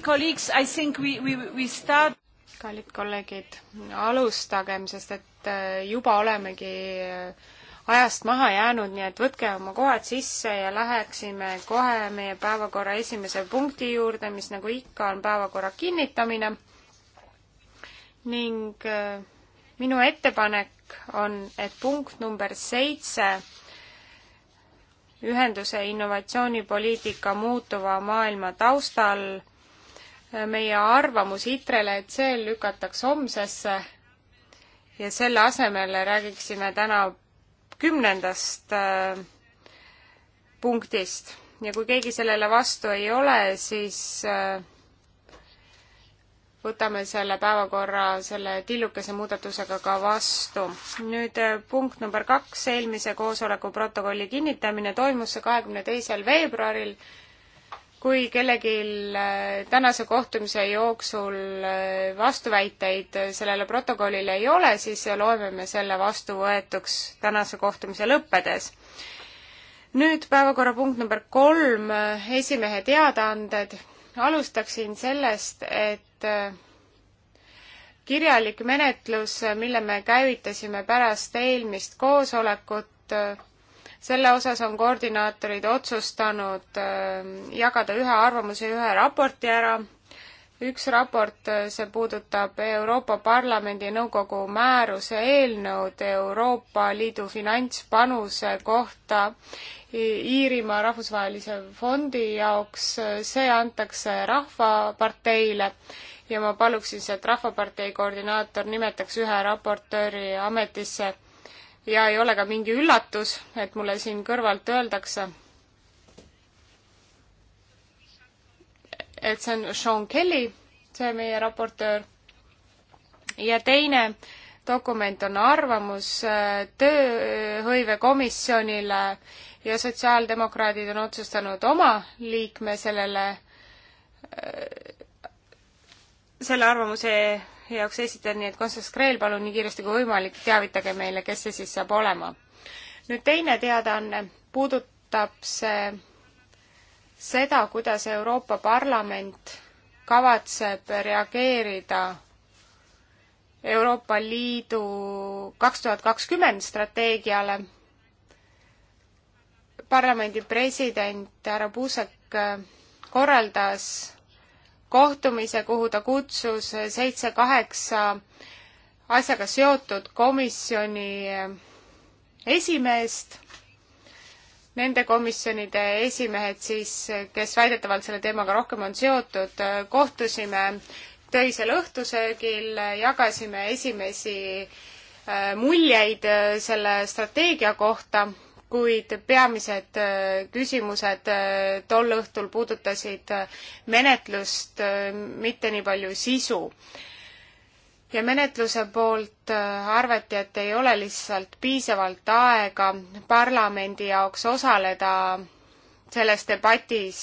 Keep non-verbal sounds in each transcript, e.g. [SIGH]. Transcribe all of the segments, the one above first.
kallid kolleegid, alustagem, sest et äh, juba olemegi äh, ajast maha jäänud, nii et võtke oma kohad sisse ja läheksime kohe meie päevakorra esimese punkti juurde, mis nagu ikka on päevakorra kinnitamine. ning äh, minu ettepanek on, et punkt number seitse ühenduse innovatsioonipoliitika muutuva maailma taustal meie arvamus ITRE-le, et see lükataks homsesse ja selle asemel räägiksime täna kümnendast äh, punktist ja kui keegi sellele vastu ei ole, siis äh, võtame selle päevakorra selle tillukese muudatusega ka vastu. nüüd äh, punkt number kaks, eelmise koosoleku protokolli kinnitamine toimus see kahekümne teisel veebruaril kui kellelgi äh, tänase kohtumise jooksul äh, vastuväiteid äh, sellele protokollile ei ole, siis loeme me selle vastuvõetuks tänase kohtumise lõppedes. nüüd päevakorrapunkt number kolm, esimehe teadaanded. alustaksin sellest, et kirjalik menetlus, mille me käivitasime pärast eelmist koosolekut, selle osas on koordinaatorid otsustanud ähm, jagada ühe arvamuse ühe raporti ära. üks raport, äh, see puudutab Euroopa Parlamendi ja Nõukogu määruse eelnõud Euroopa Liidu finantspanuse kohta Iirimaa rahvusvahelise fondi jaoks, see antakse Rahvaparteile ja ma paluksin sealt Rahvapartei koordinaator nimetaks ühe raportööri ametisse ja ei ole ka mingi üllatus, et mulle siin kõrvalt öeldakse, et see on Sean Kelly, see meie raportöör, ja teine dokument on arvamus äh, tööhõivekomisjonile ja sotsiaaldemokraadid on otsustanud oma liikme sellele, äh, selle arvamuse jaoks esitan, nii et Konstantin Kreel, palun nii kiiresti kui võimalik, teavitage meile, kes see siis saab olema. nüüd teine teadaanne puudutab see seda, kuidas Euroopa Parlament kavatseb reageerida Euroopa Liidu kaks tuhat kakskümmend strateegiale. parlamendi president härra Puusek korraldas kohtumise, kuhu ta kutsus seitse-kaheksa asjaga seotud komisjoni esimeest, nende komisjonide esimehed siis, kes väidetavalt selle teemaga rohkem on seotud, kohtusime töisel õhtusöögil, jagasime esimesi äh, muljeid äh, selle strateegia kohta kuid peamised äh, küsimused äh, tol õhtul puudutasid äh, menetlust, mitte nii palju sisu. ja menetluse poolt arvati, et ei ole lihtsalt piisavalt aega parlamendi jaoks osaleda selles debatis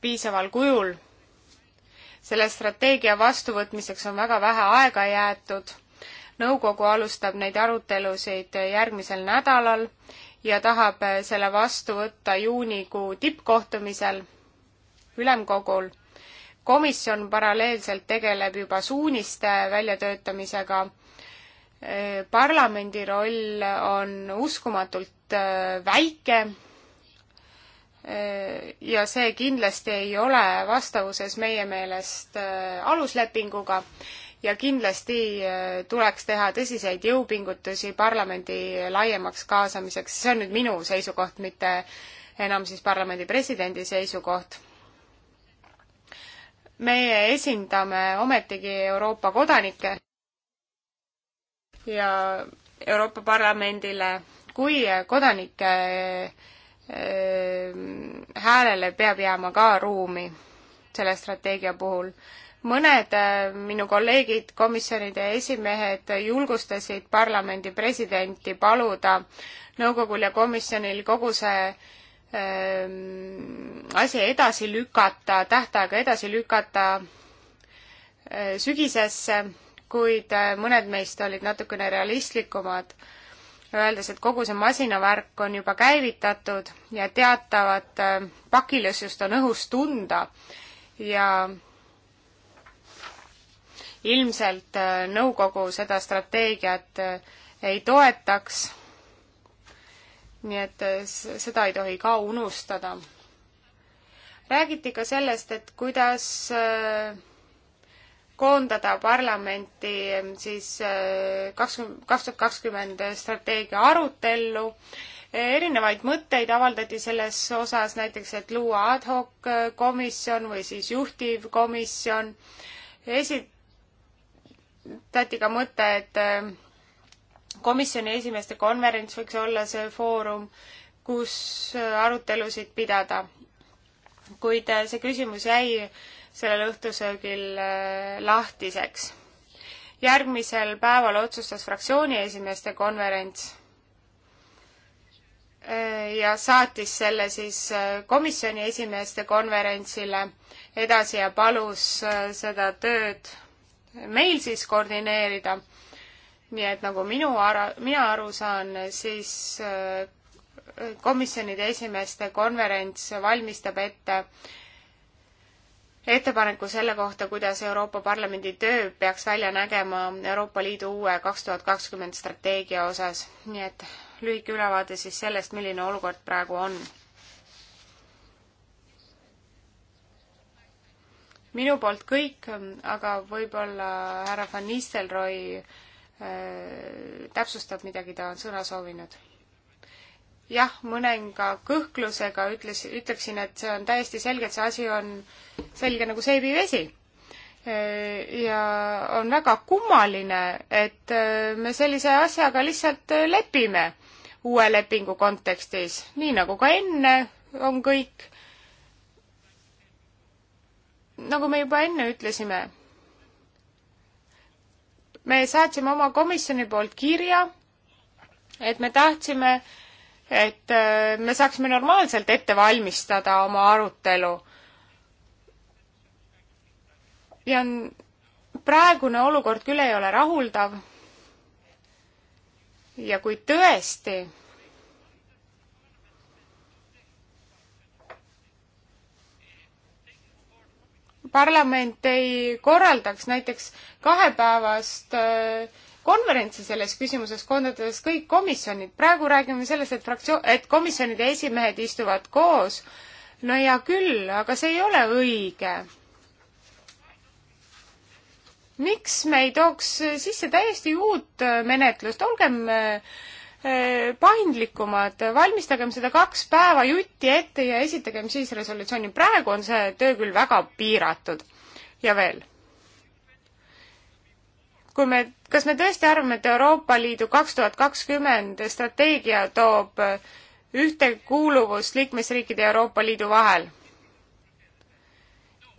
piisaval kujul. selle strateegia vastuvõtmiseks on väga vähe aega jäetud nõukogu alustab neid arutelusid järgmisel nädalal ja tahab selle vastu võtta juunikuu tippkohtumisel ülemkogul. komisjon paralleelselt tegeleb juba suuniste väljatöötamisega. parlamendi roll on uskumatult äh, väike äh, ja see kindlasti ei ole vastavuses meie meelest äh, aluslepinguga ja kindlasti eh, tuleks teha tõsiseid jõupingutusi parlamendi laiemaks kaasamiseks, see on nüüd minu seisukoht, mitte enam siis parlamendi presidendi seisukoht. meie esindame ometigi Euroopa kodanikke ja Euroopa Parlamendile kui kodanike eh, häälele peab jääma ka ruumi selle strateegia puhul mõned äh, minu kolleegid, komisjonide esimehed julgustasid parlamendi presidenti paluda nõukogul ja komisjonil kogu see ähm, asi edasi lükata, tähtaega edasi lükata äh, sügisesse, kuid äh, mõned meist olid natukene realistlikumad, öeldes, et kogu see masinavärk on juba käivitatud ja teatavat äh, pakilisust on õhus tunda ja äh, ilmselt äh, nõukogu seda strateegiat äh, ei toetaks. nii et äh, seda ei tohi ka unustada. räägiti ka sellest, et kuidas koondada parlamenti siis kakskümmend, kaks tuhat kakskümmend strateegia arutellu erinevaid mõtteid avaldati selles osas, näiteks et luua ad hoc komisjon või siis juhtivkomisjon. esi-, tähti ka mõte, et äh, komisjoni esimeeste konverents võiks olla see foorum, kus äh, arutelusid pidada. kuid äh, see küsimus jäi sellel õhtusöögil lahtiseks. järgmisel päeval otsustas fraktsiooni esimeeste konverents ja saatis selle siis komisjoni esimeeste konverentsile edasi ja palus seda tööd meil siis koordineerida. nii et nagu minu ara-, mina aru saan, siis äh, komisjonide esimeeste konverents valmistab ette ettepaneku selle kohta, kuidas Euroopa Parlamendi töö peaks välja nägema Euroopa Liidu uue kaks tuhat kakskümmend strateegia osas. nii et lühike ülevaade siis sellest, milline olukord praegu on minu poolt kõik, aga võib-olla härra Van Nistelrooy äh, täpsustab midagi, ta on sõna soovinud. jah, mõninga kõhklusega ütles, ütleksin, et see on täiesti selge, et see asi on selge nagu seebivesi äh, ja on väga kummaline, et äh, me sellise asjaga lihtsalt äh, lepime uue lepingu kontekstis, nii nagu ka enne on kõik nagu me juba enne ütlesime, me saatsime oma komisjoni poolt kirja, et me tahtsime, et äh, me saaksime normaalselt ette valmistada oma arutelu. ja praegune olukord küll ei ole rahuldav. ja kui tõesti parlament ei korraldaks näiteks kahepäevast äh, konverentsi selles küsimuses, koondades kõik komisjonid. praegu räägime sellest, et fraktsioon, et komisjonide esimehed istuvad koos. no hea küll, aga see ei ole õige. miks me ei tooks sisse täiesti uut äh, menetlust, olgem äh, Eh, paindlikumad, valmistagem seda kaks päeva jutti ette ja esitagem siis resolutsiooni. praegu on see töö küll väga piiratud. ja veel. kui me, kas me tõesti arvame, et Euroopa Liidu kaks tuhat kakskümmend strateegia toob ühtekuuluvust liikmesriikide ja Euroopa Liidu vahel?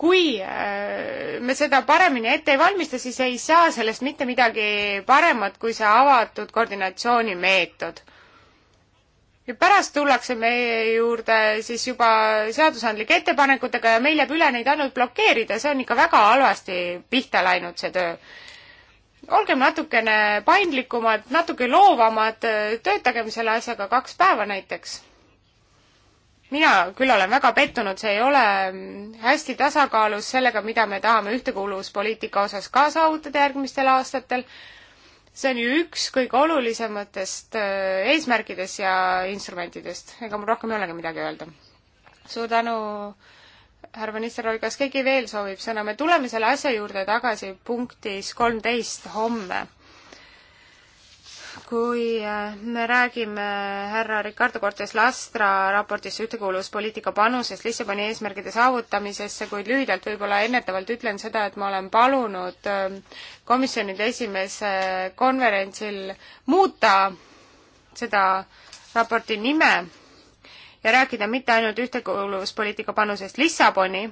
kui äh, me seda paremini ette ei valmista, siis ei saa sellest mitte midagi paremat kui see avatud koordinatsioonimeetod. ja pärast tullakse meie juurde siis juba seadusandlike ettepanekutega ja meil jääb üle neid ainult blokeerida, see on ikka väga halvasti pihta läinud, see töö. olgem natukene paindlikumad, natuke loovamad, töötagem selle asjaga kaks päeva näiteks mina küll olen väga pettunud, see ei ole mm, hästi tasakaalus sellega, mida me tahame ühtekuuluvuspoliitika osas ka saavutada järgmistel aastatel. see on ju üks kõige olulisematest äh, eesmärkidest ja instrumentidest, ega mul rohkem ei olegi midagi öelda. suur tänu, härra minister Roy, kas keegi veel soovib sõna, me tuleme selle asja juurde tagasi punktis kolmteist homme kui äh, me räägime härra Ricardo Cortes Lastra raportis ühtekuuluvuspoliitika panusest Lissaboni eesmärgide saavutamisesse, kuid lühidalt võib-olla ennetavalt ütlen seda, et ma olen palunud ähm, komisjonide esimese konverentsil muuta seda raporti nime ja rääkida mitte ainult ühtekuuluvuspoliitika panusest Lissaboni,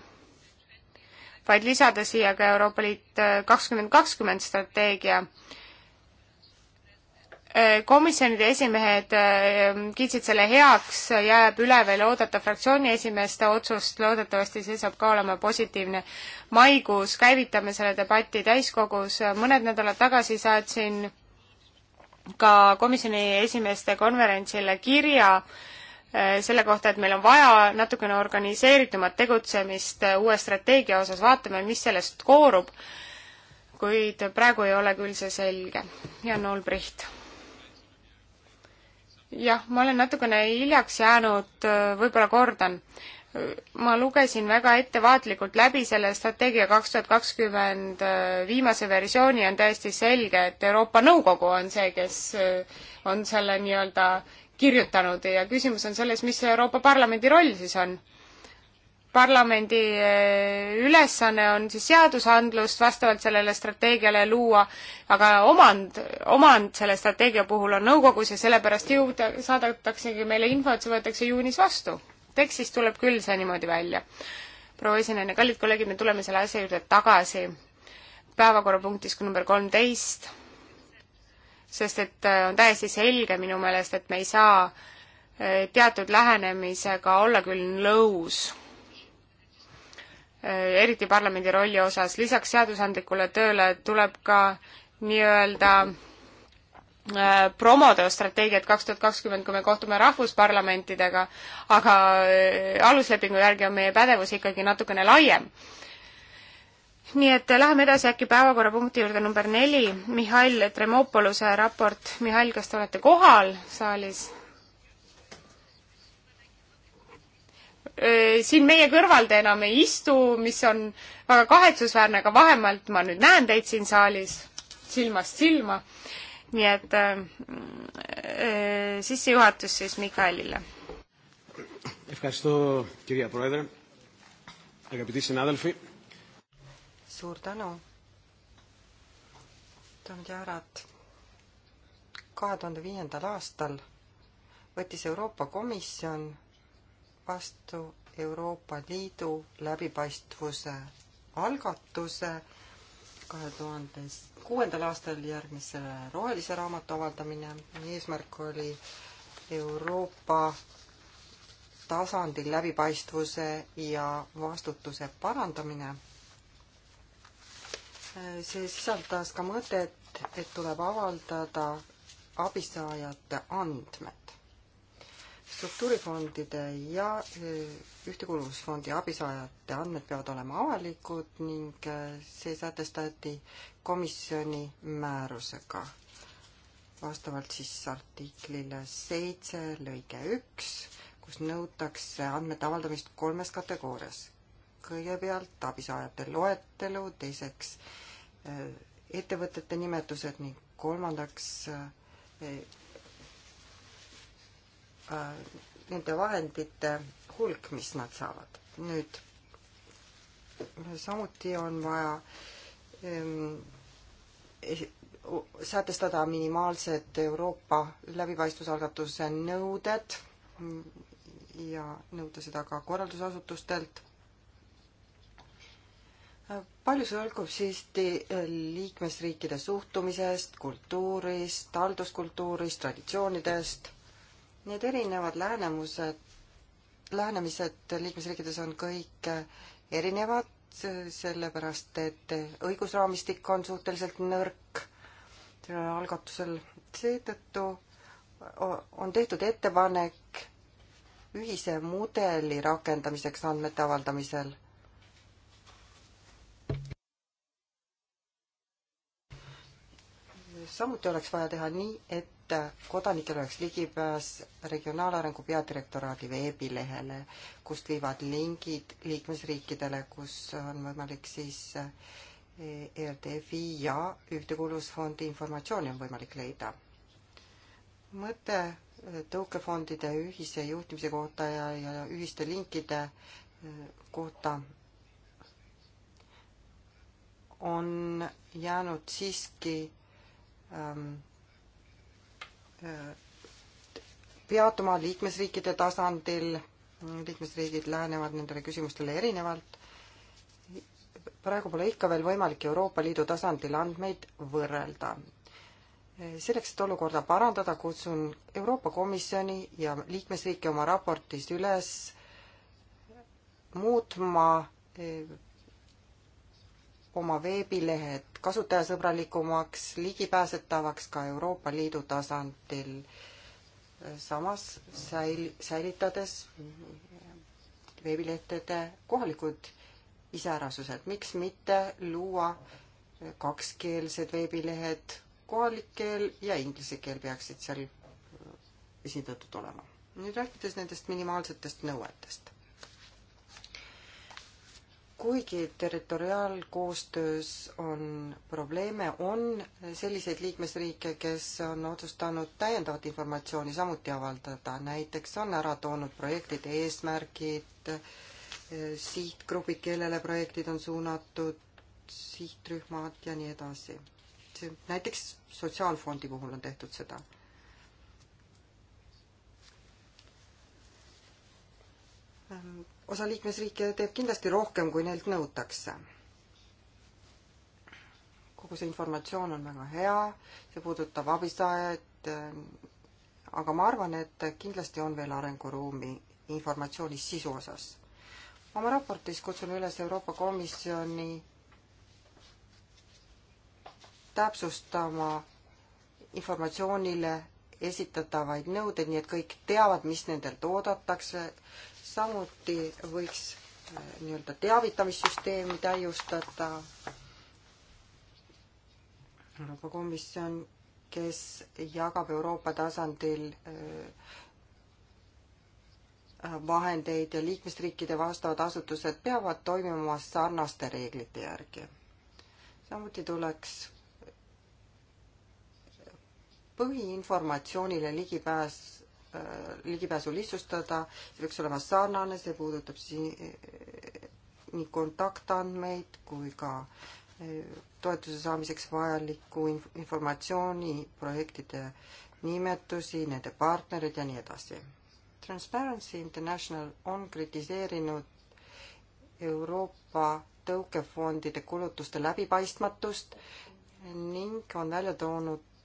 vaid lisada siia ka Euroopa Liit äh, kakskümmend kakskümmend strateegia komisjonide esimehed ehm, kiitsid selle heaks, jääb üle veel oodata fraktsiooni esimeeste otsust, loodetavasti see saab ka olema positiivne. maikuus käivitame selle debati täiskogus, mõned nädalad tagasi saatsin ka komisjoni esimeeste konverentsile kirja eh, selle kohta, et meil on vaja natukene organiseeritumat tegutsemist eh, uue strateegia osas, vaatame, mis sellest koorub, kuid praegu ei ole küll see selge. Jan Olbricht jah, ma olen natukene hiljaks jäänud, võib-olla kordan. ma lugesin väga ettevaatlikult läbi selle strateegia kaks tuhat kakskümmend äh, viimase versiooni, on täiesti selge, et Euroopa Nõukogu on see, kes äh, on selle nii-öelda kirjutanud ja küsimus on selles, mis Euroopa Parlamendi roll siis on parlamendi eh, ülesanne on siis seadusandlust vastavalt sellele strateegiale luua, aga omand, omand selle strateegia puhul on nõukogus ja sellepärast jõuda, saadetaksegi meile info, et see võetakse juunis vastu. tekstis tuleb küll see niimoodi välja. proua esineja, kallid kolleegid, me tuleme selle asja juurde tagasi päevakorrapunktis kui number kolmteist, sest et eh, on täiesti selge minu meelest, et me ei saa eh, teatud lähenemisega olla küll nõus Äh, eriti parlamendi rolli osas. lisaks seadusandlikule tööle tuleb ka nii-öelda äh, promoda strateegiat kaks tuhat kakskümmend, kui me kohtume rahvusparlamentidega, aga äh, aluslepingu järgi on meie pädevus ikkagi natukene laiem. nii et läheme edasi äkki päevakorrapunkti juurde number neli, Mihhail Tremopoluse raport. Mihhail, kas te olete kohal saalis? Äh, siin meie kõrval te enam ei istu, mis on väga kahetsusväärne, aga vahemalt ma nüüd näen teid siin saalis silmast silma. nii et äh, äh sissejuhatus siis Mikaelile. suur tänu, daamid ja härrad. kahe tuhande viiendal aastal võttis Euroopa Komisjon vastu Euroopa Liidu läbipaistvuse algatuse kahe tuhande kuuendal aastal järgmisele rohelise raamatu avaldamine. eesmärk oli Euroopa tasandil läbipaistvuse ja vastutuse parandamine. see sisaldas ka mõtet, et tuleb avaldada abisaajate andmed struktuurifondide ja eh, ühtekuuluvusfondi abisaajate andmed peavad olema avalikud ning eh, see sätestati komisjoni määrusega vastavalt siis artiklile seitse lõige üks, kus nõutakse andmete avaldamist kolmes kategoorias. kõigepealt abisaajate loetelu, teiseks eh, ettevõtete nimetused ning kolmandaks Äh, nende vahendite hulk, mis nad saavad. nüüd samuti on vaja ähm, sätestada minimaalsed Euroopa läbipaistvusalgatuse nõuded ja nõuda seda ka korraldusasutustelt. palju sõltub siiski liikmesriikide suhtumisest, kultuurist, halduskultuurist, traditsioonidest Need erinevad lähenemused, lähenemised liikmesriikides on kõik erinevad, sellepärast et õigusraamistik on suhteliselt nõrk sellel algatusel, seetõttu on tehtud ettepanek ühise mudeli rakendamiseks andmete avaldamisel samuti oleks vaja teha nii, et et kodanikel oleks ligipääs Regionaalarengu peadirektoraadi veebilehele, kust viivad lingid liikmesriikidele, kus on võimalik siis ERDFi eh, e ja Ühtekuuluvusfondi informatsiooni on võimalik leida. mõte eh, tõukefondide ühise juhtimise kohta ja, ja ühiste linkide eh, kohta on jäänud siiski ähm, peatuma liikmesriikide tasandil, liikmesriigid lähenevad nendele küsimustele erinevalt. praegu pole ikka veel võimalik Euroopa Liidu tasandil andmeid võrrelda. selleks, et olukorda parandada, kutsun Euroopa Komisjoni ja liikmesriike oma raportis üles muutma eh, oma veebilehe kasutajasõbralikumaks, ligipääsetavaks ka Euroopa Liidu tasandil. samas säil-, säilitades veebilehtede kohalikud iseärasused, miks mitte luua kakskeelsed veebilehed, kohalik keel ja inglise keel peaksid seal esindatud olema. nüüd rääkides nendest minimaalsetest nõuetest kuigi territoriaalkoostöös on probleeme, on selliseid liikmesriike, kes on otsustanud täiendavat informatsiooni samuti avaldada, näiteks on ära toonud projektide eesmärgid, sihtgrupid, kellele projektid on suunatud, sihtrühmad ja nii edasi. see näiteks Sotsiaalfondi puhul on tehtud seda ähm osa liikmesriike teeb kindlasti rohkem, kui neilt nõutakse. kogu see informatsioon on väga hea, see puudutab abisaajaid, aga ma arvan, et kindlasti on veel arenguruumi informatsiooni sisu osas. oma raportis kutsun üles Euroopa Komisjoni täpsustama informatsioonile esitatavaid nõudeid, nii et kõik teavad, mis nendelt oodatakse, samuti võiks äh, nii-öelda teavitamissüsteemi täiustada. Euroopa Komisjon, kes jagab Euroopa tasandil äh, vahendeid ja liikmesriikide vastavad asutused peavad toimima sarnaste reeglite järgi. samuti tuleks põhiinformatsioonile ligipääs Äh, ligipääsu lihtsustada, see peaks olema sarnane, see puudutab siin nii kontaktandmeid kui ka äh, toetuse saamiseks vajaliku informatsiooni, projektide nimetusi, nende partnerid ja nii edasi. Transparency International on kritiseerinud Euroopa tõukefondide kulutuste läbipaistmatust ning on välja toonud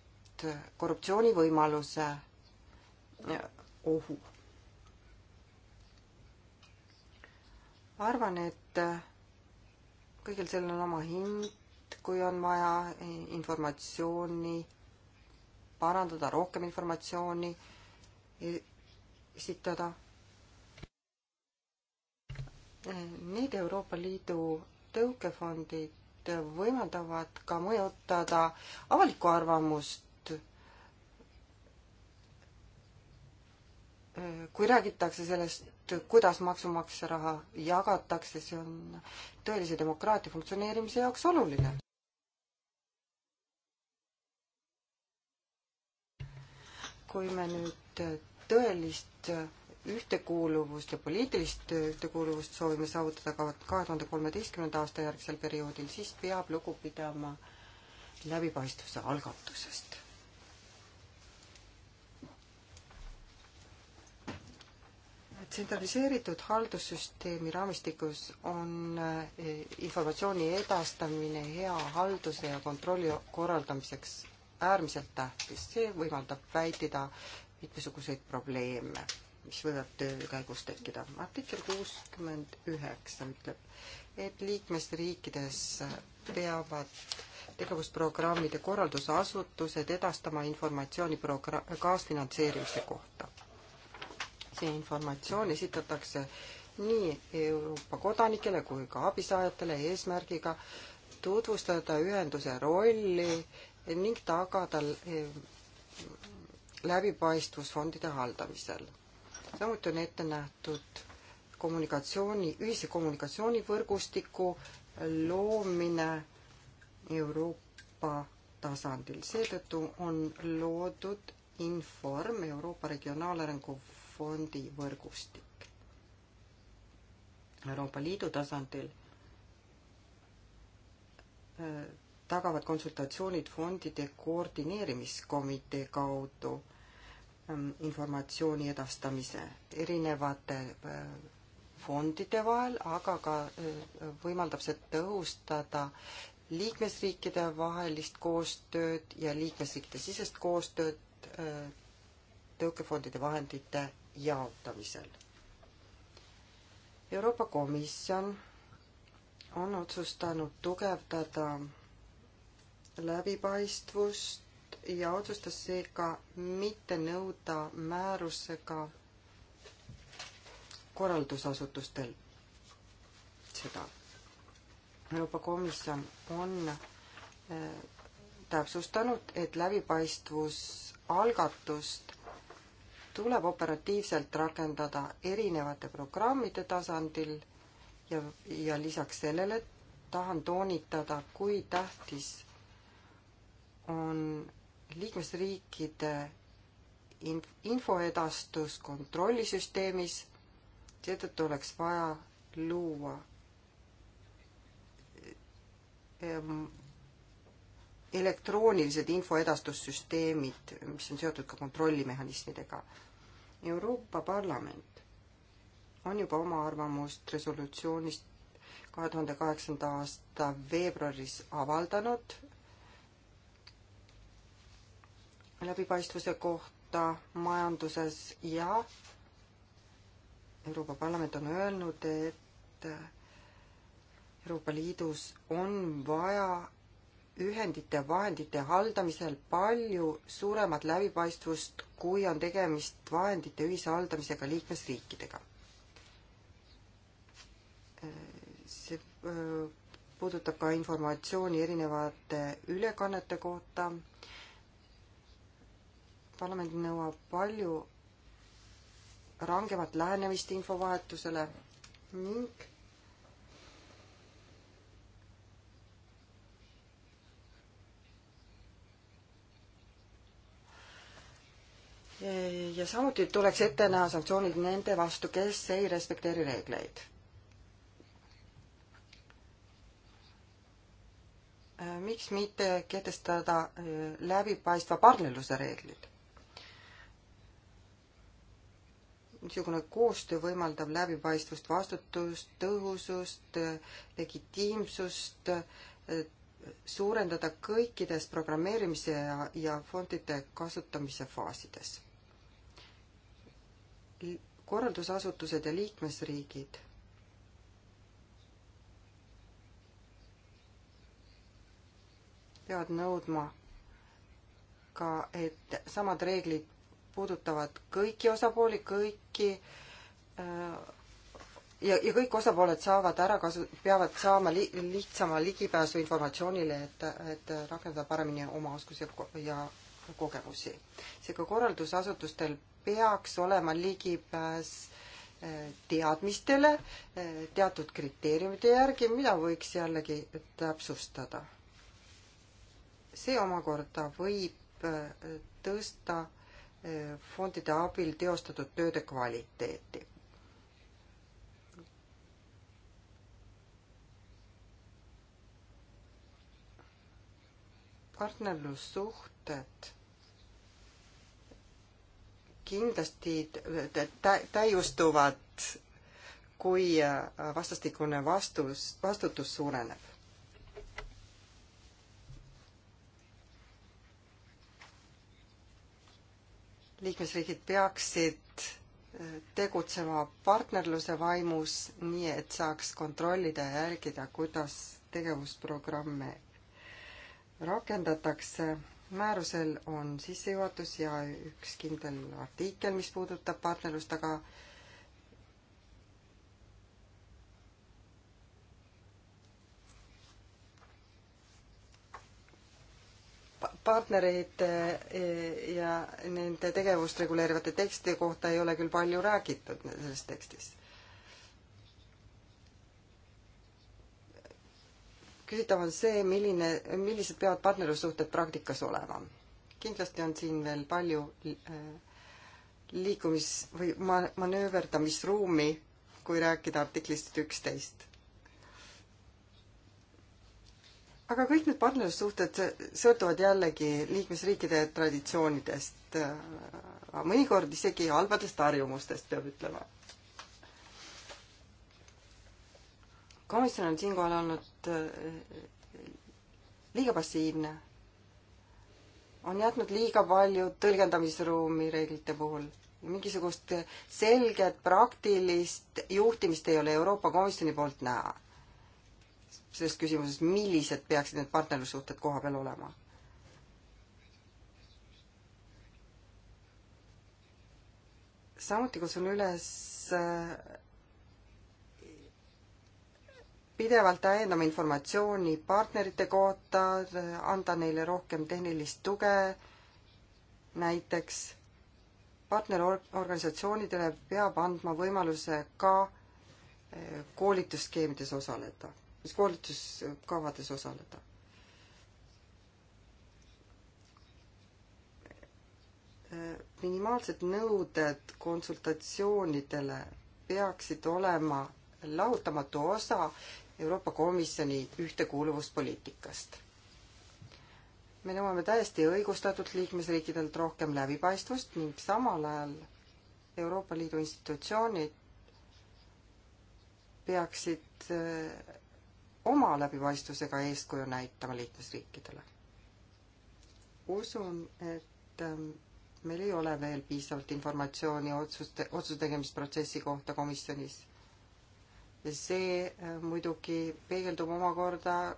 korruptsioonivõimaluse ohu. arvan, et kõigil sellel on oma hind, kui on vaja informatsiooni parandada, rohkem informatsiooni esitada. Need Euroopa Liidu tõukefondid võimaldavad ka mõjutada avalikku arvamust kui räägitakse sellest, kuidas maksumaksja raha jagatakse, see on tõelise demokraatia funktsioneerimise jaoks oluline. kui me nüüd tõelist ühtekuuluvust ja poliitilist ühtekuuluvust soovime saavutada ka kahe tuhande kolmeteistkümnenda aasta järgsel perioodil, siis peab lugu pidama läbipaistvuse algatusest. tsentraliseeritud haldussüsteemi raamistikus on eh, informatsiooni edastamine hea halduse ja kontrolli korraldamiseks äärmiselt tähtis. see võimaldab vältida mitmesuguseid probleeme, mis võivad töö käigus tekkida. artikkel kuuskümmend üheksa ütleb, et liikmesriikides peavad tegevusprogrammide korraldusasutused edastama informatsiooni progra-, kaasfinantseerimise kohta see informatsioon esitatakse nii Euroopa kodanikele kui ka abisaajatele eesmärgiga tutvustada ühenduse rolli ning tagada eh, läbipaistvus fondide haldamisel. samuti on ette nähtud kommunikatsiooni, ühise kommunikatsioonivõrgustiku loomine Euroopa tasandil. seetõttu on loodud Inform, Euroopa Regionaalarengu fondi võrgustik. Euroopa Liidu tasandil äh, tagavad konsultatsioonid fondide koordineerimiskomitee kaudu ähm, informatsiooni edastamise erinevate äh, fondide vahel, aga ka äh, võimaldab see tõhustada liikmesriikide vahelist koostööd ja liikmesriikide sisest koostööd tõukefondide vahendite jaotamisel. Euroopa Komisjon on otsustanud tugevdada läbipaistvust ja otsustas seega mitte nõuda määrusega korraldusasutustel seda. Euroopa Komisjon on äh, täpsustanud, et läbipaistvus algatust tuleb operatiivselt rakendada erinevate programmide tasandil ja, ja lisaks sellele tahan toonitada, kui tähtis on liikmesriikide infoedastus kontrollisüsteemis, seetõttu oleks vaja luua ehm, elektroonilised infoedastussüsteemid, mis on seotud ka kontrollimehhanismidega. Euroopa Parlament on juba oma arvamust resolutsioonist kahe tuhande kaheksanda aasta veebruaris avaldanud läbipaistvuse kohta majanduses ja Euroopa Parlament on öelnud, et Euroopa Liidus on vaja ühendite vahendite haldamisel palju suuremat läbipaistvust, kui on tegemist vahendite ühise haldamisega liikmesriikidega. see äh, puudutab ka informatsiooni erinevate ülekannete kohta. parlament nõuab palju rangemat lähenemist infovahetusele ning ja samuti tuleks ette näha sanktsioonid nende vastu, kes ei respekteeri reegleid. miks mitte kehtestada äh, läbipaistva partnerluse reeglid? niisugune koostöö võimaldab läbipaistvust, vastutust, tõhusust, äh, legitiimsust, äh, suurendada kõikides programmeerimise ja, ja fondide kasutamise faasides korraldusasutused ja liikmesriigid peavad nõudma ka, et samad reeglid puudutavad kõiki osapooli, kõiki äh, ja, ja kõik osapooled saavad ära kasu-, peavad saama li-, lihtsama ligipääsu informatsioonile, et, et rakendada paremini oma oskusi ja, ja kogemusi. seega korraldusasutustel peaks olema ligipääs eh, teadmistele eh, teatud kriteeriumide järgi, mida võiks jällegi täpsustada. see omakorda võib eh, tõsta fondide abil teostatud tööde kvaliteeti. partnerlussuhted kindlasti täiustuvad, kui äh, vastastikune vastus, vastutus suureneb. liikmesriigid peaksid äh, tegutsema partnerluse vaimus, nii et saaks kontrollida ja jälgida, kuidas tegevusprogramme rakendatakse määrusel on sissejuhatus ja üks kindel artikkel, mis puudutab partnerlust, aga partnereid e, ja nende tegevust reguleerivate tekstide kohta ei ole küll palju räägitud selles tekstis küsitav on see, milline, millised peavad partnerlussuhted praktikas olema. kindlasti on siin veel palju äh, liikumis- või ma-, manööverdamisruumi, kui rääkida artiklist üksteist. aga kõik need partnerlussuhted sõltuvad jällegi liikmesriikide traditsioonidest, äh, mõnikord isegi halbadest harjumustest, peab ütlema komisjon on siinkohal olnud äh, liiga passiivne, on jätnud liiga palju tõlgendamisruumi reeglite puhul. mingisugust selget praktilist juhtimist ei ole Euroopa Komisjoni poolt näha selles küsimuses, millised peaksid need partnerlussuhted koha peal olema samuti kutsun üles äh, pidevalt täiendama informatsiooni partnerite kohta, anda neile rohkem tehnilist tuge, näiteks partnerorganisatsioonidele peab andma võimaluse ka eh, koolitusskeemides osaleda, koolituskavades osaleda. Eh, minimaalsed nõuded konsultatsioonidele peaksid olema lahutamatu osa Euroopa Komisjoni ühtekuuluvuspoliitikast. me nõuame täiesti õigustatult liikmesriikidelt rohkem läbipaistvust ning samal ajal Euroopa Liidu institutsioonid peaksid eh, oma läbipaistvusega eeskuju näitama liikmesriikidele. usun, et eh, meil ei ole veel piisavalt informatsiooni otsuste, otsuse tegemisprotsessi kohta komisjonis see äh, muidugi peegeldub omakorda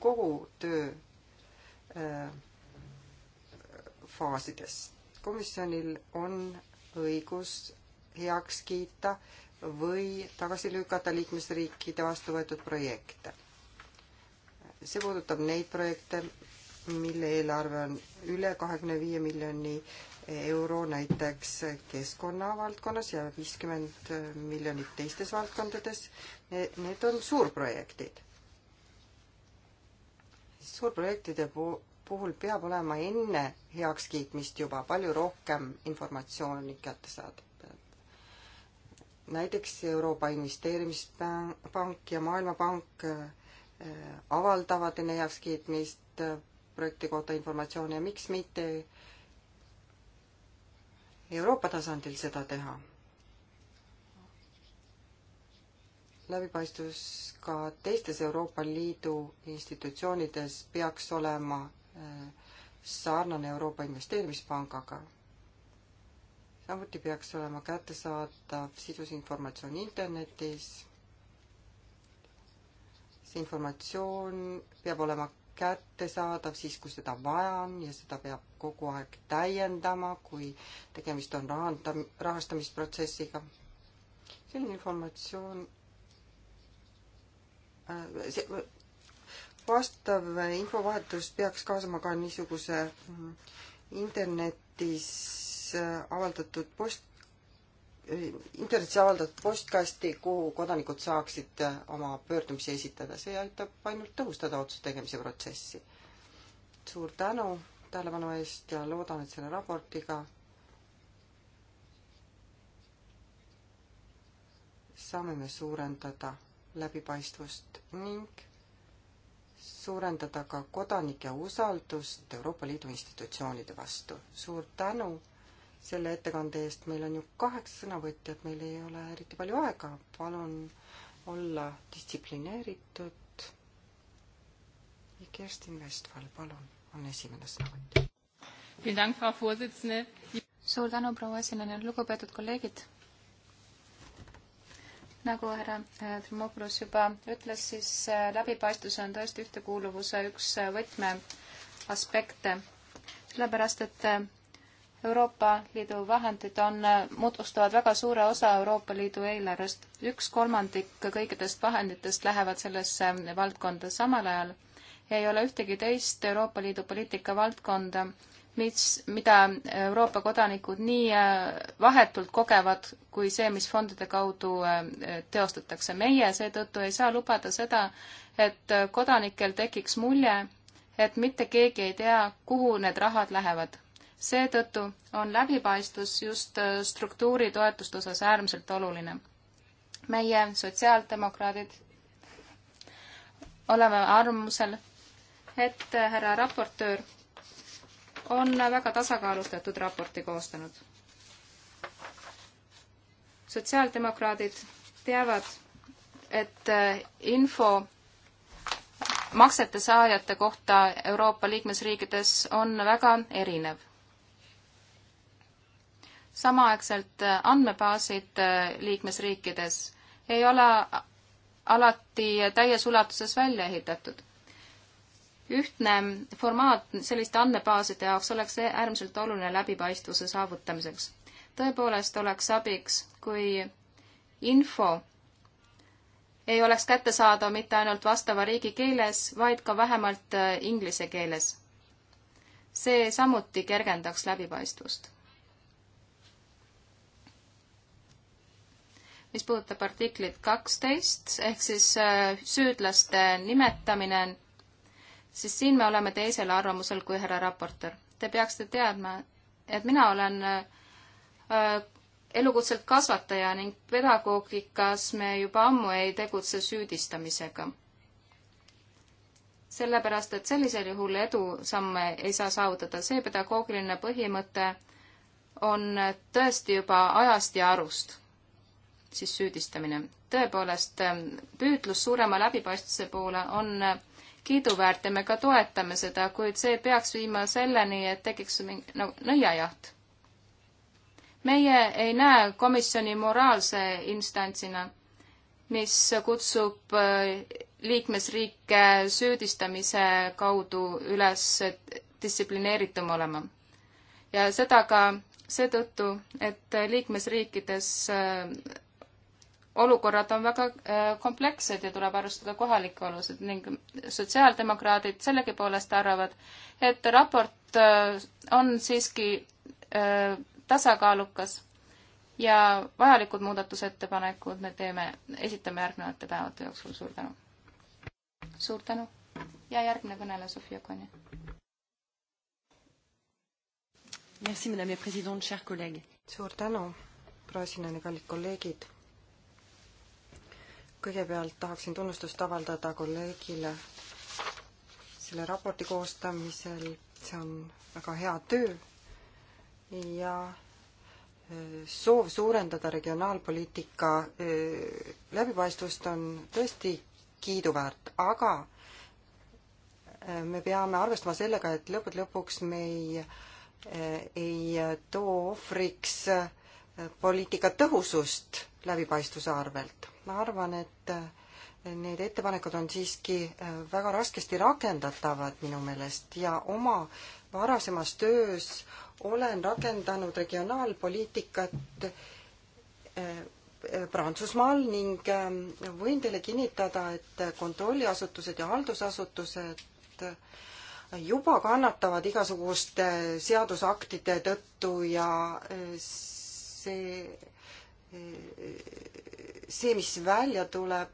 kogu töö äh, faasides. komisjonil on õigus heaks kiita või tagasi lükata liikmesriikide vastu võetud projekte. see puudutab neid projekte, mille eelarve on üle kahekümne viie miljoni euro näiteks keskkonnavaldkonnas ja viiskümmend miljonit teistes valdkondades. Need on suurprojektid. suurprojektide puhul peab olema enne heakskiitmist juba palju rohkem informatsiooni kätte saada. näiteks Euroopa Investeerimispank ja Maailmapank eh, avaldavad enne heakskiitmist eh, projekti kohta informatsiooni ja miks mitte Euroopa tasandil seda teha. läbipaistvus ka teistes Euroopa Liidu institutsioonides peaks olema äh, sarnane Euroopa Investeerimispangaga. samuti peaks olema kättesaadav sidus informatsioon internetis. see informatsioon peab olema kättesaadav siis, kui seda vaja on ja seda peab kogu aeg täiendama, kui tegemist on rahandam-, rahastamisprotsessiga. selline informatsioon äh, see, vastav infovahetus peaks kaasama ka niisuguse mm, internetis äh, avaldatud post, internetisse avaldatud postkasti, kuhu kodanikud saaksid äh, oma pöördumisi esitada, see aitab ainult tõhustada otsuse tegemise protsessi. suur tänu tähelepanu eest ja loodan, et selle raportiga saame me suurendada läbipaistvust ning suurendada ka kodanike usaldust Euroopa Liidu institutsioonide vastu. suur tänu selle ettekande eest, meil on ju kaheksa sõnavõtjat, meil ei ole eriti palju aega, palun olla distsiplineeritud. Kerstin Vestfal, palun, on esimene sõnavõtja. suur tänu, proua esineja, lugupeetud kolleegid. nagu härra äh, Tremopoulos juba ütles, siis äh, läbipaistvus on tõesti ühtekuuluvuse üks äh, võtmeaspekte, sellepärast et Euroopa Liidu vahendid on, äh, moodustavad väga suure osa Euroopa Liidu eelarvest. üks kolmandik kõikidest vahenditest lähevad sellesse äh, valdkonda samal ajal. ei ole ühtegi teist Euroopa Liidu poliitika valdkonda, mis, mida Euroopa kodanikud nii äh, vahetult kogevad, kui see, mis fondide kaudu teostatakse. meie seetõttu ei saa lubada seda, et kodanikel tekiks mulje, et mitte keegi ei tea, kuhu need rahad lähevad seetõttu on läbipaistvus just äh, struktuuritoetuste osas äärmiselt oluline. meie, sotsiaaldemokraadid, oleme arvamusel, et äh, härra raportöör on väga tasakaalustatud raporti koostanud. sotsiaaldemokraadid teavad, et äh, info maksete saajate kohta Euroopa liikmesriikides on väga erinev samaaegselt äh, andmebaasid äh, liikmesriikides ei ole alati täies ulatuses välja ehitatud. ühtne formaat selliste andmebaaside jaoks oleks e-, äärmiselt oluline läbipaistvuse saavutamiseks. tõepoolest oleks abiks, kui info ei oleks kättesaadav mitte ainult vastava riigi keeles, vaid ka vähemalt äh, inglise keeles. see samuti kergendaks läbipaistvust mis puudutab artiklit kaksteist ehk siis äh, süüdlaste nimetamine, siis siin me oleme teisel arvamusel kui härra raportöör. Te peaksite teadma, et mina olen äh, äh, elukutselt kasvataja ning pedagoogikas me juba ammu ei tegutse süüdistamisega. sellepärast, et sellisel juhul edusamme ei saa saavutada, see pedagoogiline põhimõte on tõesti juba ajast ja arust siis süüdistamine. tõepoolest, ähm, püüdlus suurema läbipaistvuse poole on äh, kiiduväärt ja me ka toetame seda, kuid see peaks viima selleni, et tekiks mingi nagu no, nõiajaht. meie ei näe komisjoni moraalse instantsina, mis kutsub äh, liikmesriike süüdistamise kaudu üles distsiplineeritum olema. ja seda ka seetõttu, et liikmesriikides äh, olukorrad on väga äh, komplekssed ja tuleb arvestada kohalikke olusid ning sotsiaaldemokraadid sellegipoolest arvavad, et raport äh, on siiski äh, tasakaalukas ja vajalikud muudatusettepanekud me teeme, esitame järgnevate päevade jooksul, suur tänu. suur tänu ja järgmine kõneleja Sofia Konja. Merci, madame la présidente, chers collègues. suur tänu, Prasinani kallid kolleegid kõigepealt tahaksin tunnustust avaldada kolleegile selle raporti koostamisel, see on väga hea töö ja e, soov suurendada regionaalpoliitika e, läbipaistvust on tõesti kiiduväärt, aga e, me peame arvestama sellega, et lõppude lõpuks me ei, ei too ohvriks poliitika tõhusust läbipaistvuse arvelt. ma arvan, et eh, need ettepanekud on siiski eh, väga raskesti rakendatavad minu meelest ja oma varasemas töös olen rakendanud regionaalpoliitikat eh, Prantsusmaal ning võin teile kinnitada, et kontrolliasutused ja haldusasutused juba kannatavad igasuguste seadusaktide tõttu ja see see, mis välja tuleb,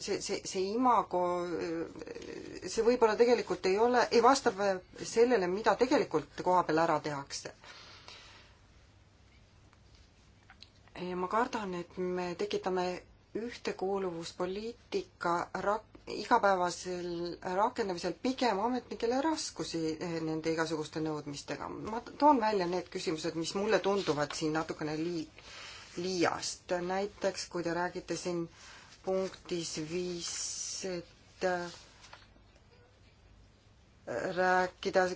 see, see, see imago, see võib-olla tegelikult ei ole, ei vasta sellele, mida tegelikult koha peal ära tehakse. ja ma kardan, et me tekitame ühtekuuluvuspoliitika rak-, igapäevasel rakendamisel pigem ametnikele raskusi eh, nende igasuguste nõudmistega. ma toon välja need küsimused, mis mulle tunduvad siin natukene lii-, liiast. näiteks kui te räägite siin punktis viis, et äh, rääkida äh,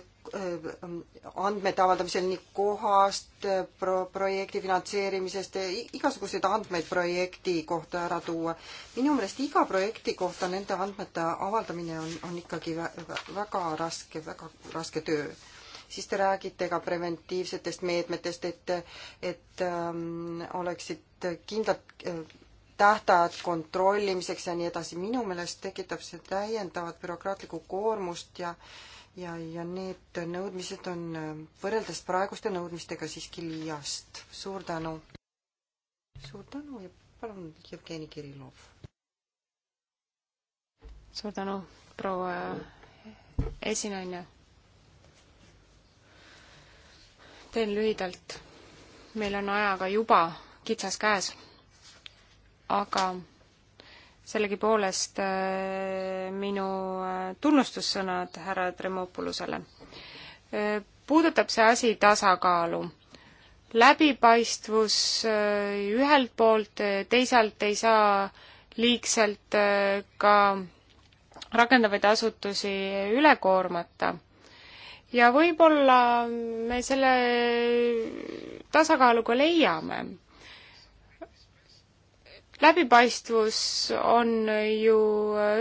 andmete avaldamisel nii kohast, äh, pro-, projekti finantseerimisest, igasuguseid andmeid projekti kohta ära tuua. minu meelest iga projekti kohta nende andmete avaldamine on, on ikkagi väga raske, väga raske töö siis te räägite ka preventiivsetest meetmetest, et, et ähm, oleksid kindlad äh, tähtajad kontrollimiseks ja nii edasi. minu meelest tekitab see täiendavat bürokraatlikku koormust ja ja, ja need nõudmised on äh, võrreldes praeguste nõudmistega siiski liiast. suur tänu! suur tänu ja palun, Jevgeni Kirillov! suur tänu, proua esinaine teen lühidalt. meil on ajaga juba kitsas käes. aga sellegipoolest äh, minu äh, tunnustussõnad härra Tremopolusele. Äh, puudutab see asi tasakaalu. läbipaistvus ühelt poolt, teisalt ei saa liigselt ka rakendavaid asutusi üle koormata ja võib-olla me selle tasakaalu ka leiame. läbipaistvus on ju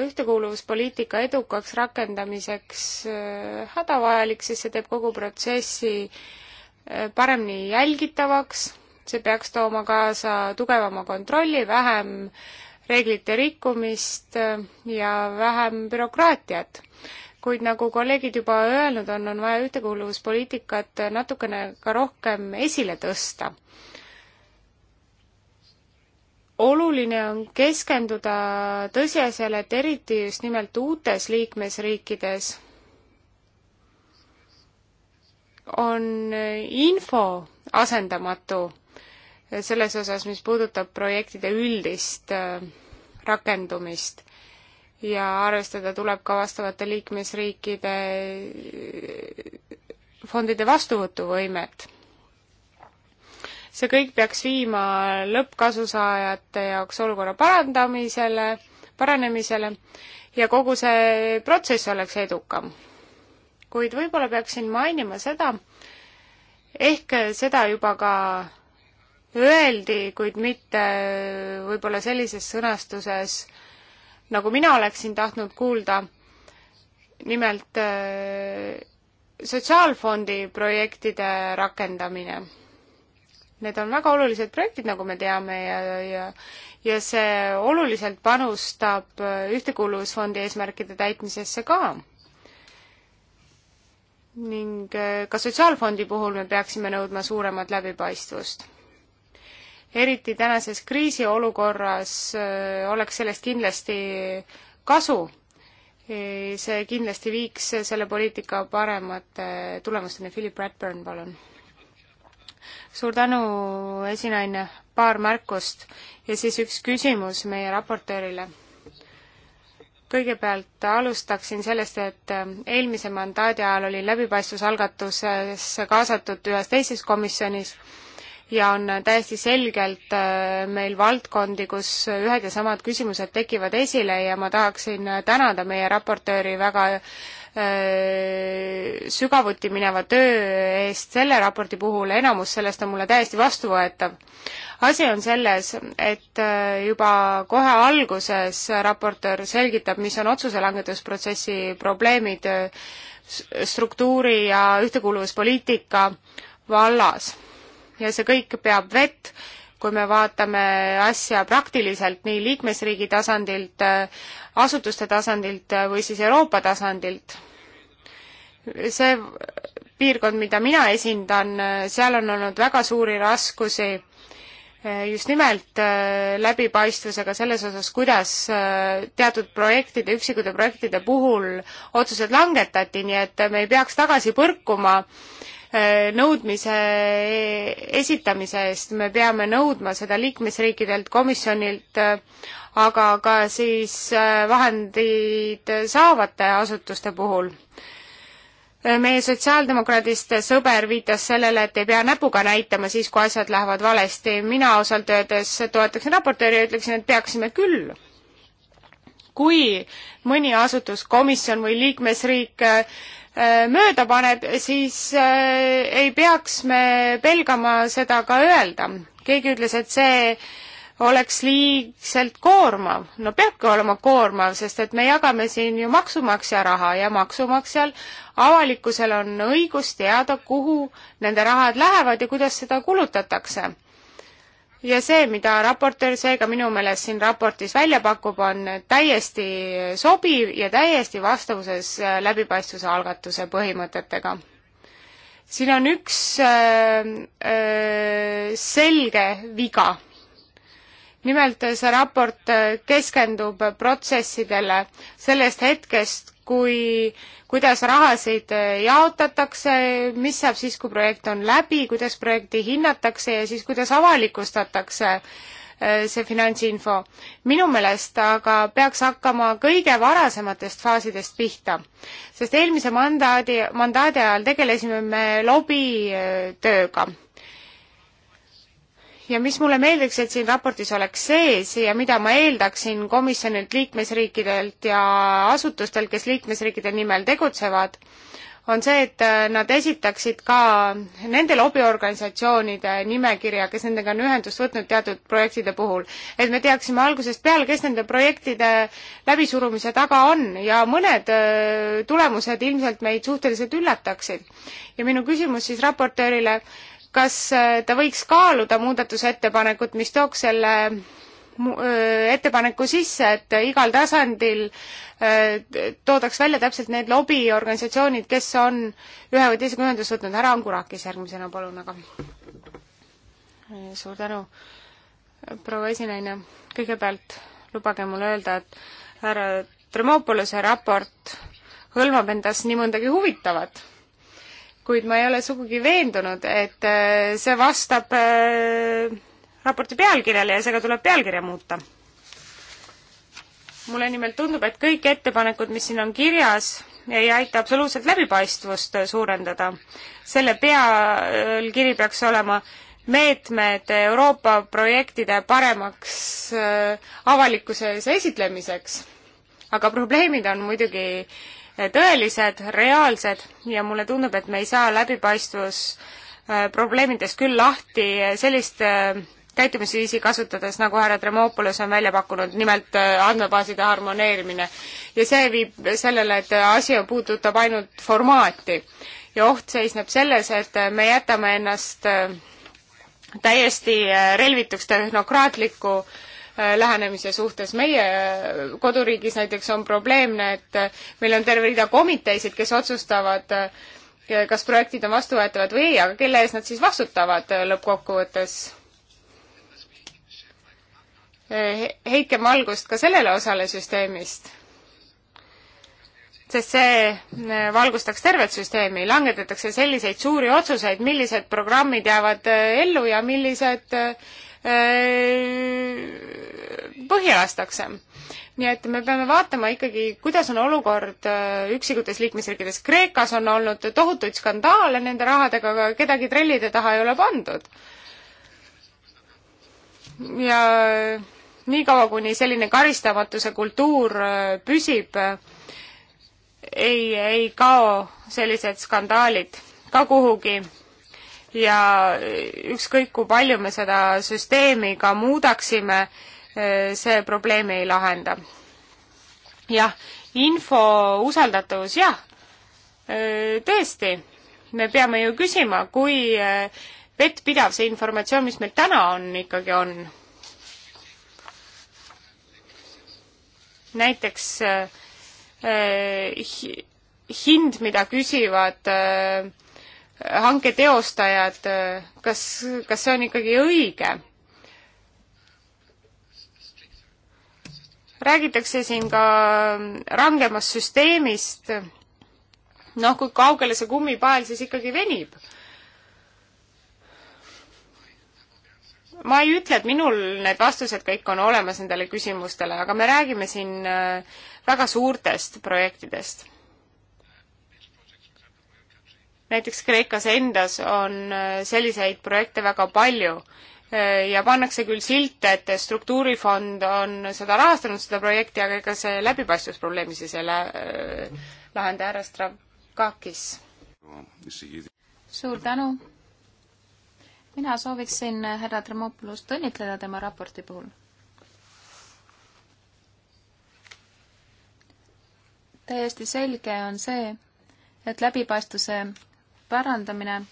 ühtekuuluvuspoliitika edukaks rakendamiseks äh, hädavajalik, sest see teeb kogu protsessi äh, paremini jälgitavaks, see peaks tooma kaasa tugevama kontrolli, vähem reeglite rikkumist äh, ja vähem bürokraatiat kuid nagu kolleegid juba öelnud on, on vaja ühtekuuluvuspoliitikat natukene ka rohkem esile tõsta. oluline on keskenduda tõsiasjale, et eriti just nimelt uutes liikmesriikides on info asendamatu selles osas, mis puudutab projektide üldist äh, rakendumist ja arvestada tuleb ka vastavate liikmesriikide eh, fondide vastuvõtuvõimet. see kõik peaks viima lõppkasusaajate jaoks olukorra parandamisele, paranemisele ja kogu see protsess oleks edukam. kuid võib-olla peaksin mainima seda, ehk seda juba ka öeldi, kuid mitte võib-olla sellises sõnastuses äh,, nagu mina oleksin tahtnud kuulda. nimelt äh, sotsiaalfondi projektide rakendamine. Need on väga olulised projektid, nagu me teame ja, ja ja see oluliselt panustab äh, Ühtekuuluvusfondi eesmärkide täitmisesse ka. ning äh, ka Sotsiaalfondi puhul me peaksime nõudma suuremat läbipaistvust eriti tänases kriisiolukorras äh, oleks sellest kindlasti kasu. see kindlasti viiks selle poliitika paremate tulemusteni. Philip Redburn, palun. suur tänu, esinaine. paar märkust ja siis üks küsimus meie raportöörile kõigepealt alustaksin sellest, et eelmise mandaadi ajal oli läbipaistvusalgatuses kaasatud ühes teises komisjonis ja on täiesti selgelt äh, meil valdkondi, kus ühed ja samad küsimused tekivad esile ja ma tahaksin tänada meie raportööri väga äh, sügavuti mineva töö eest selle raporti puhul, enamus sellest on mulle täiesti vastuvõetav. asi on selles, et äh, juba kohe alguses raportöör selgitab, mis on otsuse langetusprotsessi probleemid struktuuri ja ühtekuuluvuspoliitika vallas ja see kõik peab vett, kui me vaatame asja praktiliselt nii liikmesriigi tasandilt, asutuste tasandilt või siis Euroopa tasandilt. see piirkond, mida mina esindan, seal on olnud väga suuri raskusi just nimelt äh, läbipaistvusega selles osas, kuidas äh, teatud projektide, üksikute projektide puhul otsused langetati, nii et me ei peaks tagasi põrkuma äh, Äh, nõudmise e-, esitamise eest, me peame nõudma seda liikmesriikidelt, komisjonilt, äh, aga ka siis äh, vahendid saavate asutuste puhul. meie sotsiaaldemokraadist sõber viitas sellele, et ei pea näpuga näitama siis, kui asjad lähevad valesti, mina ausalt öeldes toetaksin raportööri ja ütleksin, et peaksime küll kui mõni asutus, komisjon või liikmesriik Äh, mööda paneb, siis äh, ei peaks me pelgama seda ka öelda. keegi ütles, et see oleks liigselt koormav. no peabki olema koormav, sest et me jagame siin ju maksumaksja raha ja maksumaksjal, avalikkusel on õigus teada, kuhu nende rahad lähevad ja kuidas seda kulutatakse ja see, mida raportöör seega minu meelest siin raportis välja pakub, on täiesti sobiv ja täiesti vastavuses äh, läbipaistvuse algatuse põhimõtetega. siin on üks äh, äh, selge viga. nimelt see raport äh, keskendub protsessidele sellest hetkest, kui äh, kuidas rahasid äh, jaotatakse, mis saab siis, kui projekt on läbi, kuidas projekti hinnatakse ja siis kuidas avalikustatakse äh, see finantsinfo. minu meelest aga peaks hakkama kõige varasematest faasidest pihta, sest eelmise mandaadi, mandaadi ajal tegelesime me lobitööga ja mis mulle meeldiks, et siin raportis oleks sees ja mida ma eeldaksin komisjonilt, liikmesriikidelt ja asutustelt, kes liikmesriikide nimel tegutsevad, on see, et äh, nad esitaksid ka nende lobiorganisatsioonide nimekirja, kes nendega on ühendust võtnud teatud projektide puhul. et me teaksime algusest peale, kes nende projektide läbisurumise taga on ja mõned äh, tulemused ilmselt meid suhteliselt üllataksid. ja minu küsimus siis raportöörile, kas äh, ta võiks kaaluda muudatusettepanekut, mis tooks selle äh, ettepaneku sisse, et igal tasandil äh, toodaks välja täpselt need lobiorganisatsioonid, kes on ühe või teisega ühendust võtnud. härra Angurakis järgmisena, palun aga. suur tänu, proua esinaine. kõigepealt lubage mul öelda, et härra Tremopoluse raport hõlmab endas nii mõndagi huvitavat kuid ma ei ole sugugi veendunud, et äh, see vastab äh, raporti pealkirjale ja seega tuleb pealkirja muuta. mulle nimelt tundub, et kõik ettepanekud, mis siin on kirjas, ei aita absoluutselt läbipaistvust suurendada. selle pealkiri peaks olema meetmed Euroopa projektide paremaks äh, avalikkuse ees esitlemiseks. aga probleemid on muidugi äh, tõelised, reaalsed ja mulle tundub, et me ei saa läbipaistvus äh, probleemidest küll lahti sellist äh, käitumisviisi kasutades, nagu härra Tremopoulos on välja pakkunud, nimelt äh, andmebaaside harmoneerimine. ja see viib sellele, et asi puudutab ainult formaati. ja oht seisneb selles, et me jätame ennast täiesti relvituks tehnokraatliku äh, Äh, lähenemise suhtes. meie äh, koduriigis näiteks on probleemne, et äh, meil on terve rida komiteisid, kes otsustavad, kas projektid on vastuvõetavad või ei, aga kelle ees nad siis vastutavad lõppkokkuvõttes? heitke valgust ka sellele osale süsteemist sest see valgustaks tervet süsteemi, langetatakse selliseid suuri otsuseid, millised programmid jäävad ellu ja millised Äh, põhja lastakse. nii et me peame vaatama ikkagi, kuidas on olukord äh, üksikutes liikmesriikides. Kreekas on olnud tohutuid skandaale nende rahadega, aga kedagi trellide taha ei ole pandud. ja niikaua, kuni selline karistamatuse kultuur äh, püsib, ei, ei kao sellised skandaalid ka kuhugi ja ükskõik, kui palju me seda süsteemi ka muudaksime, eh, see probleemi ei lahenda. jah, info usaldatavus, jah, eh, tõesti, me peame ju küsima, kui eh, vettpidav see informatsioon, mis meil täna on, ikkagi on. näiteks äh, hind, mida küsivad äh, hanke teostajad, kas, kas see on ikkagi õige? räägitakse siin ka rangemast süsteemist, noh, kui kaugele see kummipael siis ikkagi venib? ma ei ütle, et minul need vastused kõik on olemas nendele küsimustele, aga me räägime siin äh, väga suurtest projektidest näiteks Kreekas endas on äh, selliseid projekte väga palju äh, ja pannakse küll silte, et struktuurifond on seda rahastanud, seda projekti, aga ega see läbipaistvusprobleemi siis ei äh, lahenda, härra Stravakis. suur tänu. mina sooviksin härra Tremopolust õnnitleda tema raporti puhul. täiesti selge on see, et läbipaistvuse parandamine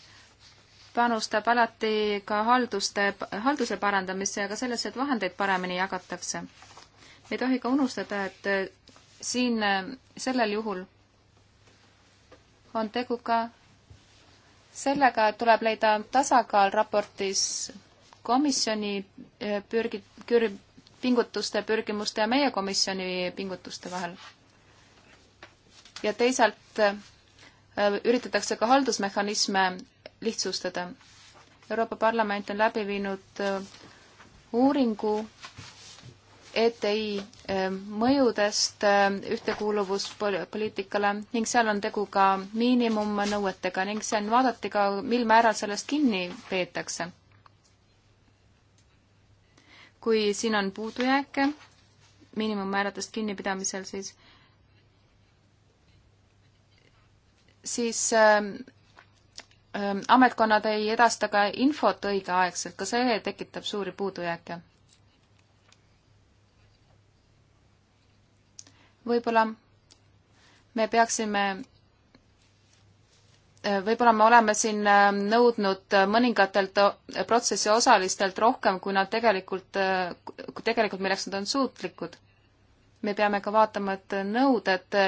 panustab alati ka halduste, halduse parandamisse ja ka sellesse, et vahendeid paremini jagatakse. me ei tohi ka unustada, et äh, siin äh, sellel juhul on tegu ka sellega, et tuleb leida tasakaal raportis komisjoni äh, pürgi-, pürgi, pingutuste, pürgimuste ja meie komisjoni pingutuste vahel. ja teisalt Äh, üritatakse ka haldusmehhanisme lihtsustada. Euroopa Parlament on läbi viinud äh, uuringu ETI äh, mõjudest ühtekuuluvuspoliitikale ning seal on tegu ka miinimumnõuetega ning see on, vaadati ka, mil määral sellest kinni peetakse. kui siin on puudujääke miinimummääradest kinnipidamisel, siis siis ähm, ähm, ametkonnad ei edasta ka infot õigeaegselt, ka see tekitab suuri puudujääke. võib-olla me peaksime, äh, võib-olla me oleme siin ähm, nõudnud mõningatelt äh, protsessi osalistelt rohkem, kui nad tegelikult, äh, tegelikult milleks nad on suutlikud. me peame ka vaatama, et nõuded et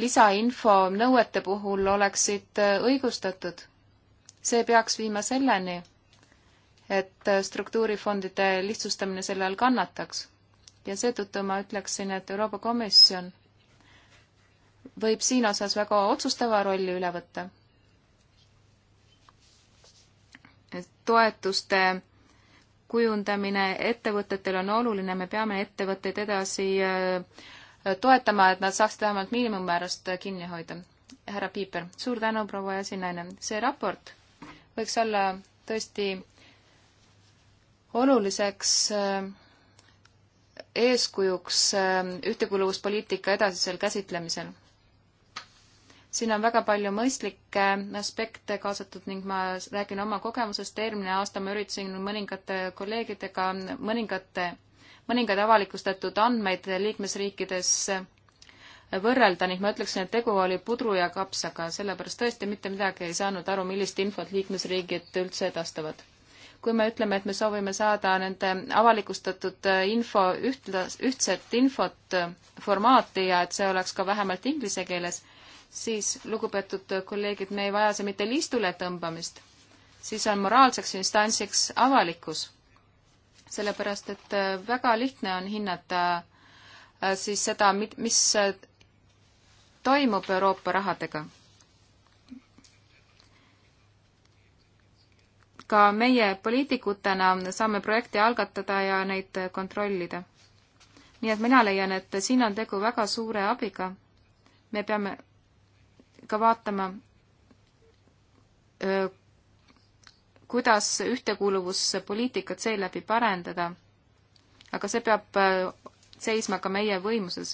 lisainfo nõuete puhul oleksid äh, õigustatud. see peaks viima selleni, et äh, struktuurifondide lihtsustamine selle all kannataks. ja seetõttu ma ütleksin, et Euroopa Komisjon võib siin osas väga otsustava rolli üle võtta. toetuste kujundamine ettevõtetel on oluline, me peame ettevõtteid edasi äh, toetama, et nad saaksid vähemalt miinimummäärast kinni hoida. härra Piiper, suur tänu, proua esinaine. see raport võiks olla tõesti oluliseks äh, eeskujuks äh, ühtekuuluvuspoliitika edasisel käsitlemisel. siin on väga palju mõistlikke aspekte kaasatud ning ma räägin oma kogemusest. eelmine aasta ma üritasin mõningate kolleegidega mõningate mõningaid avalikustatud andmeid liikmesriikides võrrelda ning ma ütleksin, et tegu oli pudru ja kapsaga, sellepärast tõesti mitte midagi ei saanud aru, millist infot liikmesriigid üldse edastavad. kui me ütleme, et me soovime saada nende avalikustatud info ühtlas, ühtset infot, formaati ja et see oleks ka vähemalt inglise keeles, siis, lugupeetud kolleegid, me ei vaja see mitte liistule tõmbamist, siis on moraalseks instantsiks avalikkus sellepärast et äh, väga lihtne on hinnata äh, siis seda, mis äh, toimub Euroopa rahadega. ka meie poliitikutena saame projekte algatada ja neid kontrollida. nii et mina leian, et siin on tegu väga suure abiga. me peame ka vaatama, kuidas ühtekuuluvuspoliitikat seeläbi parendada. aga see peab äh, seisma ka meie võimuses.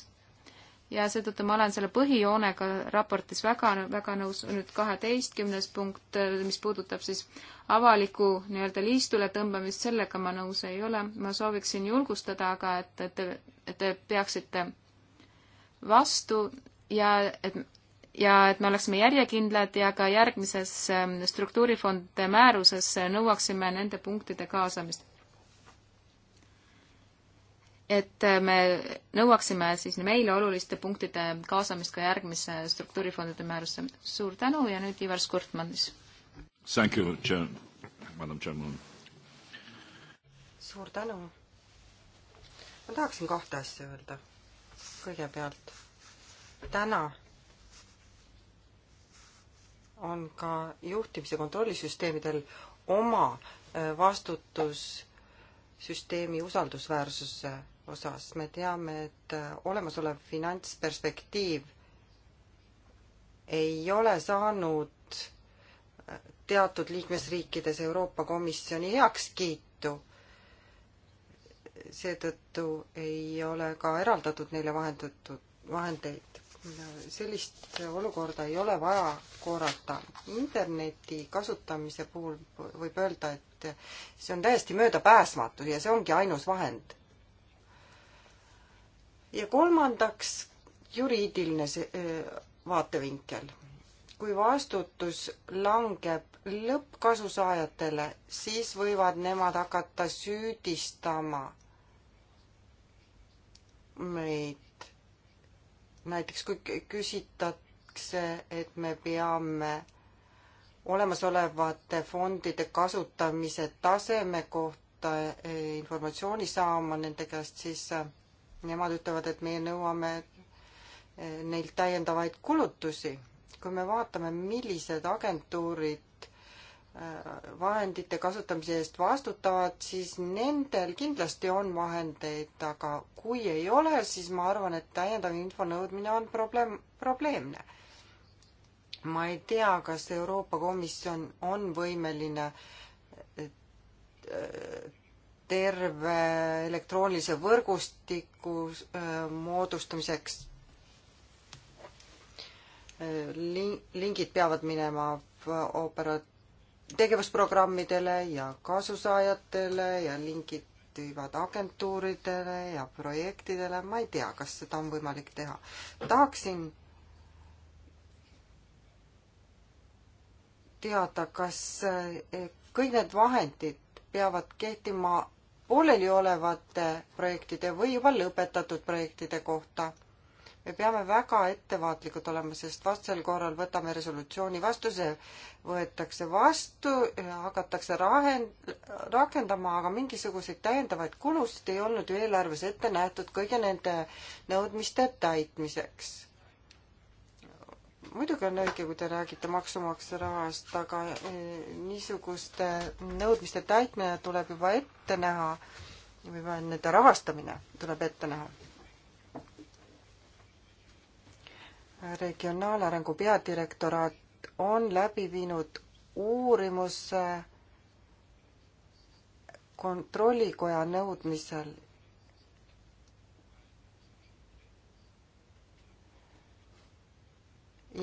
ja seetõttu ma olen selle põhijoonega raportis väga, väga nõus, nüüd kaheteistkümnes punkt, äh, mis puudutab siis avaliku nii-öelda liistule tõmbamist, sellega ma nõus ei ole. ma sooviksin julgustada aga, et, et te, te peaksite vastu ja et ja et me oleksime järjekindlad ja ka järgmises ähm, struktuurifondide määruses äh, nõuaksime nende punktide kaasamist. et äh, me nõuaksime siis meile oluliste punktide kaasamist ka järgmise struktuurifondide määrusse. suur tänu ja nüüd Ivar Skurtmanis. Thank you, madam chairman. suur tänu. ma tahaksin kahte asja öelda. kõigepealt täna on ka juhtimise kontrollisüsteemidel oma äh, vastutus süsteemi usaldusväärsuse osas. me teame, et äh, olemasolev finantsperspektiiv ei ole saanud äh, teatud liikmesriikides Euroopa Komisjoni heakskiitu. seetõttu ei ole ka eraldatud neile vahendatud, vahendeid sellist olukorda ei ole vaja korrata. interneti kasutamise puhul võib öelda, et see on täiesti möödapääsmatu ja see ongi ainus vahend. ja kolmandaks juriidiline vaatevinkel. kui vastutus langeb lõppkasusaajatele, siis võivad nemad hakata süüdistama meid näiteks kui küsitakse, et me peame olemasolevate fondide kasutamise taseme kohta eh, informatsiooni saama nende käest, siis eh, nemad ütlevad, et meie nõuame eh, neilt täiendavaid kulutusi. kui me vaatame, millised agentuurid vahendite kasutamise eest vastutavad, siis nendel kindlasti on vahendeid, aga kui ei ole, siis ma arvan, et täiendav info nõudmine on probleem, probleemne. ma ei tea, kas Euroopa Komisjon on võimeline äh, terve elektroonilise võrgustiku äh, moodustamiseks. Äh, lingid peavad minema operat-, tegevusprogrammidele ja kasusaajatele ja lingid viivad agentuuridele ja projektidele, ma ei tea, kas seda on võimalik teha. tahaksin teada, kas eh, kõik need vahendid peavad kehtima pooleliolevate projektide või juba lõpetatud projektide kohta me peame väga ettevaatlikud olema, sest vastasel korral võtame resolutsiooni vastu, see võetakse vastu, hakatakse rahend-, rakendama, aga mingisuguseid täiendavaid kulusid ei olnud ju eelarves ette nähtud kõigi nende nõudmiste täitmiseks muidugi on õige, kui te räägite maksumaksja rahast, aga eh, niisuguste nõudmiste täitmine tuleb juba ette näha või nende rahastamine tuleb ette näha regionaalarengu peadirektoraat on läbi viinud uurimuse kontrollikoja nõudmisel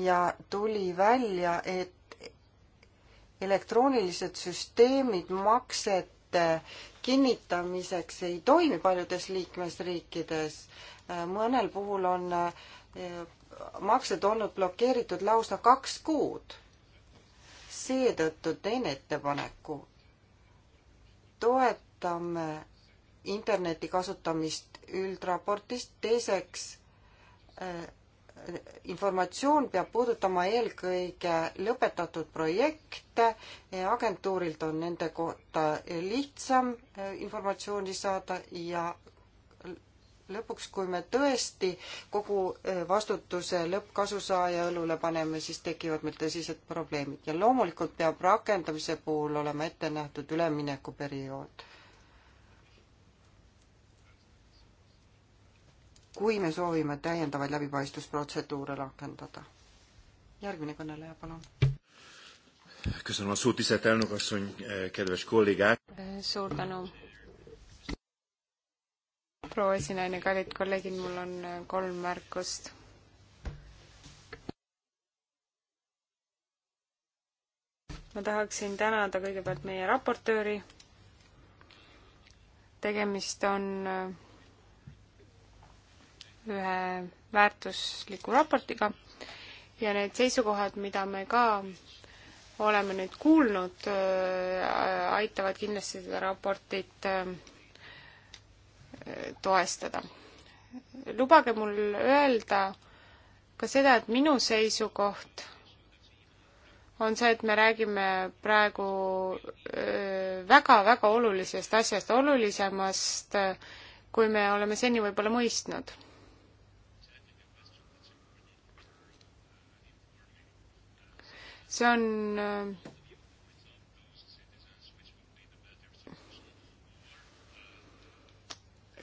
ja tuli välja, et elektroonilised süsteemid maksete kinnitamiseks ei toimi paljudes liikmesriikides. mõnel puhul on eh, maksed olnud blokeeritud lausa kaks kuud. seetõttu teen ettepaneku, toetame interneti kasutamist üldraportist, teiseks äh, informatsioon peab puudutama eelkõige lõpetatud projekte, agentuurilt on nende kohta lihtsam äh, informatsiooni saada ja lõpuks, kui me tõesti kogu eh, vastutuse lõppkasusaaja õlule paneme, siis tekivad meil tõsised probleemid ja loomulikult peab rakendamise puhul olema ette nähtud üleminekuperiood. kui me soovime täiendavaid läbipaistvusprotseduure rakendada. järgmine kõneleja, palun. Köszönöm a szót, tisztelt elnök asszony, kedves kollégák! Suur tänu, proua esinaine, kallid kolleegid, mul on äh, kolm märkust ma tahaksin tänada kõigepealt meie raportööri. tegemist on äh, ühe väärtusliku raportiga ja need seisukohad, mida me ka oleme nüüd kuulnud, äh, aitavad kindlasti seda raportit toestada. lubage mul öelda ka seda, et minu seisukoht on see, et me räägime praegu väga-väga olulisest asjast, olulisemast, kui me oleme seni võib-olla mõistnud. see on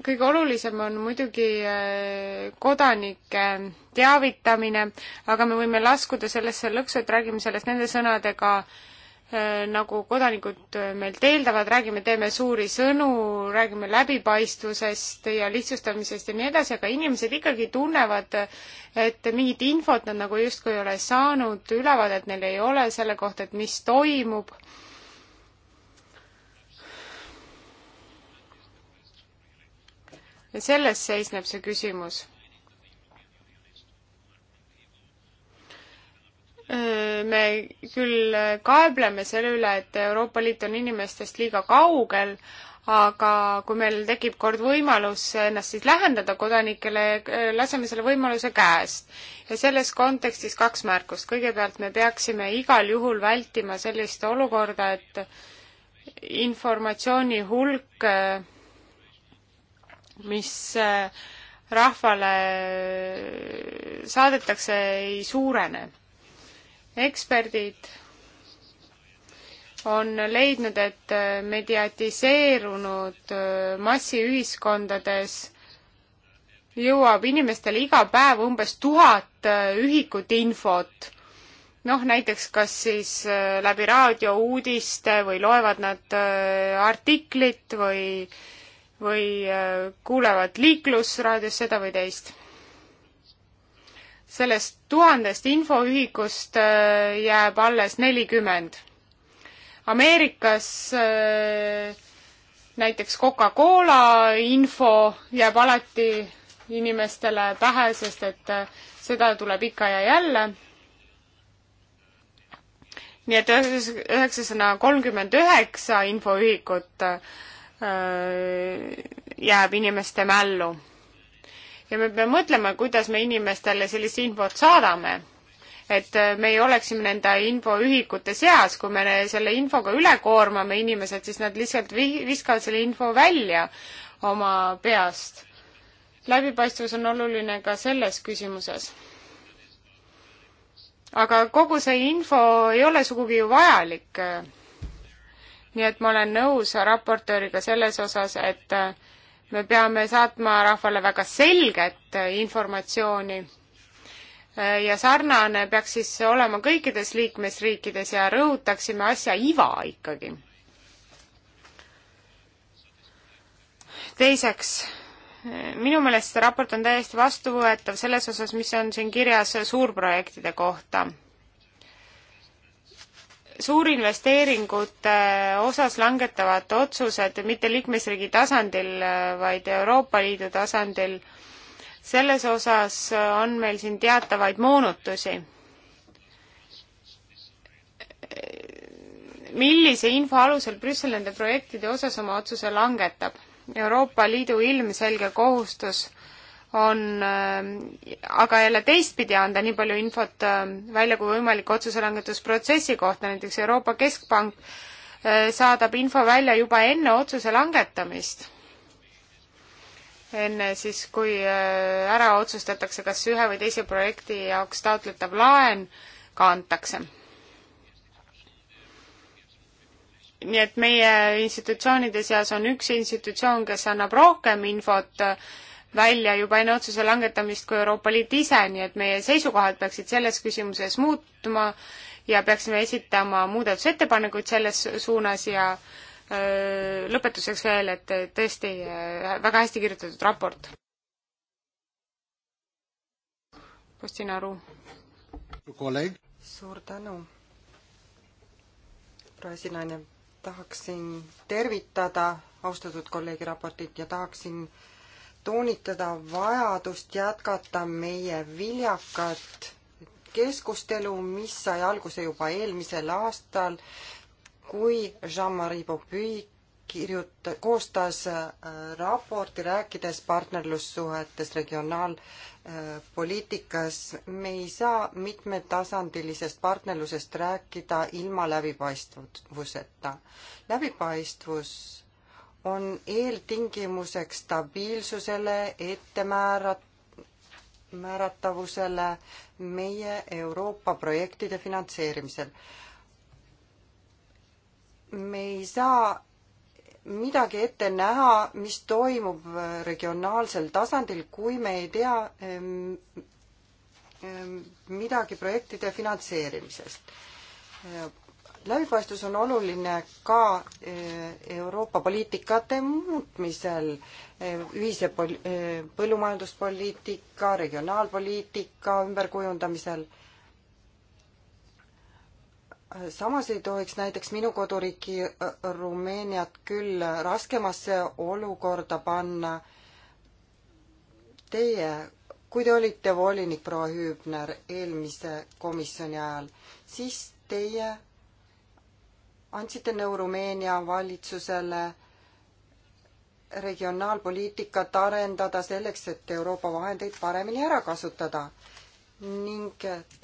kõige olulisem on muidugi äh, kodanike teavitamine, aga me võime laskuda sellesse lõksu, et räägime sellest nende sõnadega, äh, nagu kodanikud äh, meilt eeldavad, räägime, teeme suuri sõnu, räägime läbipaistvusest ja lihtsustamisest ja nii edasi, aga inimesed ikkagi tunnevad, et mingit infot nad nagu justkui ei ole saanud, ülevaadet neil ei ole selle kohta, et mis toimub selles seisneb see küsimus. me küll kaebleme selle üle, et Euroopa Liit on inimestest liiga kaugel, aga kui meil tekib kord võimalus ennast siis lähendada kodanikele, laseme selle võimaluse käest. ja selles kontekstis kaks märkust. kõigepealt me peaksime igal juhul vältima sellist olukorda, et informatsiooni hulk mis äh, rahvale saadetakse, ei suurene. eksperdid on leidnud, et äh, mediatiseerunud äh, massiühiskondades jõuab inimestele iga päev umbes tuhat ühikut infot. noh, näiteks kas siis läbi raadio uudiste või loevad nad artiklit või äh, või äh, kuulevad liiklusraadios seda või teist. sellest tuhandest infoühikust äh, jääb alles nelikümmend. Ameerikas äh, näiteks Coca-Cola info jääb alati inimestele pähe, sest et seda tuleb ikka ja jälle nii et üheksasada kolmkümmend üheksa infoühikut Äh, jääb inimeste mällu. ja me peame mõtlema, kuidas me inimestele sellist infot saadame et meie oleksime nende infoühikute seas, kui me selle infoga üle koormame inimesed, siis nad lihtsalt viskavad selle info välja oma peast. läbipaistvus on oluline ka selles küsimuses. aga kogu see info ei ole sugugi ju vajalik nii et ma olen nõus raportööriga selles osas, et äh, me peame saatma rahvale väga selget äh, informatsiooni äh, ja sarnane peaks siis olema kõikides liikmesriikides ja rõhutaksime asja iva ikkagi. teiseks, minu meelest see raport on täiesti vastuvõetav selles osas, mis on siin kirjas suurprojektide kohta suurinvesteeringute äh, osas langetavad otsused mitte liikmesriigi tasandil, äh, vaid Euroopa Liidu tasandil, selles osas äh, on meil siin teatavaid moonutusi. millise info alusel Brüssel nende projektide osas oma otsuse langetab? Euroopa Liidu ilmselge kohustus on äh, aga jälle teistpidi anda nii palju infot äh, välja kui võimalik otsuselangetusprotsessi kohta, näiteks Euroopa Keskpank äh, saadab info välja juba enne otsuse langetamist. enne siis, kui ära otsustatakse, kas ühe või teise projekti jaoks taotletav laen ka antakse. nii et meie institutsioonide seas on üks institutsioon, kes annab rohkem infot äh, välja juba enne otsuse langetamist kui Euroopa Liit ise, nii et meie seisukohad peaksid selles küsimuses muutuma ja peaksime esitama muudatusettepanekuid selles suunas ja öö, lõpetuseks veel, et tõesti äh, väga hästi kirjutatud raport. Kristina Aru. suur tänu. praesinaine, tahaksin tervitada austatud kolleegi raportit ja tahaksin äh, toonitada vajadust jätkata meie viljakat keskustelu, mis sai alguse juba eelmisel aastal, kui Jean-Marie Popüü kirjuta-, koostas äh, raporti, rääkides partnerlussuhetest regionaalpoliitikas. me ei saa mitmetasandilisest partnerlusest rääkida ilma läbipaistvuseta. läbipaistvus on eeltingimuseks stabiilsusele, ettemäärat-, määratavusele meie Euroopa projektide finantseerimisel. me ei saa midagi ette näha, mis toimub regionaalsel tasandil, kui me ei tea ehm, ehm, midagi projektide finantseerimisest läbipaistvus on oluline ka eh, Euroopa poliitikate muutmisel, eh, ühise pol-, eh, põllumajanduspoliitika, regionaalpoliitika ümberkujundamisel. samas ei tohiks näiteks minu koduriiki Rumeeniat küll raskemasse olukorda panna. Teie kui te olite volinik proua Hüübner eelmise komisjoni ajal, siis teie andsite nõu Rumeenia valitsusele regionaalpoliitikat arendada selleks, et Euroopa vahendeid paremini ära kasutada ning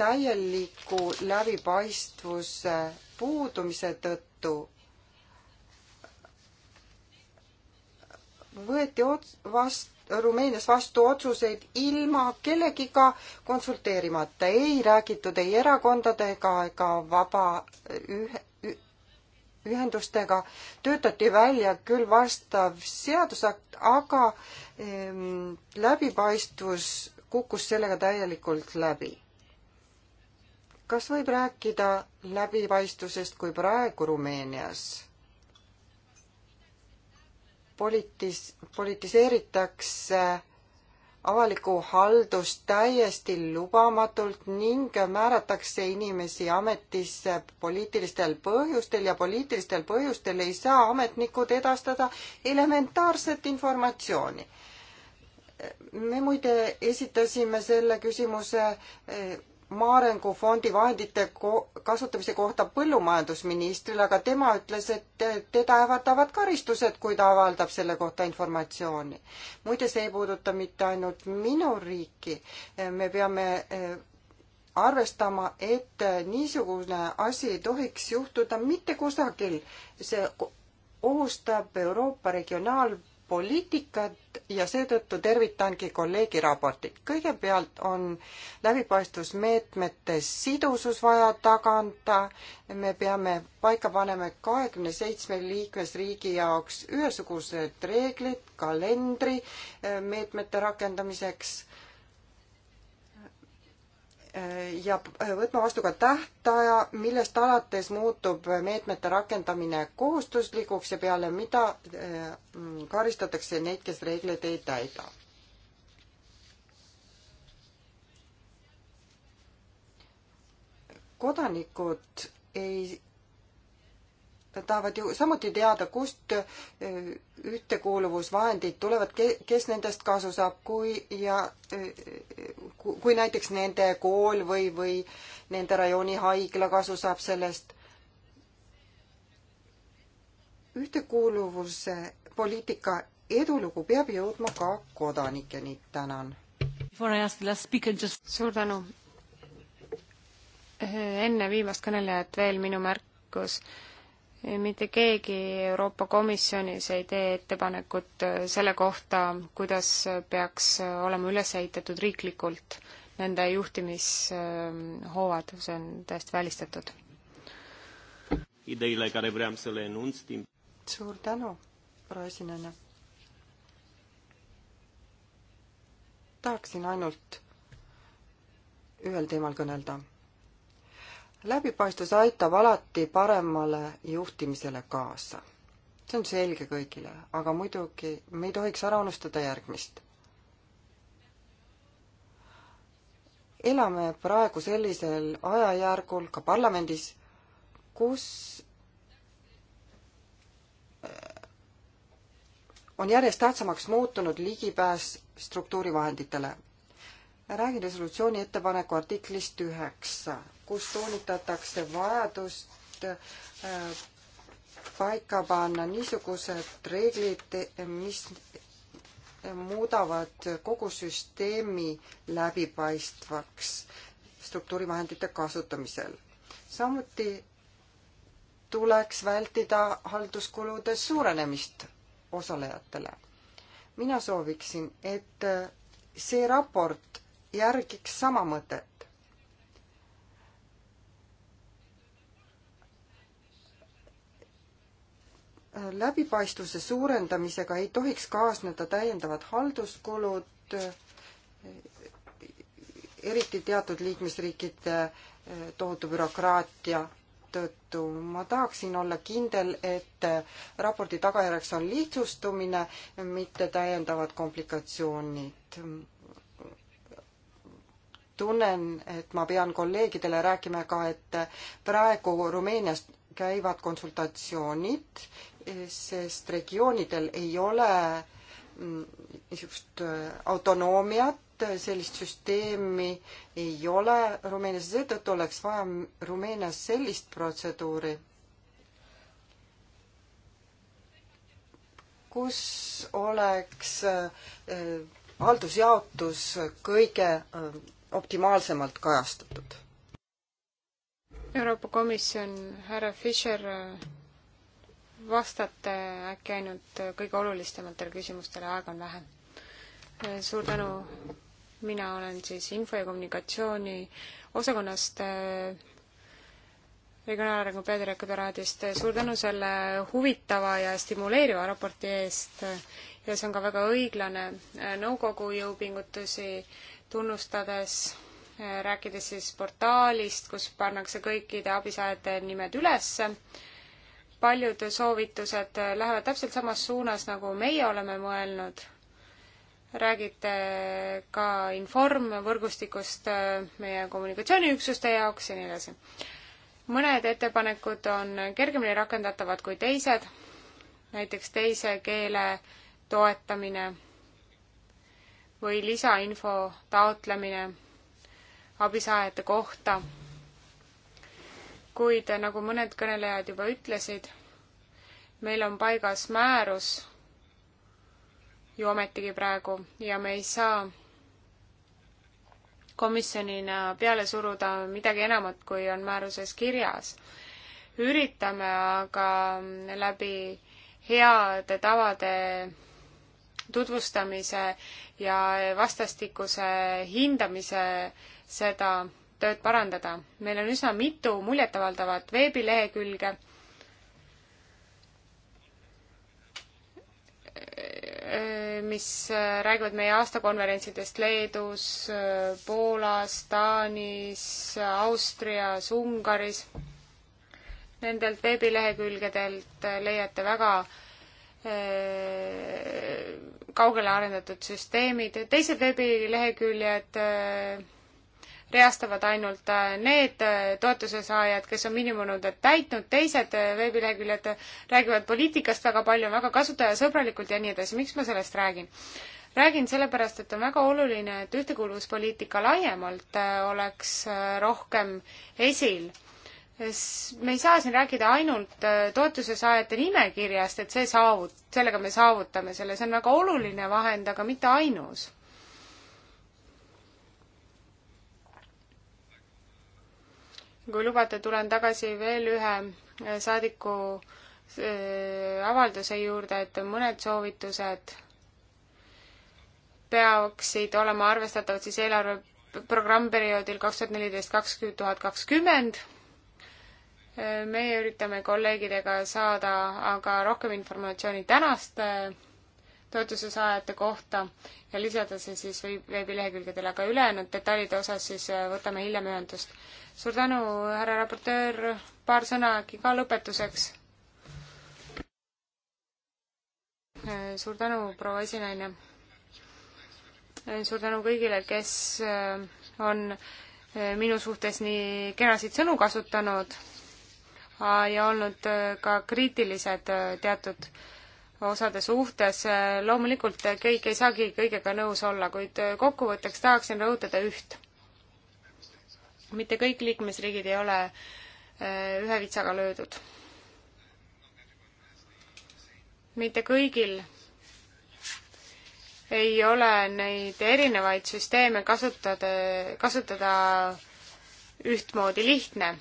täieliku läbipaistvuse puudumise tõttu võeti ots-, vast-, Rumeenias vastu otsuseid ilma kellegiga konsulteerimata, ei räägitud ei erakondadega ega vaba ühe, ühendustega, töötati välja küll vastav seadusakt, aga ähm, läbipaistvus kukkus sellega täielikult läbi. kas võib rääkida läbipaistvusest kui praegu Rumeenias? politis-, politiseeritakse avalikku haldust täiesti lubamatult ning määratakse inimesi ametisse poliitilistel põhjustel ja poliitilistel põhjustel ei saa ametnikud edastada elementaarset informatsiooni. me muide esitasime selle küsimuse eh, Maarengu fondi vahendite ko kasutamise kohta põllumajandusministrile, aga tema ütles, et teda ähvardavad karistused, kui ta avaldab selle kohta informatsiooni. muide, see ei puuduta mitte ainult minu riiki, me peame eh, arvestama, et niisugune asi ei tohiks juhtuda mitte kusagil. see ohustab Euroopa regionaal- poliitikat ja seetõttu tervitangi kolleegi raportit. kõigepealt on läbipaistvusmeetmete sidusus vaja taganda, me peame paika panema kahekümne seitsme liikmesriigi jaoks ühesugused reeglid kalendri meetmete rakendamiseks ja võtma vastu ka tähtaja, millest alates muutub meetmete rakendamine kohustuslikuks ja peale mida äh, karistatakse neid, kes reegleid ei täida. kodanikud ei Nad tahavad ju samuti teada, kust äh, ühtekuuluvusvahendid tulevad, kes nendest kasu saab, kui ja äh, kui näiteks nende kool või, või nende rajooni haigla kasu saab sellest. ühtekuuluvuse poliitika edulugu peab jõudma ka kodanikeni, tänan. Just... suur tänu. Äh, enne viimast kõnelejat veel minu märkus mitte keegi Euroopa Komisjonis ei tee ettepanekut äh, selle kohta, kuidas peaks äh, olema üles ehitatud riiklikult nende juhtimishoovad, see on täiesti välistatud. ideile, care vreau să le enunț timp. suur tänu, proua esineja. tahaksin ainult ühel teemal kõnelda läbipaistvus aitab alati paremale juhtimisele kaasa. see on selge kõigile, aga muidugi me ei tohiks ära unustada järgmist. elame praegu sellisel ajajärgul ka parlamendis, kus äh, on järjest tähtsamaks muutunud ligipääs struktuurivahenditele. räägin resolutsiooni ettepaneku artiklist üheksa kus toonitatakse vajadust äh, paika panna niisugused reeglid, mis muudavad kogu süsteemi läbipaistvaks struktuurivahendite kasutamisel. samuti tuleks vältida halduskulude suurenemist osalejatele. mina sooviksin, et see raport järgiks sama mõtet. läbipaistvuse suurendamisega ei tohiks kaasneda täiendavad halduskulud, eriti teatud liikmesriikide eh, tohutu bürokraatia tõttu. ma tahaksin olla kindel, et eh, raporti tagajärjeks on lihtsustumine, mitte täiendavad komplikatsioonid. tunnen, et ma pean kolleegidele rääkima ka, et praegu Rumeenias käivad konsultatsioonid sest regioonidel ei ole mm, niisugust äh, autonoomiat, sellist süsteemi ei ole Rumeenias ja seetõttu oleks vaja Rumeenias sellist protseduuri, kus oleks äh, haldusjaotus kõige äh, optimaalsemalt kajastatud? Euroopa Komisjon, härra Fischer vastate äkki ainult kõige olulisematele küsimustele, aega on vähe. suur tänu, mina olen siis info- ja kommunikatsiooni osakonnast eh, regionaalarengu peadirektoraadist, suur tänu selle huvitava ja stimuleeriva raporti eest ja see on ka väga õiglane eh, nõukogu jõupingutusi tunnustades, eh, rääkides siis portaalist, kus pannakse kõikide abisaajate nimed ülesse paljud soovitused lähevad täpselt samas suunas, nagu meie oleme mõelnud. räägite ka informvõrgustikust äh, meie kommunikatsiooniüksuste jaoks ja nii edasi. mõned ettepanekud on kergemini rakendatavad kui teised, näiteks teise keele toetamine või lisainfo taotlemine abisaajate kohta kuid nagu mõned kõnelejad juba ütlesid, meil on paigas määrus ju ometigi praegu ja me ei saa komisjonina peale suruda midagi enamat, kui on määruses kirjas. üritame aga läbi heade tavade tutvustamise ja vastastikuse hindamise seda tööd parandada. meil on üsna mitu muljetavaldavat veebilehekülge. mis räägivad meie aastakonverentsidest Leedus, Poolas, Taanis, Austrias, Ungaris. Nendelt veebilehekülgedelt leiate väga eh, kaugele arendatud süsteemid, teised veebileheküljed eh, reastavad ainult äh, need äh, toetuse saajad, kes on miinimumnõuded täitnud, teised äh, veebileheküljed räägivad poliitikast väga palju, väga kasutajasõbralikult ja nii edasi. miks ma sellest räägin? räägin sellepärast, et on väga oluline, et ühtekuuluvuspoliitika laiemalt oleks rohkem esil me ei saa siin rääkida ainult toetuse saajate nimekirjast, et see saavut-, sellega me saavutame selle, see on väga oluline vahend, aga mitte ainus. kui lubate, tulen tagasi veel ühe äh, saadiku äh, avalduse juurde, et mõned soovitused peaksid olema arvestatavad siis eelarve programmperioodil kaks tuhat neliteist, kakskümmend tuhat kakskümmend. Äh, meie üritame kolleegidega saada aga rohkem informatsiooni tänaste toetuse saajate kohta ja lisada see siis veebilehekülgedele, aga ülejäänud detailide osas siis äh, võtame hiljem ühendust. suur tänu, härra raportöör, paar sõnagi ka lõpetuseks. Äh, suur tänu, proua esinaine. Äh, suur tänu kõigile, kes on minu suhtes nii kenasid sõnu kasutanud ja olnud ka kriitilised teatud osade suhtes. Äh, loomulikult kõik ei saagi kõigega nõus olla, kuid äh, kokkuvõtteks tahaksin rõhutada üht. mitte kõik liikmesriigid ei ole äh, ühe vitsaga löödud. mitte kõigil ei ole neid erinevaid süsteeme kasutada, kasutada ühtmoodi lihtne,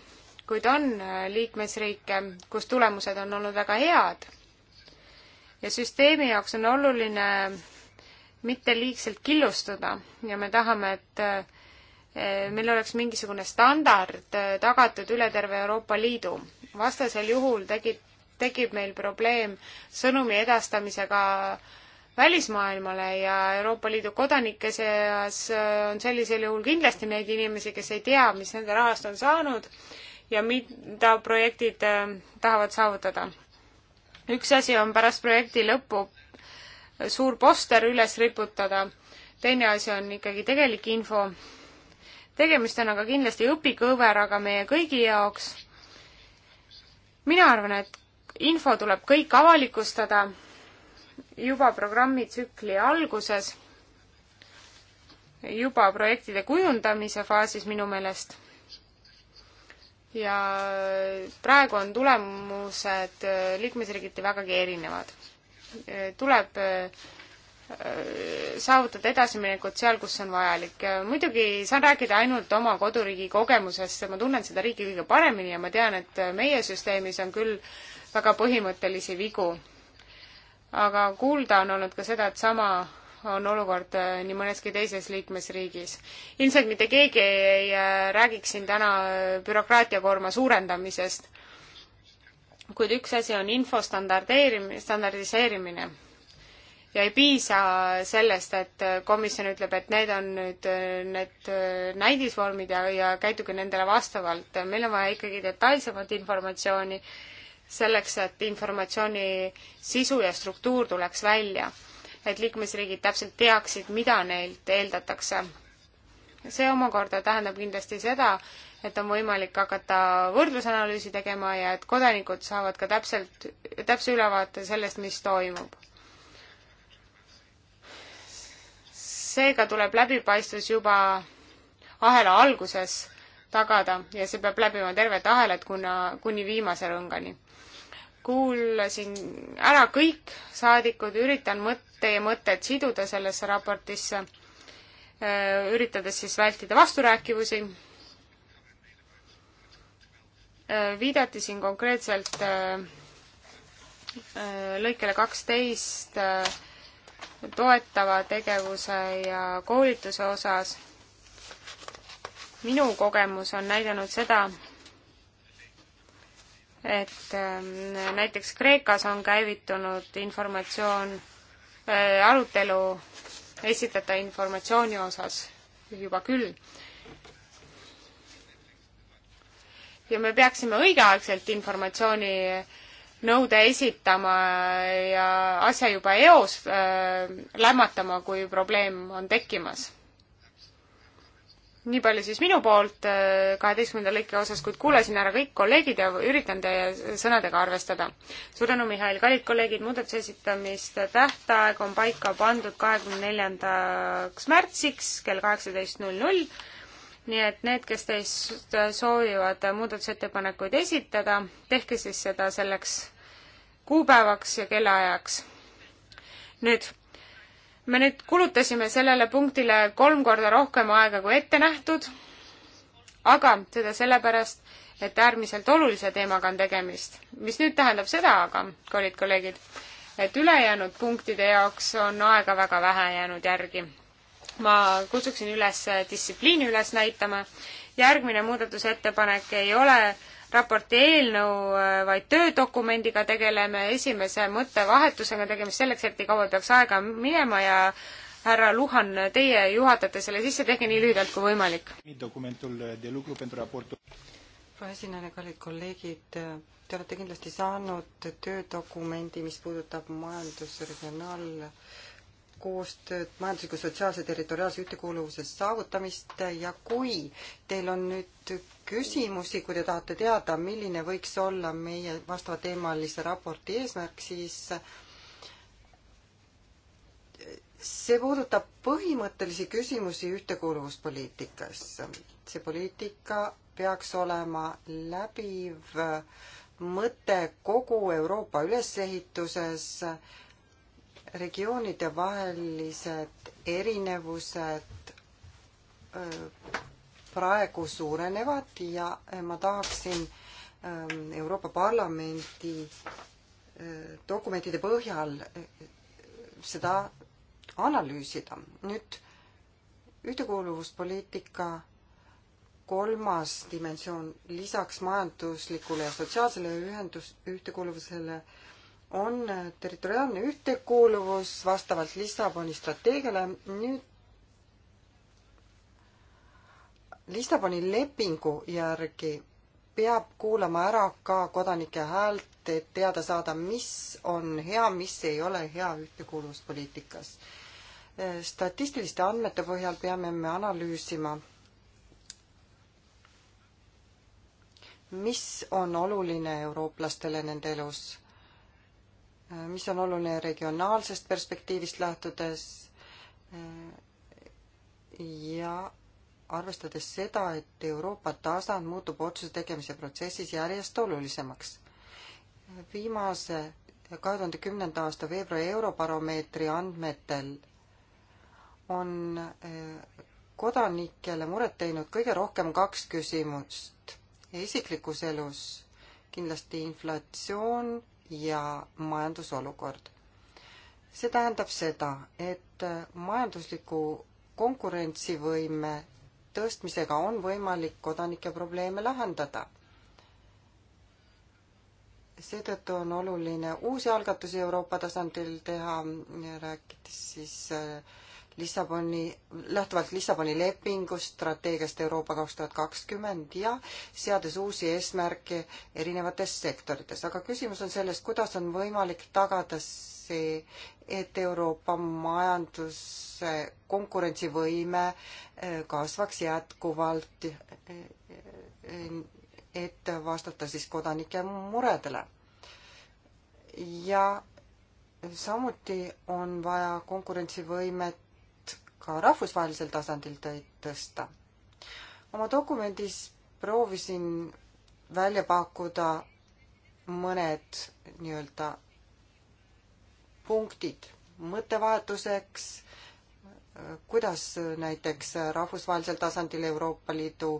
kuid on liikmesriike, kus tulemused on olnud väga head ja süsteemi jaoks on oluline mitte liigselt killustuda ja me tahame, et eh, meil oleks mingisugune standard eh, tagatud üle terve Euroopa Liidu. vastasel juhul tekib, tekib meil probleem sõnumi edastamisega välismaailmale ja Euroopa Liidu kodanike seas eh, on sellisel juhul kindlasti neid inimesi, kes ei tea, mis nende rahast on saanud ja mida projektid tahavad saavutada üks asi on pärast projekti lõppu suur poster üles riputada, teine asi on ikkagi tegelik info. tegemist on aga kindlasti õpikõveraga meie kõigi jaoks. mina arvan, et info tuleb kõik avalikustada juba programmitsükli alguses, juba projektide kujundamise faasis minu meelest ja praegu on tulemused äh, liikmesriigiti vägagi erinevad. Äh, tuleb äh, saavutada edasiminekut seal, kus see on vajalik. muidugi saan rääkida ainult oma koduriigi kogemusest, ma tunnen seda riiki kõige paremini ja ma tean, et meie süsteemis on küll väga põhimõttelisi vigu. aga kuulda on olnud ka seda, et sama on olukord äh, nii mõneski teises liikmesriigis. ilmselt mitte keegi ei äh, räägiks siin täna äh, bürokraatiakoorma suurendamisest, kuid üks asi on info standardeerimine, standardiseerimine. ja ei piisa sellest, et komisjon ütleb, et need on nüüd need näidisvormid ja, ja käituge nendele vastavalt. meil on vaja ikkagi detailsemat informatsiooni selleks, et informatsiooni sisu ja struktuur tuleks välja et liikmesriigid täpselt teaksid, mida neilt eeldatakse. see omakorda tähendab kindlasti seda, et on võimalik hakata võrdlusanalüüsi tegema ja et kodanikud saavad ka täpselt, täpse ülevaate sellest, mis toimub. seega tuleb läbipaistvus juba ahela alguses tagada ja see peab läbima tervet ahelat, kuna, kuni viimase rõngani kuulasin ära kõik saadikud, üritan mõt-, teie mõtted siduda sellesse raportisse, äh, üritades siis vältida vasturääkivusi. Äh, viidati siin konkreetselt äh, lõikele kaksteist toetava tegevuse ja koolituse osas. minu kogemus on näidanud seda, et ähm, näiteks Kreekas on käivitunud informatsioon, äh, arutelu esitada informatsiooni osas juba küll. ja me peaksime õigeaegselt informatsiooni nõude esitama ja asja juba eos äh, lämmatama, kui probleem on tekkimas nii palju siis minu poolt äh, kaheteistkümnenda lõike osas, kuid kuulasin ära kõik kolleegid ja üritan teie sõnadega arvestada. suur tänu, Mihhail, kallid kolleegid, muudatuse esitamist tähtaeg on paika pandud kahekümne neljandaks märtsiks kell kaheksateist null null. nii et need, kes teist soovivad muudatusettepanekuid esitada, tehke siis seda selleks kuupäevaks ja kellaajaks. nüüd me nüüd kulutasime sellele punktile kolm korda rohkem aega kui ette nähtud, aga seda sellepärast, et äärmiselt olulise teemaga on tegemist. mis nüüd tähendab seda aga, kallid kolleegid, et ülejäänud punktide jaoks on aega väga vähe jäänud järgi. ma kutsuksin üles distsipliini üles näitama, järgmine muudatusettepanek ei ole raporti eelnõu, äh, vaid töödokumendiga tegeleme, esimese mõttevahetusega tegema selleks, et nii kaua peaks aega minema ja härra Luhan, teie juhatate selle sisse, tehke nii lühidalt kui võimalik. proua esinejana, kallid kolleegid, te olete kindlasti saanud töödokumendi, mis puudutab majandus- ja regionaal- koostööd, majandusliku, sotsiaalse, territoriaalse ühtekuuluvuse saavutamist ja kui teil on nüüd küsimusi, kui te tahate teada, milline võiks olla meie vastavateemalise raporti eesmärk, siis see puudutab põhimõttelisi küsimusi ühtekuuluvuspoliitikas. see poliitika peaks olema läbiv mõte kogu Euroopa ülesehituses, regioonide vahelised erinevused praegu suurenevad ja äh, ma tahaksin ähm, Euroopa Parlamendi äh, dokumentide põhjal äh, seda analüüsida. nüüd ühtekuuluvuspoliitika kolmas dimensioon lisaks majanduslikule ja sotsiaalsele ühendus, ühtekuuluvusele on territoriaalne ühtekuuluvus vastavalt Lissaboni strateegiale. nüüd Lissaboni lepingu järgi peab kuulama ära ka kodanike häält, et teada saada, mis on hea, mis ei ole hea ühtekuuluvuspoliitikas. statistiliste andmete põhjal peame me analüüsima, mis on oluline eurooplastele nende elus, mis on oluline regionaalsest perspektiivist lähtudes ja arvestades seda, et Euroopa tasand muutub otsuse tegemise protsessis järjest olulisemaks. viimase kahe tuhande kümnenda aasta veebruari Eurobaromeetri andmetel on eh, kodanikele muret teinud kõige rohkem kaks küsimust. isiklikus elus kindlasti inflatsioon ja majandusolukord. see tähendab seda, et majandusliku konkurentsivõime tõstmisega on võimalik kodanike probleeme lahendada. seetõttu on oluline uusi algatusi Euroopa tasandil teha, rääkides siis äh, Lissaboni, lähtuvalt Lissaboni lepingust, strateegiast Euroopa kaks tuhat kakskümmend ja seades uusi eesmärke erinevates sektorites, aga küsimus on selles, kuidas on võimalik tagada see, et Euroopa majanduse konkurentsivõime eh, kasvaks jätkuvalt, eh, et vastata siis kodanike muredele. ja samuti on vaja konkurentsivõimet ka rahvusvahelisel tasandil tõsta. oma dokumendis proovisin välja pakkuda mõned nii-öelda punktid mõttevahetuseks, kuidas näiteks rahvusvahelisel tasandil Euroopa Liidu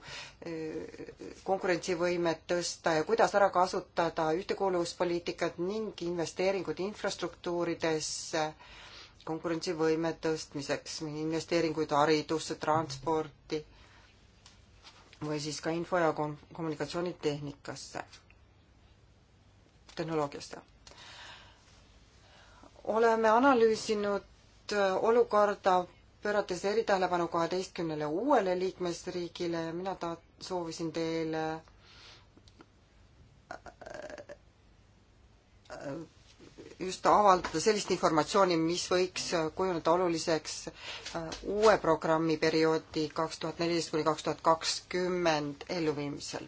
eh, konkurentsivõimet tõsta ja kuidas ära kasutada ühtekuuluvuspoliitikat ning investeeringud infrastruktuuridesse konkurentsivõime tõstmiseks, investeeringuid haridusse, transporti või siis ka info- ja kommunikatsioonitehnikasse, tehnoloogiasse oleme analüüsinud äh, olukorda, pöörates eritähelepanu kaheteistkümnele uuele liikmesriigile, mina ta-, soovisin teile äh, just avaldada sellist informatsiooni, mis võiks äh, kujuneda oluliseks uue programmi perioodi kaks tuhat neliteist kuni kaks tuhat kakskümmend elluviimisel.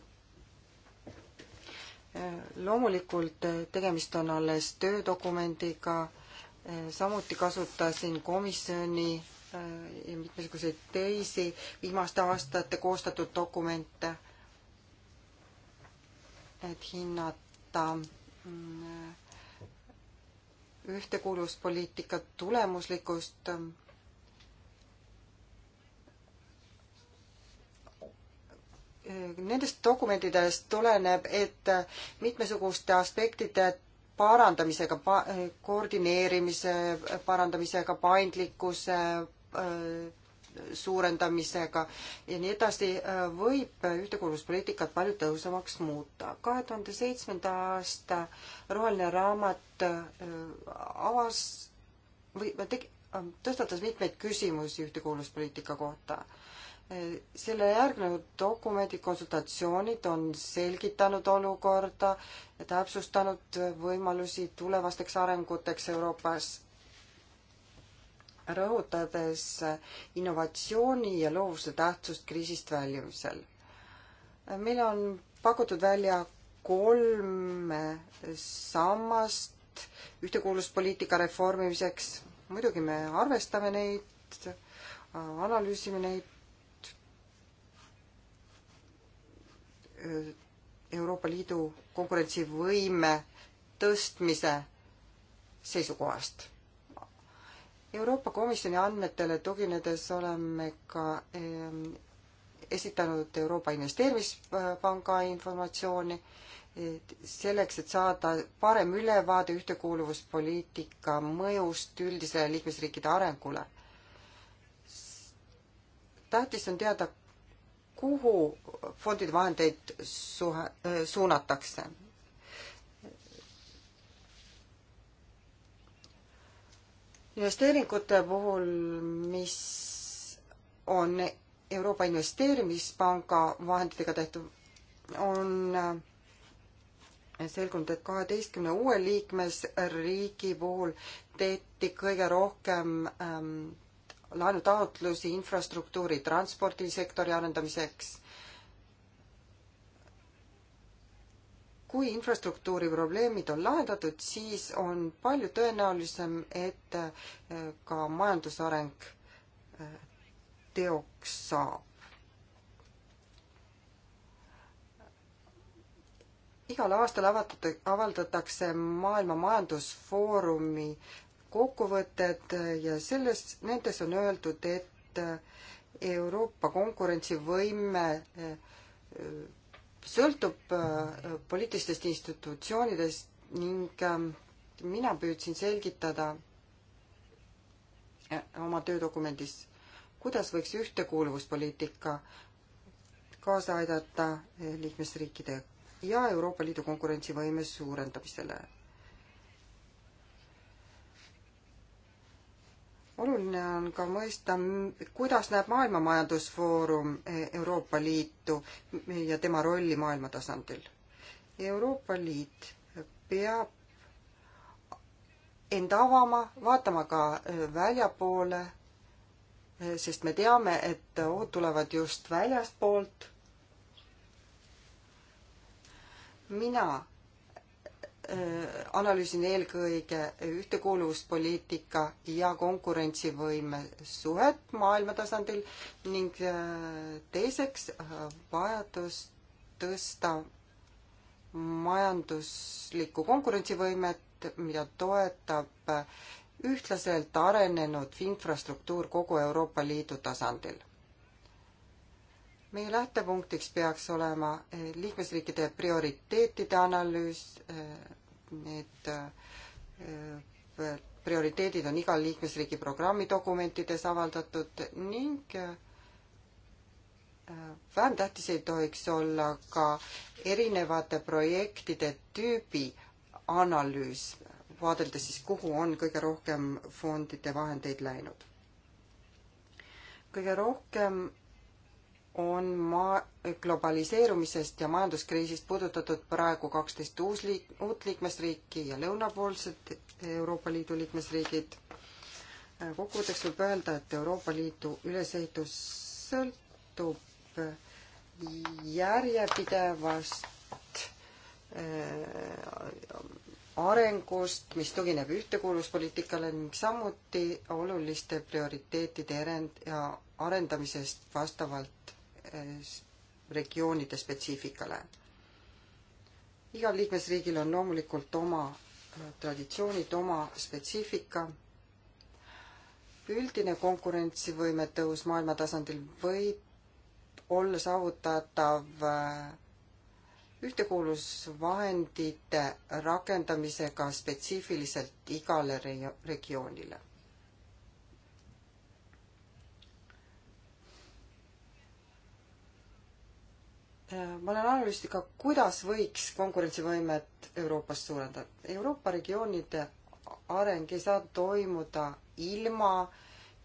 loomulikult tegemist on alles töödokumendiga samuti kasutasin komisjoni äh, ja mitmesuguseid teisi viimaste aastate koostatud dokumente, et hinnata mm, ühtekuuluvuspoliitika tulemuslikkust. Nendest dokumentidest tuleneb, et mitmesuguste aspektide parandamisega, koordineerimise parandamisega, paindlikkuse äh, suurendamisega ja nii edasi, äh, võib ühtekuuluvuspoliitikat palju tõhusamaks muuta. kahe tuhande seitsmenda aasta roheline raamat äh, avas või tegi, tõstatas mitmeid küsimusi ühtekuuluvuspoliitika kohta sellele järgnenud dokumendid, konsultatsioonid on selgitanud olukorda ja täpsustanud võimalusi tulevasteks arenguteks Euroopas, rõhutades innovatsiooni ja loovuse tähtsust kriisist väljumisel. meil on pakutud välja kolm sammast ühtekuuluvuspoliitika reformimiseks. muidugi me arvestame neid, analüüsime neid Euroopa Liidu konkurentsivõime tõstmise seisukohast. Euroopa Komisjoni andmetele tuginedes oleme ka ehm, esitanud Euroopa Investeerimispanga informatsiooni selleks, et saada parem ülevaade ühtekuuluvuspoliitika mõjust üldisele liikmesriikide arengule. tähtis on teada, kuhu fondide vahendeid suhe, suunatakse. investeeringute puhul, mis on Euroopa Investeerimispanga vahenditega tehtud, on äh, selgunud, et kaheteistkümne uue liikmesriigi puhul tehti kõige rohkem ähm, laenutaotlusi infrastruktuuri transpordisektori arendamiseks. kui infrastruktuuri probleemid on lahendatud, siis on palju tõenäolisem, et eh, ka majandusareng eh, teoks saab. igal aastal avaldatakse Maailma Majandusfoorumi kokkuvõtted ja selles, nendes on öeldud, et äh, Euroopa konkurentsivõime äh, sõltub äh, poliitilistest institutsioonidest ning ähm, mina püüdsin selgitada oma töödokumendis, kuidas võiks ühtekuuluvuspoliitika kaasa aidata liikmesriikide ja Euroopa Liidu konkurentsivõime suurendamisele oluline on ka mõista, kuidas näeb Maailma Majandusfoorum e- Euroopa Liitu ja tema rolli maailma tasandil. Euroopa Liit peab end avama, vaatama ka e, väljapoole, e, sest me teame, et ohud tulevad just väljastpoolt. mina Äh, analüüsin eelkõige ühtekuuluvuspoliitika ja konkurentsivõime suhet maailma tasandil ning äh, teiseks äh, vajadus tõsta majanduslikku konkurentsivõimet, mida toetab ühtlaselt arenenud infrastruktuur kogu Euroopa Liidu tasandil. meie lähtepunktiks peaks olema liikmesriikide prioriteetide analüüs, need äh, prioriteedid on igal liikmesriigi programmi dokumentides avaldatud ning äh, vähem tähtis ei tohiks olla ka erinevate projektide tüübi analüüs, vaadeldes siis, kuhu on kõige rohkem fondide vahendeid läinud. kõige rohkem on maa, globaliseerumisest ja majanduskriisist puudutatud praegu kaksteist uus liik-, uut liikmesriiki ja lõunapoolsed Euroopa Liidu liikmesriigid. kokkuvõtteks võib öelda, et Euroopa Liidu ülesehitus sõltub järjepidevast äh, arengust, mis tugineb ühtekuuluvuspoliitikale ning samuti oluliste prioriteetide erend- ja arendamisest vastavalt Eh, regioonide spetsiifikale. igal liikmesriigil on loomulikult oma eh, traditsioonid, oma spetsiifika. üldine konkurentsivõime tõus maailma tasandil võib olla saavutatav eh, ühtekuuluvusvahendite rakendamisega spetsiifiliselt igale regioonile Äh, ma olen analüüsinud ka, kuidas võiks konkurentsivõimet Euroopas suurendada. Euroopa regioonide areng ei saa toimuda ilma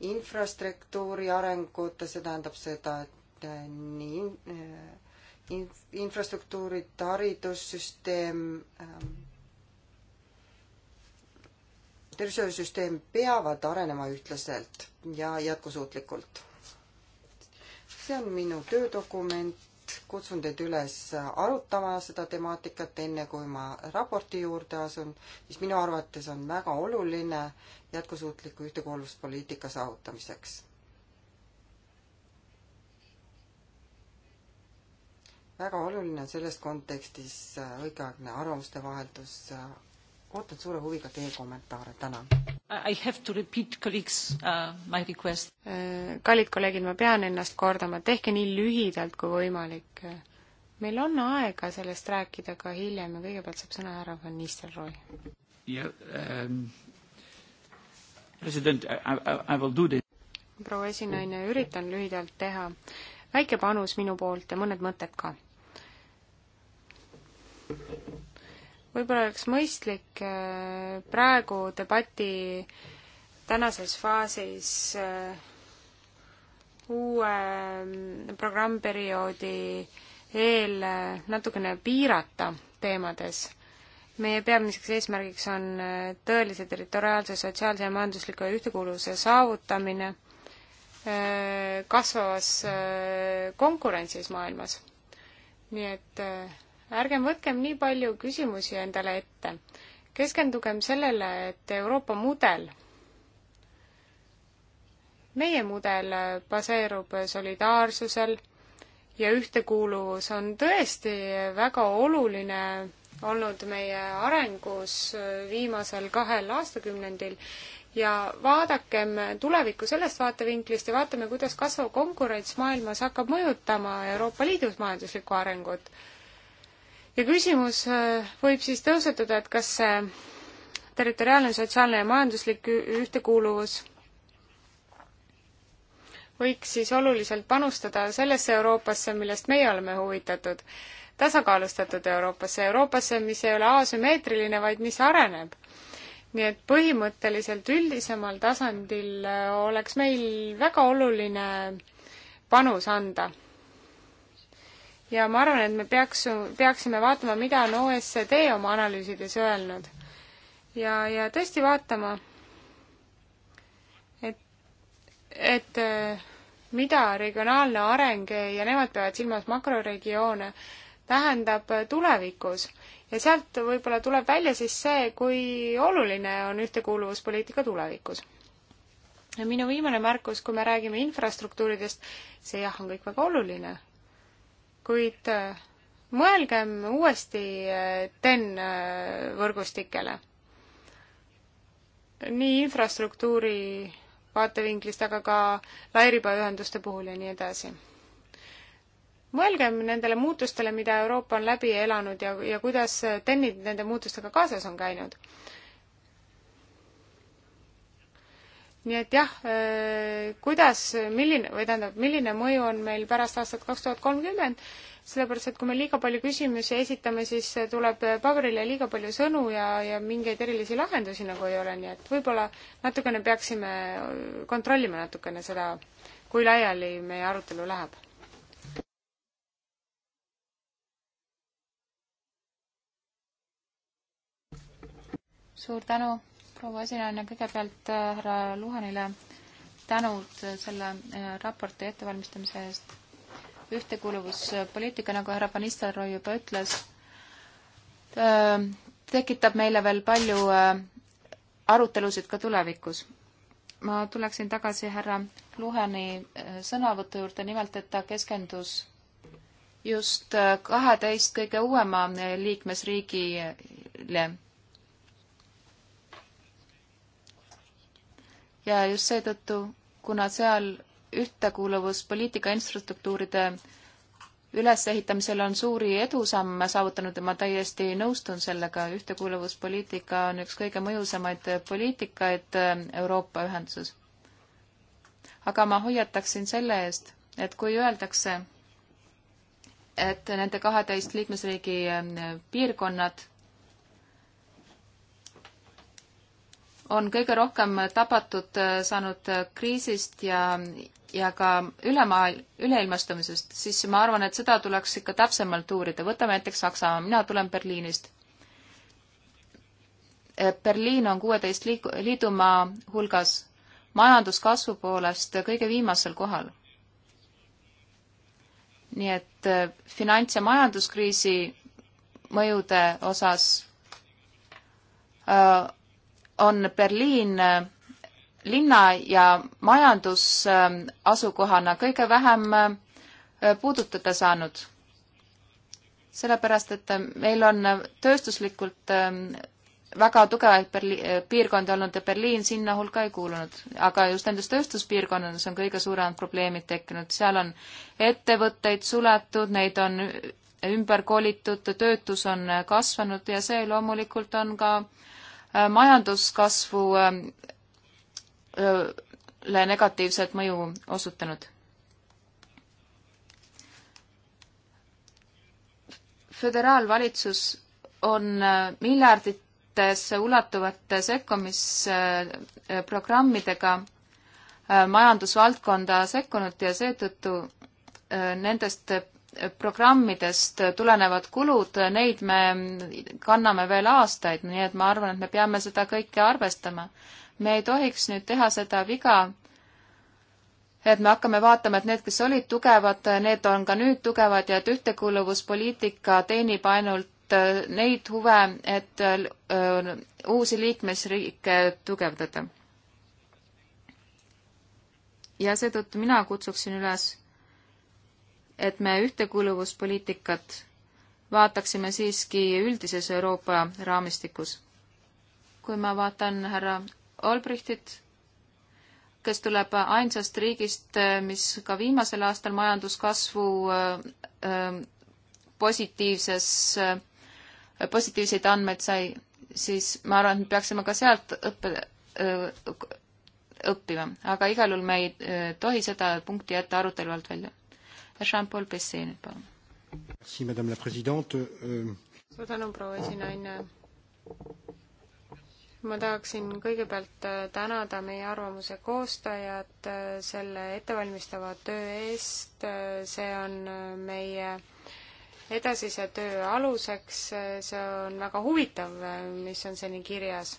infrastruktuuri arenguta, see tähendab seda, et äh, nii in, äh, infrastruktuurid, haridussüsteem, ähm, tervishoiusüsteem peavad arenema ühtlaselt ja jätkusuutlikult. see on minu töödokument et kutsun teid üles arutama seda temaatikat, enne kui ma raporti juurde asun, mis minu arvates on väga oluline jätkusuutliku ühtekuuluvuspoliitika saavutamiseks. väga oluline on selles kontekstis õigeaegne arvamuste vaheldus. ootan suure huviga teie kommentaare, tänan! I have to repeat, colleagues uh,, my request. Äh, kallid kolleegid, ma pean ennast kordama, tehke nii lühidalt kui võimalik. meil on aega sellest rääkida ka hiljem ja kõigepealt saab sõna härra Van Nistelrooy. jah ähm,, president, I, I, I will do this. proua esinaine, üritan lühidalt teha. väike panus minu poolt ja mõned mõtted ka võib-olla oleks mõistlik äh, praegu debati tänases faasis äh, uue mm, programmperioodi eel äh, natukene piirata teemades. meie peamiseks eesmärgiks on tõelise territoriaalse, sotsiaalse ja majandusliku ühtekuuluvuse saavutamine kasvavas konkurentsis maailmas. nii et ärgem võtkem nii palju küsimusi endale ette. keskendugem sellele, et Euroopa mudel, meie mudel baseerub solidaarsusel ja ühtekuuluvus on tõesti väga oluline olnud meie arengus viimasel kahel aastakümnendil ja vaadakem tulevikku sellest vaatevinklist ja vaatame, kuidas kasvav konkurents maailmas hakkab mõjutama Euroopa Liidus majanduslikku arengut ja küsimus äh, võib siis tõusetuda, et kas see territoriaalne, sotsiaalne ja majanduslik ühtekuuluvus võiks siis oluliselt panustada sellesse Euroopasse, millest meie oleme huvitatud, tasakaalustatud Euroopasse, Euroopasse, mis ei ole asümmeetriline, vaid mis areneb. nii et põhimõtteliselt üldisemal tasandil äh, oleks meil väga oluline panus anda ja ma arvan, et me peaks, peaksime vaatama, mida on OSCD oma analüüsides öelnud. ja, ja tõesti vaatama, et, et äh, mida regionaalne areng ja nemad peavad silmas makroregioone, tähendab äh, tulevikus. ja sealt võib-olla tuleb välja siis see, kui oluline on ühtekuuluvuspoliitika tulevikus. ja minu viimane märkus, kui me räägime infrastruktuuridest, see jah, on kõik väga oluline kuid äh, mõelgem uuesti äh, TEN äh, võrgustikele. nii infrastruktuuri vaatevinklist, aga ka lairibaühenduste puhul ja nii edasi. mõelgem nendele muutustele, mida Euroopa on läbi elanud ja, ja kuidas TEN-id nende muutustega kaasas on käinud nii et jah, äh, kuidas, milline või tähendab, milline mõju on meil pärast aastat kaks tuhat kolmkümmend, sellepärast et kui me liiga palju küsimusi esitame, siis tuleb paberile liiga palju sõnu ja, ja mingeid erilisi lahendusi nagu ei ole, nii et võib-olla natukene peaksime, äh, kontrollime natukene seda, kui laiali meie arutelu läheb. suur tänu proua esinaine, kõigepealt äh, härra Luhanile tänud selle äh, raporti ettevalmistamise eest. ühtekuuluvuspoliitika, nagu härra Panistelroi juba ütles, äh, tekitab meile veel palju arutelusid ka tulevikus. ma tuleksin tagasi härra Luhani sõnavõtu juurde, nimelt et ta keskendus just kaheteist kõige uuema liikmesriigile ja just seetõttu, kuna seal ühtekuuluvuspoliitika infrastruktuuride ülesehitamisel on suuri edusamme saavutanud ja ma täiesti nõustun sellega, ühtekuuluvuspoliitika on üks kõige mõjusamaid poliitikaid äh, Euroopa ühenduses. aga ma hoiataksin selle eest, et kui öeldakse, et nende kaheteist liikmesriigi äh, piirkonnad on kõige rohkem tabatud äh, saanud äh, kriisist ja, ja ka ülemaail-, üleilmastumisest, siis ma arvan, et seda tuleks ikka täpsemalt uurida. võtame näiteks Saksamaa, mina tulen Berliinist. Äh, Berliin on kuueteist liik-, liidumaa hulgas majanduskasvu poolest kõige viimasel kohal. nii et finants- ja majanduskriisi mõjude osas öö, on Berliin äh, linna ja majandusasukohana äh, kõige vähem äh, puudutada saanud. sellepärast, et meil on tööstuslikult ähm, väga tugevaid Berli-, piirkondi olnud ja Berliin sinna hulka ei kuulunud. aga just nendes tööstuspiirkonnades on kõige suuremad probleemid tekkinud, seal on ettevõtteid suletud, neid on ümber kolitud, töötus on kasvanud ja see loomulikult on ka äh, Äh, majanduskasvule äh, äh, negatiivset mõju osutanud. föderaalvalitsus on miljarditesse ulatuvate sekkumisprogrammidega majandusvaldkonda sekkunud ja seetõttu nendest programmidest tulenevad kulud, neid me kanname veel aastaid, nii et ma arvan, et me peame seda kõike arvestama. me ei tohiks nüüd teha seda viga, et me hakkame vaatama, et need, kes olid tugevad, need on ka nüüd tugevad ja et ühtekuuluvuspoliitika teenib ainult äh, neid huve, et äh, uusi liikmesriike tugevdada. ja seetõttu mina kutsuksin üles et me ühtekuuluvuspoliitikat vaataksime siiski üldises Euroopa raamistikus. kui ma vaatan härra Albrechtit, kes tuleb ainsast riigist, mis ka viimasel aastal majanduskasvu äh, äh, positiivses äh,, positiivseid andmeid sai, siis ma arvan, et me peaksime ka sealt õppe äh,, õppima, aga igal juhul me ei äh, tohi seda punkti jätta arutelu alt välja Jean-Paul Pessin, palun. Euh, suur tänu, proua esinaine ma tahaksin kõigepealt äh, tänada meie arvamuse koostajat äh, selle ettevalmistava töö eest, äh, see on meie edasise töö aluseks, see on väga huvitav, mis on seni kirjas.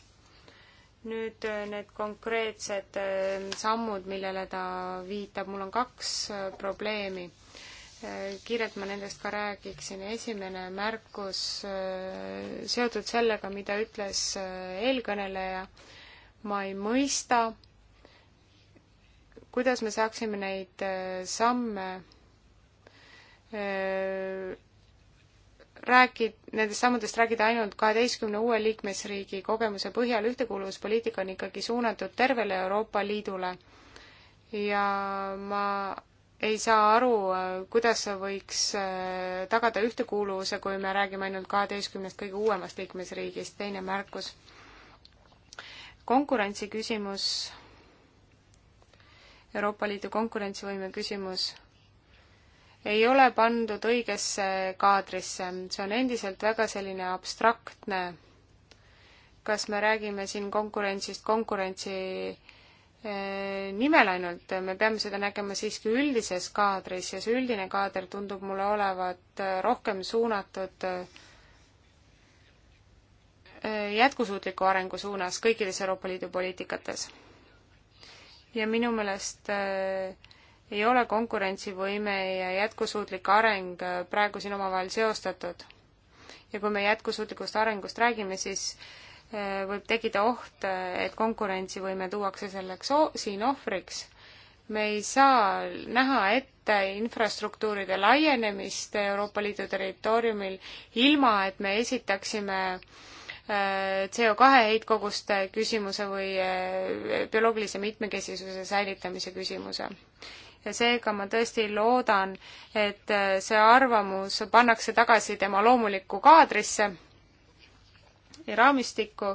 nüüd need konkreetsed sammud, millele ta viitab, mul on kaks probleemi kiirelt ma nendest ka räägiksin. esimene märkus äh, seotud sellega, mida ütles äh, eelkõneleja. ma ei mõista, kuidas me saaksime neid äh, samme räägi-, nendest sammudest räägida ainult kaheteistkümne uue liikmesriigi kogemuse põhjal, ühtekuuluvuspoliitika on ikkagi suunatud tervele Euroopa Liidule. ja ma ei saa aru, äh, kuidas võiks äh, tagada ühtekuuluvuse, kui me räägime ainult kaheteistkümnest kõige uuemast liikmesriigist, teine märkus. konkurentsi küsimus, Euroopa Liidu konkurentsivõime küsimus, ei ole pandud õigesse kaadrisse, see on endiselt väga selline abstraktne. kas me räägime siin konkurentsist konkurentsi Eh, nimel ainult, me peame seda nägema siiski üldises kaadris ja see üldine kaader tundub mulle olevat eh, rohkem suunatud eh, jätkusuutliku arengu suunas kõikides Euroopa Liidu poliitikates. ja minu meelest ei ole konkurentsivõime ja jätkusuutlik areng praegu siin omavahel seostatud. ja kui me jätkusuutlikust arengust räägime, siis äh, Eh, võib tekkida oht, eh, et konkurentsivõime tuuakse selleks siin ohvriks. me ei saa näha ette infrastruktuuride laienemist Euroopa Liidu territooriumil, ilma et me esitaksime eh, CO2 heitkoguste küsimuse või bioloogilise mitmekesisuse säilitamise küsimuse. ja seega ma tõesti loodan, et see arvamus pannakse tagasi tema loomulikku kaadrisse ja raamistikku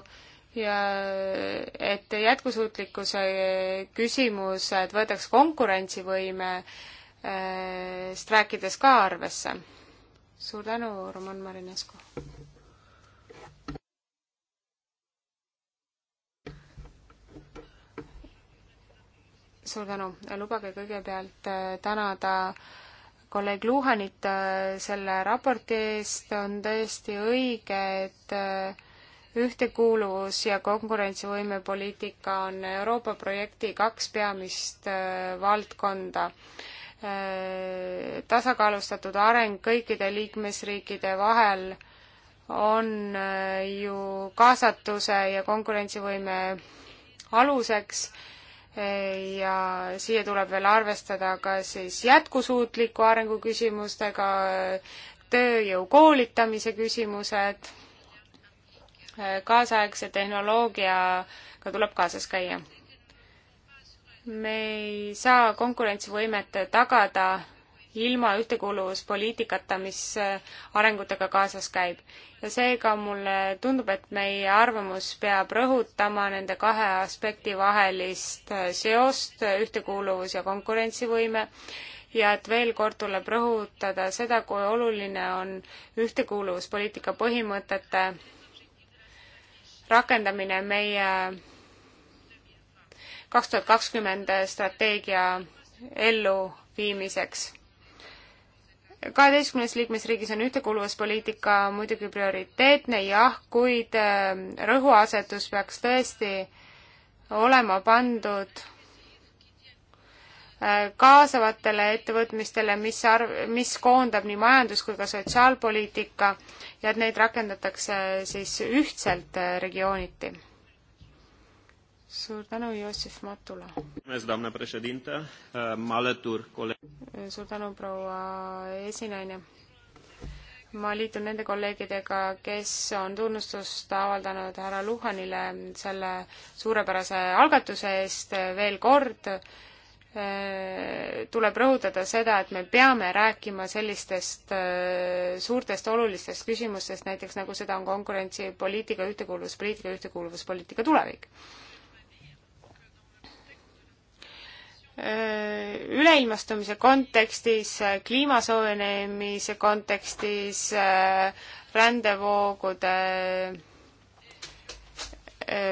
ja et jätkusuutlikkuse küsimused võetakse konkurentsivõimest äh, rääkides ka arvesse. suur tänu, Roman Marinescu! suur tänu, lubage kõigepealt äh, tänada kolleeg Luhanit äh, selle raporti eest, on tõesti õige, et ühtekuuluvus ja konkurentsivõimepoliitika on Euroopa projekti kaks peamist äh, valdkonda. Äh, tasakaalustatud areng kõikide liikmesriikide vahel on äh, ju kaasatuse ja konkurentsivõime aluseks ja siia tuleb veel arvestada ka siis jätkusuutliku arengu küsimustega, tööjõu koolitamise küsimused kaasaegse tehnoloogiaga tuleb kaasas käia. me ei saa konkurentsivõimet tagada ilma ühtekuuluvuspoliitikata, mis äh, arengutega kaasas käib. ja seega mulle tundub, et meie arvamus peab rõhutama nende kahe aspekti vahelist äh, seost, äh, ühtekuuluvus ja konkurentsivõime, ja et veel kord tuleb rõhutada seda, kui oluline on ühtekuuluvuspoliitika põhimõtete rakendamine meie kaks tuhat kakskümmend strateegia elluviimiseks. kaheteistkümnes liikmesriigis on ühtekuuluvuspoliitika muidugi prioriteetne, jah, kuid äh, rõhuasetus peaks tõesti olema pandud kaasavatele ettevõtmistele, mis arv, mis koondab nii majandus- kui ka sotsiaalpoliitika ja et neid rakendatakse siis ühtselt äh, regiooniti. suur tänu, Joosif Matula! suur tänu, proua esinaine! ma liitun nende kolleegidega, kes on tunnustust avaldanud härra Luhanile selle suurepärase algatuse eest veel kord Äh, tuleb rõhutada seda, et me peame rääkima sellistest äh, suurtest olulistest küsimustest, näiteks nagu seda on konkurentsipoliitika, ühtekuuluvuspoliitika, ühtekuuluvuspoliitika tulevik. Äh, üleilmastumise kontekstis, kliima soojenemise kontekstis, rändevoogude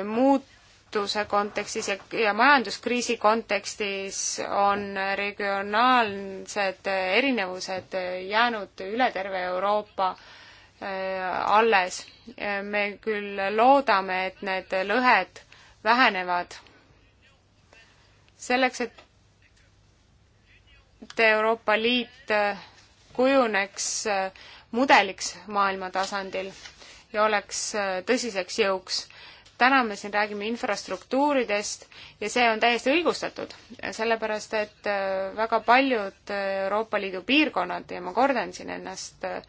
muut-, majanduse kontekstis ja, ja majanduskriisi kontekstis on regionaalsed erinevused jäänud üle terve Euroopa äh, alles. me küll loodame, et need lõhed vähenevad selleks, et Euroopa Liit äh, kujuneks äh, mudeliks maailma tasandil ja oleks tõsiseks jõuks täna me siin räägime infrastruktuuridest ja see on täiesti õigustatud, sellepärast et äh, väga paljud äh, Euroopa Liidu piirkonnad ja ma kordan siin ennast, äh,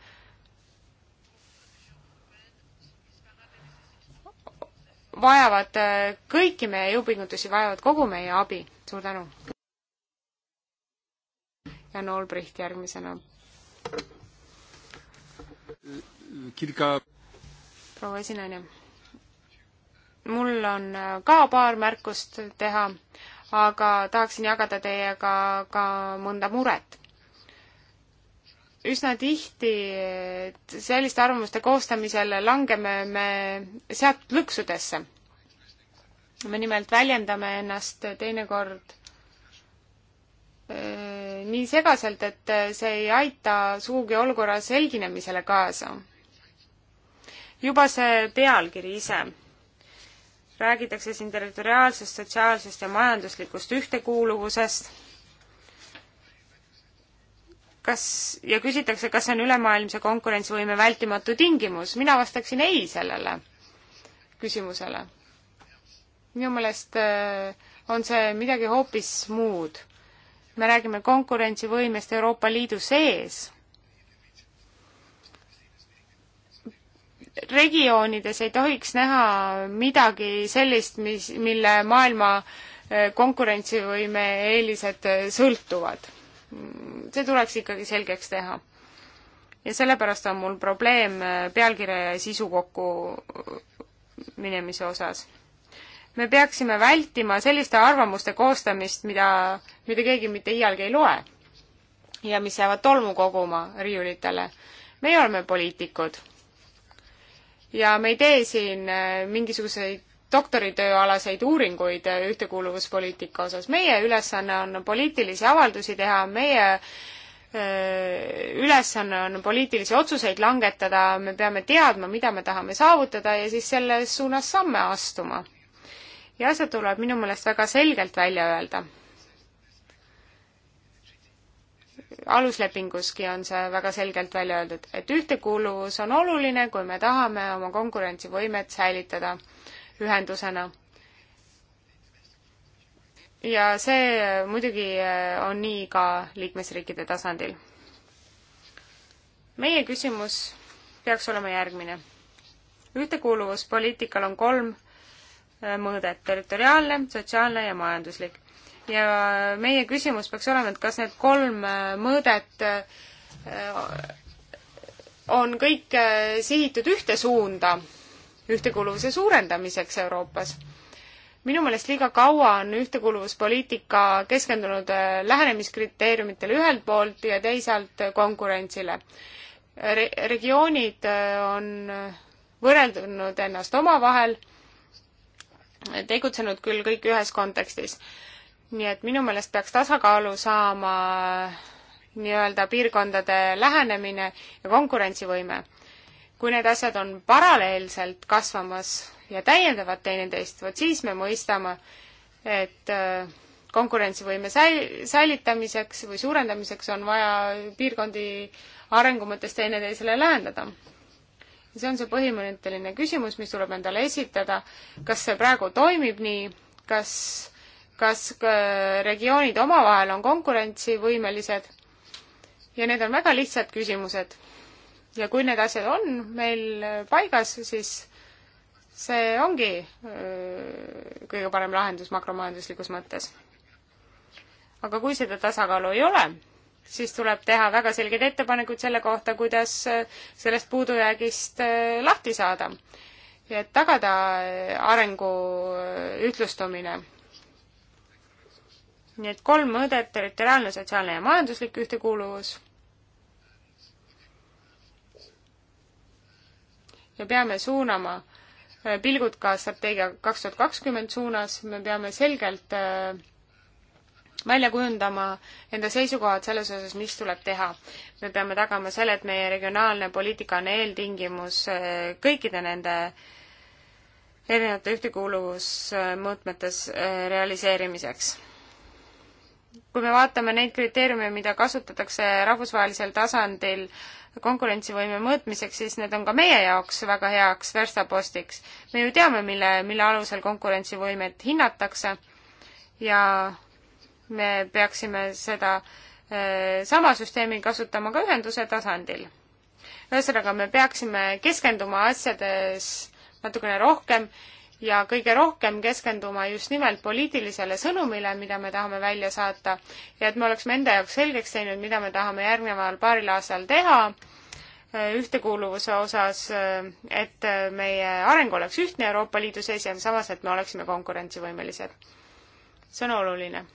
vajavad kõiki meie jõupingutusi, vajavad kogu meie abi. suur tänu! Jan Olbricht järgmisena. proua esinaine mul on äh, ka paar märkust teha, aga tahaksin jagada teiega ka mõnda muret. üsna tihti selliste arvamuste koostamisel langeme me seatud lõksudesse. me nimelt väljendame ennast teinekord äh, nii segaselt, et see ei aita sugugi olukorra selginemisele kaasa. juba see pealkiri ise räägitakse siin territoriaalsest, sotsiaalsest ja majanduslikust ühtekuuluvusest. kas, ja küsitakse, kas see on ülemaailmse konkurentsivõime vältimatu tingimus, mina vastaksin ei sellele küsimusele. minu meelest äh, on see midagi hoopis muud. me räägime konkurentsivõimest Euroopa Liidu sees regioonides ei tohiks näha midagi sellist, mis, mille maailma eh, konkurentsivõime eelised eh, sõltuvad. see tuleks ikkagi selgeks teha. ja sellepärast on mul probleem eh, pealkirja ja sisu kokku minemise osas. me peaksime vältima selliste arvamuste koostamist, mida, mida keegi mitte iialgi ei loe ja mis jäävad tolmu koguma riiulitele. meie oleme poliitikud ja me ei tee siin äh, mingisuguseid doktoritööalaseid uuringuid äh, ühtekuuluvuspoliitika osas. meie ülesanne on poliitilisi avaldusi teha, meie äh, ülesanne on poliitilisi otsuseid langetada, me peame teadma, mida me tahame saavutada ja siis selles suunas samme astuma. ja see tuleb minu meelest väga selgelt välja öelda. aluslepinguski on see väga selgelt välja öeldud, et ühtekuuluvus on oluline, kui me tahame oma konkurentsivõimet säilitada ühendusena. ja see muidugi on nii ka liikmesriikide tasandil. meie küsimus peaks olema järgmine. ühtekuuluvuspoliitikal on kolm mõõdet, territoriaalne, sotsiaalne ja majanduslik ja meie küsimus peaks olema, et kas need kolm äh, mõõdet äh, on kõik äh, sihitud ühte suunda, ühtekuuluvuse suurendamiseks Euroopas minu meelest liiga kaua on ühtekuuluvuspoliitika keskendunud lähenemiskriteeriumitele ühelt poolt ja teisalt konkurentsile Re. regioonid on võrreldunud ennast omavahel, tegutsenud küll kõik ühes kontekstis nii et minu meelest peaks tasakaalu saama äh, nii-öelda piirkondade lähenemine ja konkurentsivõime. kui need asjad on paralleelselt kasvamas ja täiendavad teineteist, vot siis me mõistame, et äh, konkurentsivõime säil-, säilitamiseks või suurendamiseks on vaja piirkondi arengu mõttes teineteisele lähendada. see on see põhimõtteline küsimus, mis tuleb endale esitada, kas see praegu toimib nii, kas kas regioonid omavahel on konkurentsivõimelised ja need on väga lihtsad küsimused. ja kui need asjad on meil paigas, siis see ongi äh, kõige parem lahendus makromajanduslikus mõttes. aga kui seda tasakaalu ei ole, siis tuleb teha väga selgeid ettepanekuid selle kohta, kuidas äh, sellest puudujäägist äh, lahti saada ja et tagada arengu ühtlustumine nii et kolm mõõdet, territoriaalne, sotsiaalne ja majanduslik ühtekuuluvus. me peame suunama äh, pilgud ka strateegia kaks tuhat kakskümmend suunas, me peame selgelt äh, välja kujundama enda seisukohad selles osas, mis tuleb teha. me peame tagama selle, et meie regionaalne poliitika on eeltingimus äh, kõikide nende erinevate ühtekuuluvusmõõtmetes realiseerimiseks kui me vaatame neid kriteeriume, mida kasutatakse rahvusvahelisel tasandil konkurentsivõime mõõtmiseks, siis need on ka meie jaoks väga heaks verstapostiks. me ju teame, mille, mille alusel konkurentsivõimet hinnatakse ja me peaksime seda eh, sama süsteemi kasutama ka ühenduse tasandil. ühesõnaga, me peaksime keskenduma asjades natukene rohkem ja kõige rohkem keskenduma just nimelt poliitilisele sõnumile, mida me tahame välja saata ja et me oleksime enda jaoks selgeks teinud, mida me tahame järgneval paaril aastal teha äh, ühtekuuluvuse osas, äh, et äh, meie areng oleks ühtne Euroopa Liidu sees ja samas, et me oleksime konkurentsivõimelised. see on oluline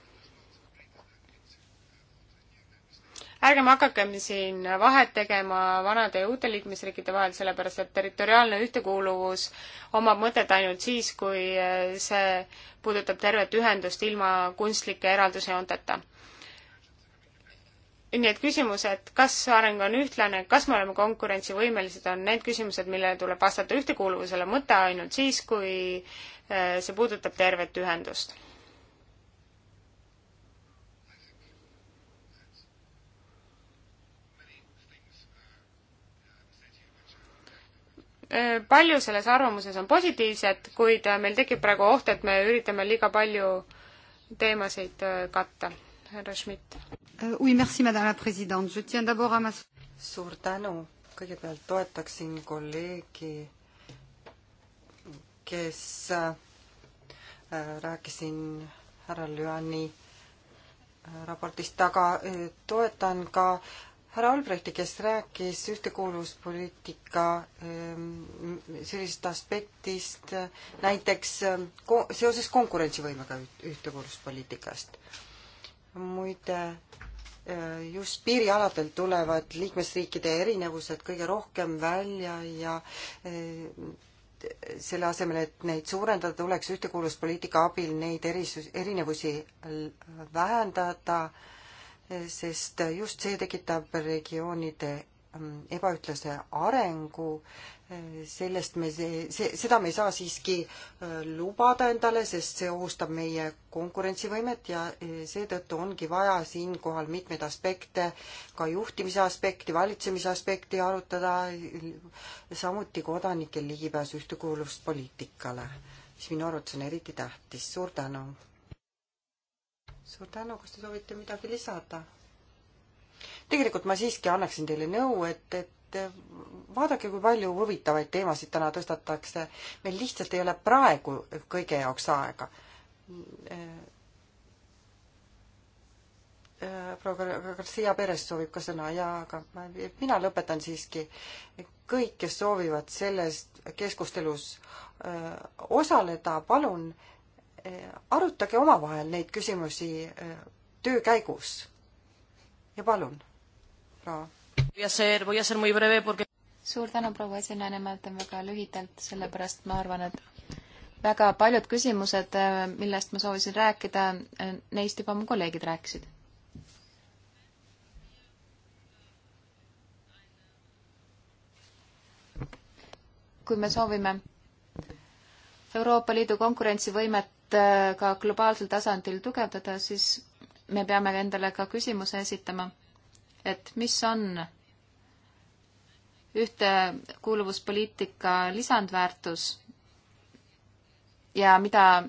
ärgem hakakem siin vahet tegema vanade ja uute liikmesriikide vahel, sellepärast et territoriaalne ühtekuuluvus omab mõtet ainult siis, kui eh, see puudutab tervet ühendust ilma kunstlike eraldusjoonteta. nii et küsimused, kas areng on ühtlane, kas me oleme konkurentsivõimelised, on need küsimused, millele tuleb vastata ühtekuuluvusele mõte ainult siis, kui eh, see puudutab tervet ühendust Äh, palju selles arvamuses on positiivset, kuid äh, meil tekib praegu oht, et me üritame liiga palju teemasid äh, katta. härra Schmidt. suur tänu, kõigepealt toetaksin kolleegi, kes rääkisin härra Lüani raportist, aga toetan ka äh, härra Albrechti, kes rääkis ühtekuuluvuspoliitika ehm, sellisest aspektist näiteks ehm, ko-, seoses konkurentsivõimega ühtekuuluvuspoliitikast. muide, ehm, just piirialadel tulevad liikmesriikide erinevused kõige rohkem välja ja selle asemel, et neid suurendada, tuleks ühtekuuluvuspoliitika abil neid erisus, erinevusi vähendada sest just see tekitab regioonide mm, ebaühtlase arengu, sellest me, see, seda me ei saa siiski äh, lubada endale, sest see ohustab meie konkurentsivõimet ja äh, seetõttu ongi vaja siinkohal mitmeid aspekte, ka juhtimise aspekti, valitsemise aspekti arutada, samuti kodanikel ligipääs ühtekuuluvuspoliitikale, mis minu arvates on eriti tähtis. suur tänu! suur tänu, kas te soovite midagi lisada? tegelikult ma siiski annaksin teile nõu, et, et vaadake, kui palju huvitavaid teemasid täna tõstatakse. meil lihtsalt ei ole praegu kõige jaoks aega. Äh, äh, proua Garcia Perez soovib ka sõna ja, aga ma, mina lõpetan siiski. kõik, kes soovivad selles keskustelus öö, äh, osaleda, palun öö, Äh, arutage omavahel neid küsimusi äh, töö käigus. ja palun, proua. suur tänu, proua esinaine, ma ütlen väga lühidalt, sellepärast ma arvan, et väga paljud küsimused, äh, millest ma soovisin rääkida, neist juba mu kolleegid rääkisid. kui me soovime Euroopa Liidu konkurentsivõimet Äh, ka globaalsel tasandil tugevdada, siis me peame endale ka küsimuse esitama, et mis on ühtekuuluvuspoliitika lisandväärtus ja mida, äh,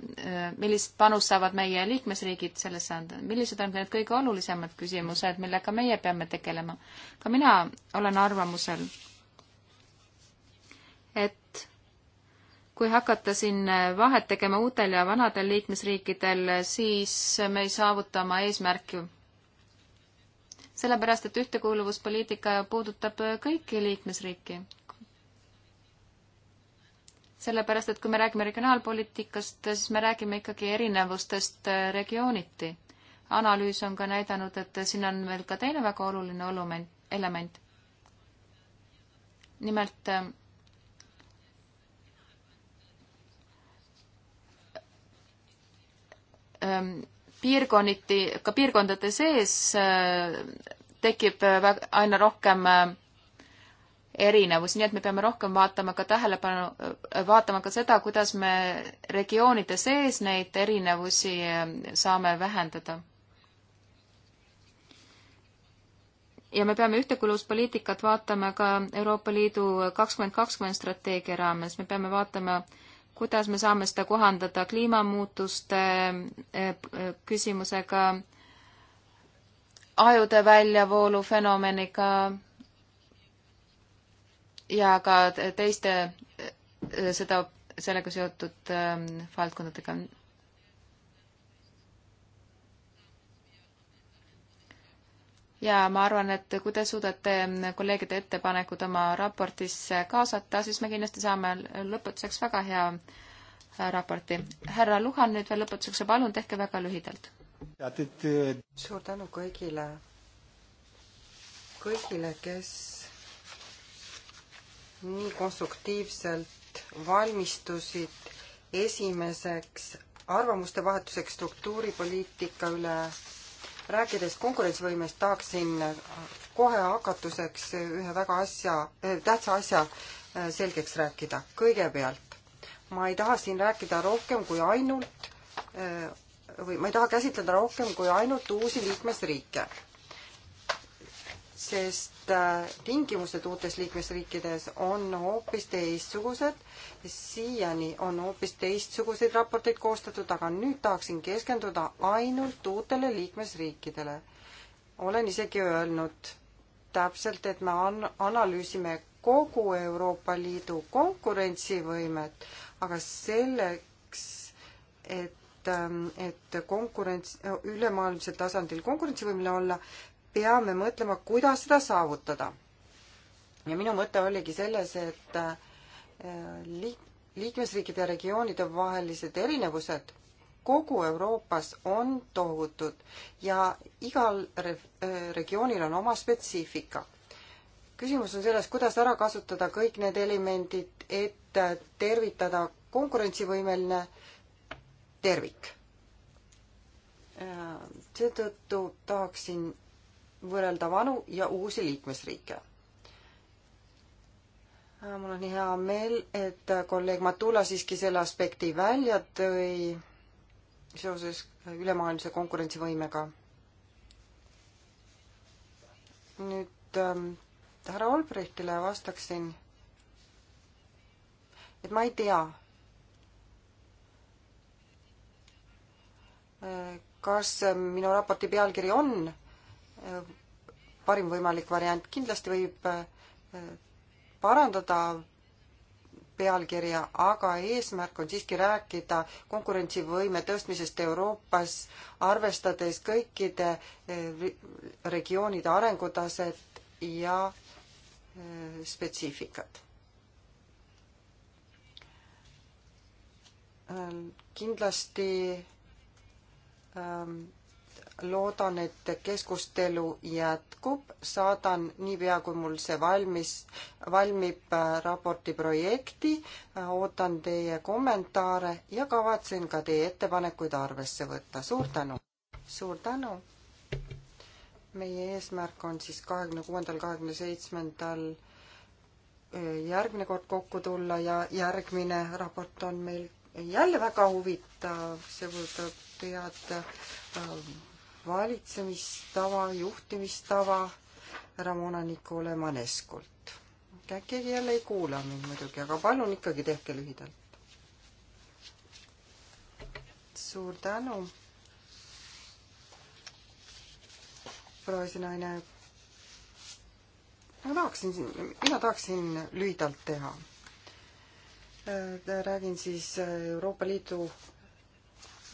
millist panust saavad meie liikmesriigid sellesse anda, millised on need kõige olulisemad küsimused, millega meie peame tegelema. ka mina olen arvamusel, et kui hakata siin vahet tegema uutel ja vanadel liikmesriikidel, siis me ei saavuta oma eesmärki. sellepärast, et ühtekuuluvuspoliitika puudutab kõiki liikmesriiki. sellepärast, et kui me räägime regionaalpoliitikast, siis me räägime ikkagi erinevustest regiooniti. analüüs on ka näidanud, et siin on veel ka teine väga oluline olument, element. nimelt Ehm, piirkonniti, ka piirkondade sees äh, tekib äh, aina rohkem äh, erinevusi, nii et me peame rohkem vaatama ka tähelepanu, vaatama ka seda, kuidas me regioonide sees neid erinevusi saame vähendada. ja me peame ühtekuuluvuspoliitikat vaatama ka Euroopa Liidu kakskümmend kakskümmend strateegia raames, me peame vaatama äh, kuidas me saame seda kohandada kliimamuutuste eh, eh, küsimusega, ajude väljavoolu fenomeniga ja ka teiste eh, seda, sellega seotud valdkondadega. ja ma arvan, et kui te suudate kolleegide ettepanekud oma raportisse kaasata, siis me kindlasti saame lõpetuseks väga hea äh, raporti. härra Luhan nüüd veel lõpetuseks ja palun tehke väga lühidalt. suur tänu kõigile, kõigile, kes nii konstruktiivselt valmistusid esimeseks arvamuste vahetuseks struktuuripoliitika üle rääkides konkurentsivõimest, tahaksin kohe hakatuseks ühe väga asja, tähtsa asja äh, selgeks rääkida. kõigepealt, ma ei taha siin rääkida rohkem kui ainult äh, või ma ei taha käsitleda rohkem kui ainult uusi liikmesriike sest äh, tingimused uutes liikmesriikides on hoopis teistsugused. siiani on hoopis teistsuguseid raporteid koostatud, aga nüüd tahaksin keskenduda ainult uutele liikmesriikidele. olen isegi öelnud täpselt, et me an-, analüüsime kogu Euroopa Liidu konkurentsivõimet, aga selleks, et ähm, et konkurents, ülemaailmsel tasandil konkurentsivõimeline olla, peame mõtlema, kuidas seda saavutada. ja minu mõte oligi selles, et äh, liik-, liikmesriikide ja regioonide vahelised erinevused kogu Euroopas on tohutud ja igal re-, äh, regioonil on oma spetsiifika. küsimus on selles, kuidas ära kasutada kõik need elemendid, et äh, tervitada konkurentsivõimeline tervik. seetõttu tahaksin võrrelda vanu ja uusi liikmesriike. Äh, mul on hea meel, et äh, kolleeg Matula siiski selle aspekti välja tõi seoses äh, ülemaailmse konkurentsivõimega. nüüd ähm, härra Olbrechtile vastaksin, et ma ei tea äh,, kas minu raporti pealkiri on parim võimalik variant. kindlasti võib äh, parandada pealkirja, aga eesmärk on siiski rääkida konkurentsivõime tõstmisest Euroopas, arvestades kõikide äh, regioonide arengutaset ja äh, spetsiifikat. kindlasti ähm, loodan, et keskustelu jätkub, saadan niipea, kui mul see valmis, valmib äh, raporti projekti, äh, ootan teie kommentaare ja kavatsen ka teie ettepanekuid arvesse võtta. suur tänu! suur tänu! meie eesmärk on siis kahekümne kuuendal, kahekümne seitsmendal äh, järgmine kord kokku tulla ja järgmine raport on meil jälle väga huvitav, see puudutab head valitsemistava, juhtimistava Ramona Nicole Maneskult. keegi jälle ei kuula mind muidugi, aga palun ikkagi tehke lühidalt. suur tänu. proua esinaine ma tahaksin, mina tahaksin lühidalt teha. räägin siis Euroopa Liidu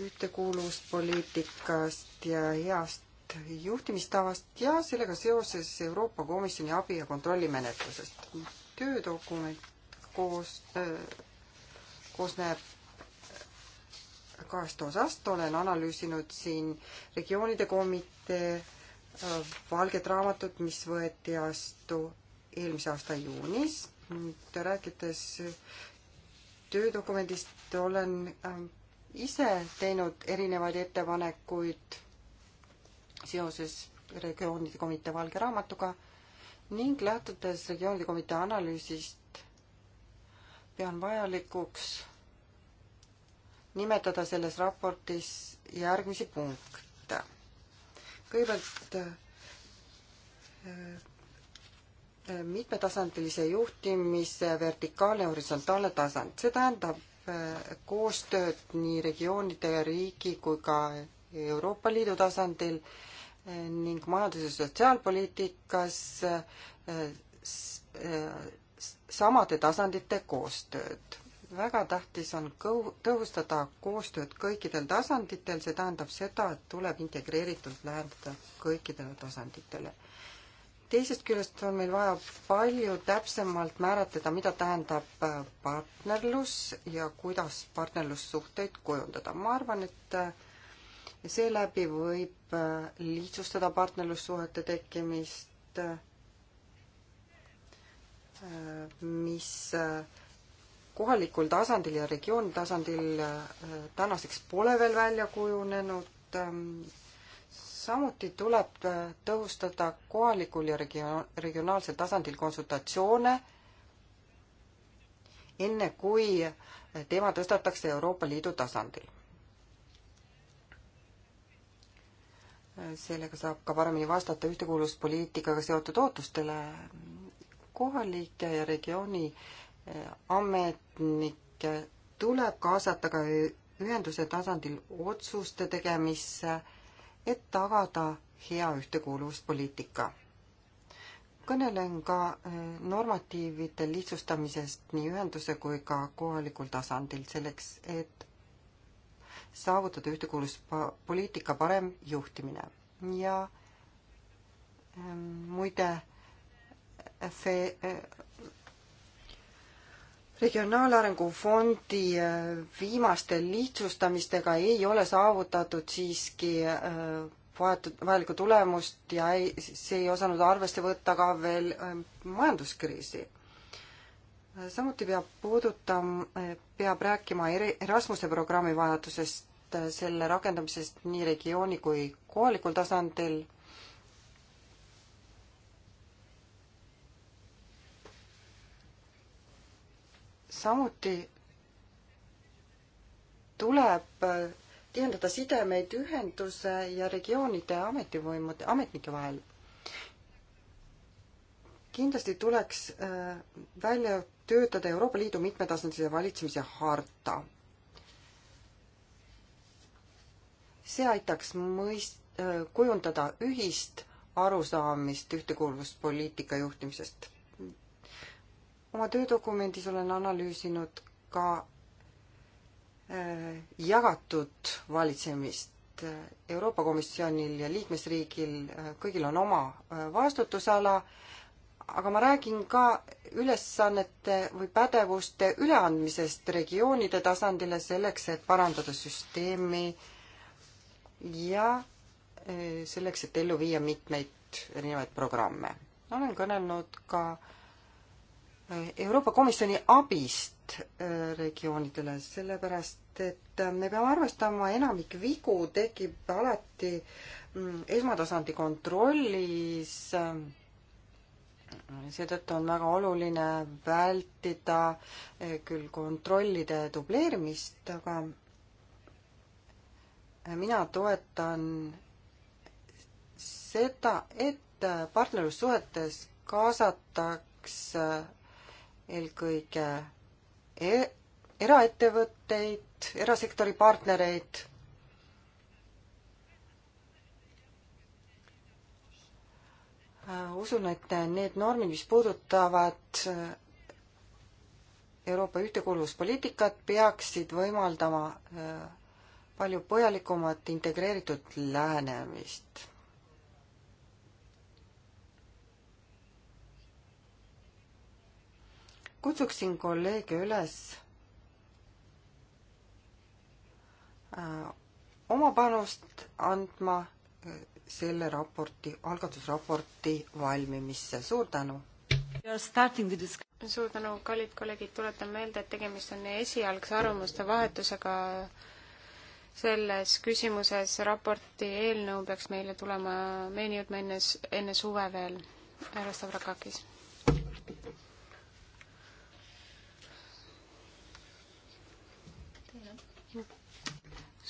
ühtekuuluvuspoliitikast ja heast juhtimistavast ja sellega seoses Euroopa Komisjoni abi- ja kontrollimenetlusest. töödokument koos äh,, koosneb kahest osast, olen analüüsinud siin regioonide komitee äh, valget raamatut, mis võeti vastu eelmise aasta juunis. nüüd rääkides töödokumendist olen äh, ise teinud erinevaid ettepanekuid seoses regioonide komitee valge raamatuga ning lähtudes regioonide komitee analüüsist pean vajalikuks nimetada selles raportis järgmisi punkte. kõigepealt äh, äh, mitmetasandilise juhtimise vertikaalne horisontaalne tasand, see tähendab koostööd nii regioonide ja riigi kui ka Euroopa Liidu tasandil ning majandus- ja sotsiaalpoliitikas eh, eh, samade tasandite koostööd. väga tähtis on kõu-, tõhustada koostööd kõikidel tasanditel, see tähendab seda, et tuleb integreeritult lähendada kõikidele tasanditele teisest küljest on meil vaja palju täpsemalt määratleda, mida tähendab äh, partnerlus ja kuidas partnerlussuhteid kujundada. ma arvan, et äh, seeläbi võib äh, lihtsustada partnerlussuhete tekkimist, mis kohalikul tasandil ja regiooni tasandil tänaseks pole veel välja kujunenud, ähm, samuti tuleb tõhustada kohalikul ja regioon, regionaalsel tasandil konsultatsioone, enne kui teema tõstatakse Euroopa Liidu tasandil. sellega saab ka paremini vastata ühtekuuluvuspoliitikaga seotud ootustele. kohalike ja regiooni eh, ametnikke tuleb kaasata ka ühenduse tasandil otsuste tegemisse et tagada hea ühtekuuluvuspoliitika. kõnelen ka eh, normatiivide lihtsustamisest nii ühenduse kui ka kohalikul tasandil, selleks et saavutada ühtekuuluvuspoliitika parem juhtimine ja ehm, muide, see regionaalarengu fondi äh, viimaste lihtsustamistega ei ole saavutatud siiski äh, vajatud, vajalikku tulemust ja ei, see ei osanud arvesse võtta ka veel äh, majanduskriisi. samuti peab puudutama, peab rääkima Erasmuse programmi vajadusest, selle rakendamisest nii regiooni kui kohalikul tasandil samuti tuleb tihendada sidemeid ühenduse ja regioonide ametivõimude, ametnike vahel. kindlasti tuleks äh, välja töötada Euroopa Liidu mitmetasandilise valitsemise harta. see aitaks mõist-, äh, kujundada ühist arusaamist ühtekuuluvuspoliitika juhtimisest oma töödokumendis olen analüüsinud ka äh, jagatud valitsemist. Euroopa Komisjonil ja liikmesriigil, äh, kõigil on oma äh, vastutusala, aga ma räägin ka ülesannete või pädevuste üleandmisest regioonide tasandile selleks, et parandada süsteemi ja selleks, et ellu viia mitmeid erinevaid programme. olen kõnelnud ka äh, Euroopa Komisjoni abist äh, regioonidele, sellepärast et äh, me peame arvestama, enamik vigu tekib alati mm, esmatasandi kontrollis. Äh, seetõttu on väga oluline vältida küll kontrollide dubleerimist, aga mina toetan seda, et partnerlussuhetes kaasataks eelkõige e eraettevõtteid, erasektori partnereid. usun, et need normid, mis puudutavad Euroopa ühtekuuluvuspoliitikat, peaksid võimaldama palju põhjalikumat integreeritud lähenemist kutsuksin kolleege üles äh, oma panust andma äh, selle raporti, algatusraporti valmimisse, suur tänu! suur tänu, kallid kolleegid, tuletan meelde, et tegemist on esialgse arvamuste vahetusega selles küsimuses. raporti eelnõu peaks meile tulema, meieni jõudma enne, enne suve veel, härra Stavrakakis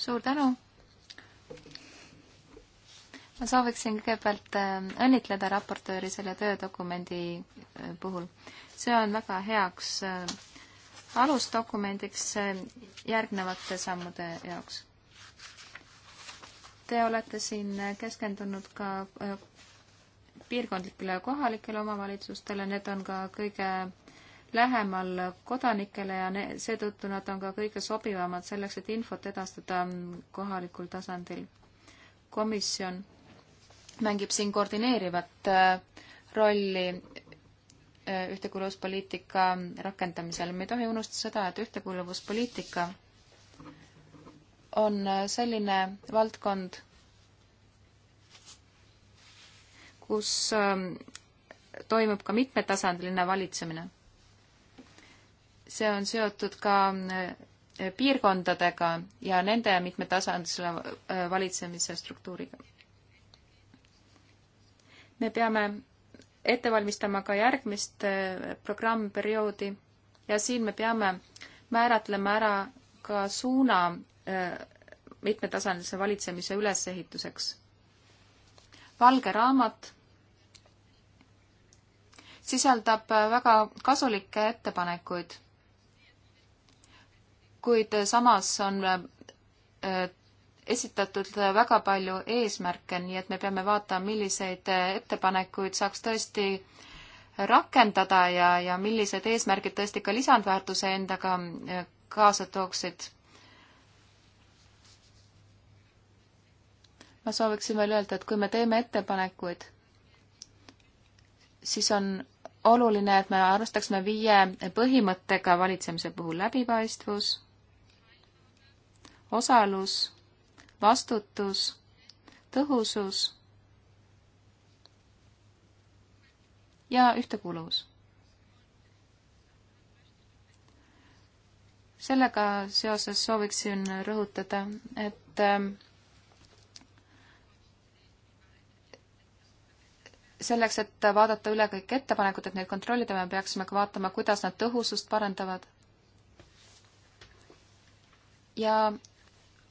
suur tänu. ma sooviksin kõigepealt äh, õnnitleda raportööri selle töödokumendi äh, puhul. see on väga heaks äh, alusdokumendiks järgnevate sammude jaoks. Te olete siin keskendunud ka piirkondlikele kohalikele omavalitsustele, need on ka kõige lähemal kodanikele ja seetõttu nad on ka kõige sobivamad selleks, et infot edastada kohalikul tasandil. komisjon mängib siin koordineerivat äh, rolli äh, ühtekuuluvuspoliitika rakendamisel. me ei tohi unustada seda, et ühtekuuluvuspoliitika on äh, selline valdkond, kus ähm, toimub ka mitmetasandiline valitsemine see on seotud ka äh, piirkondadega ja nende mitmetasandilise äh, valitsemise struktuuriga. me peame ette valmistama ka järgmist äh, programmperioodi ja siin me peame määratlema ära ka suuna mitmetasandilise valitsemise ülesehituseks. valge raamat sisaldab väga kasulikke ettepanekuid kuid samas on äh, esitatud väga palju eesmärke, nii et me peame vaatama, milliseid ettepanekuid saaks tõesti rakendada ja, ja millised eesmärgid tõesti ka lisandväärtuse endaga äh, kaasa tooksid. ma sooviksin veel öelda, et kui me teeme ettepanekuid, siis on oluline, et me arvestaksime viie põhimõttega valitsemise puhul läbipaistvus osalus, vastutus, tõhusus ja ühtekuuluvus. sellega seoses sooviksin rõhutada, et ähm, selleks, et vaadata üle kõik ettepanekud, et neid kontrollida, me peaksime ka vaatama, kuidas nad tõhusust parandavad. ja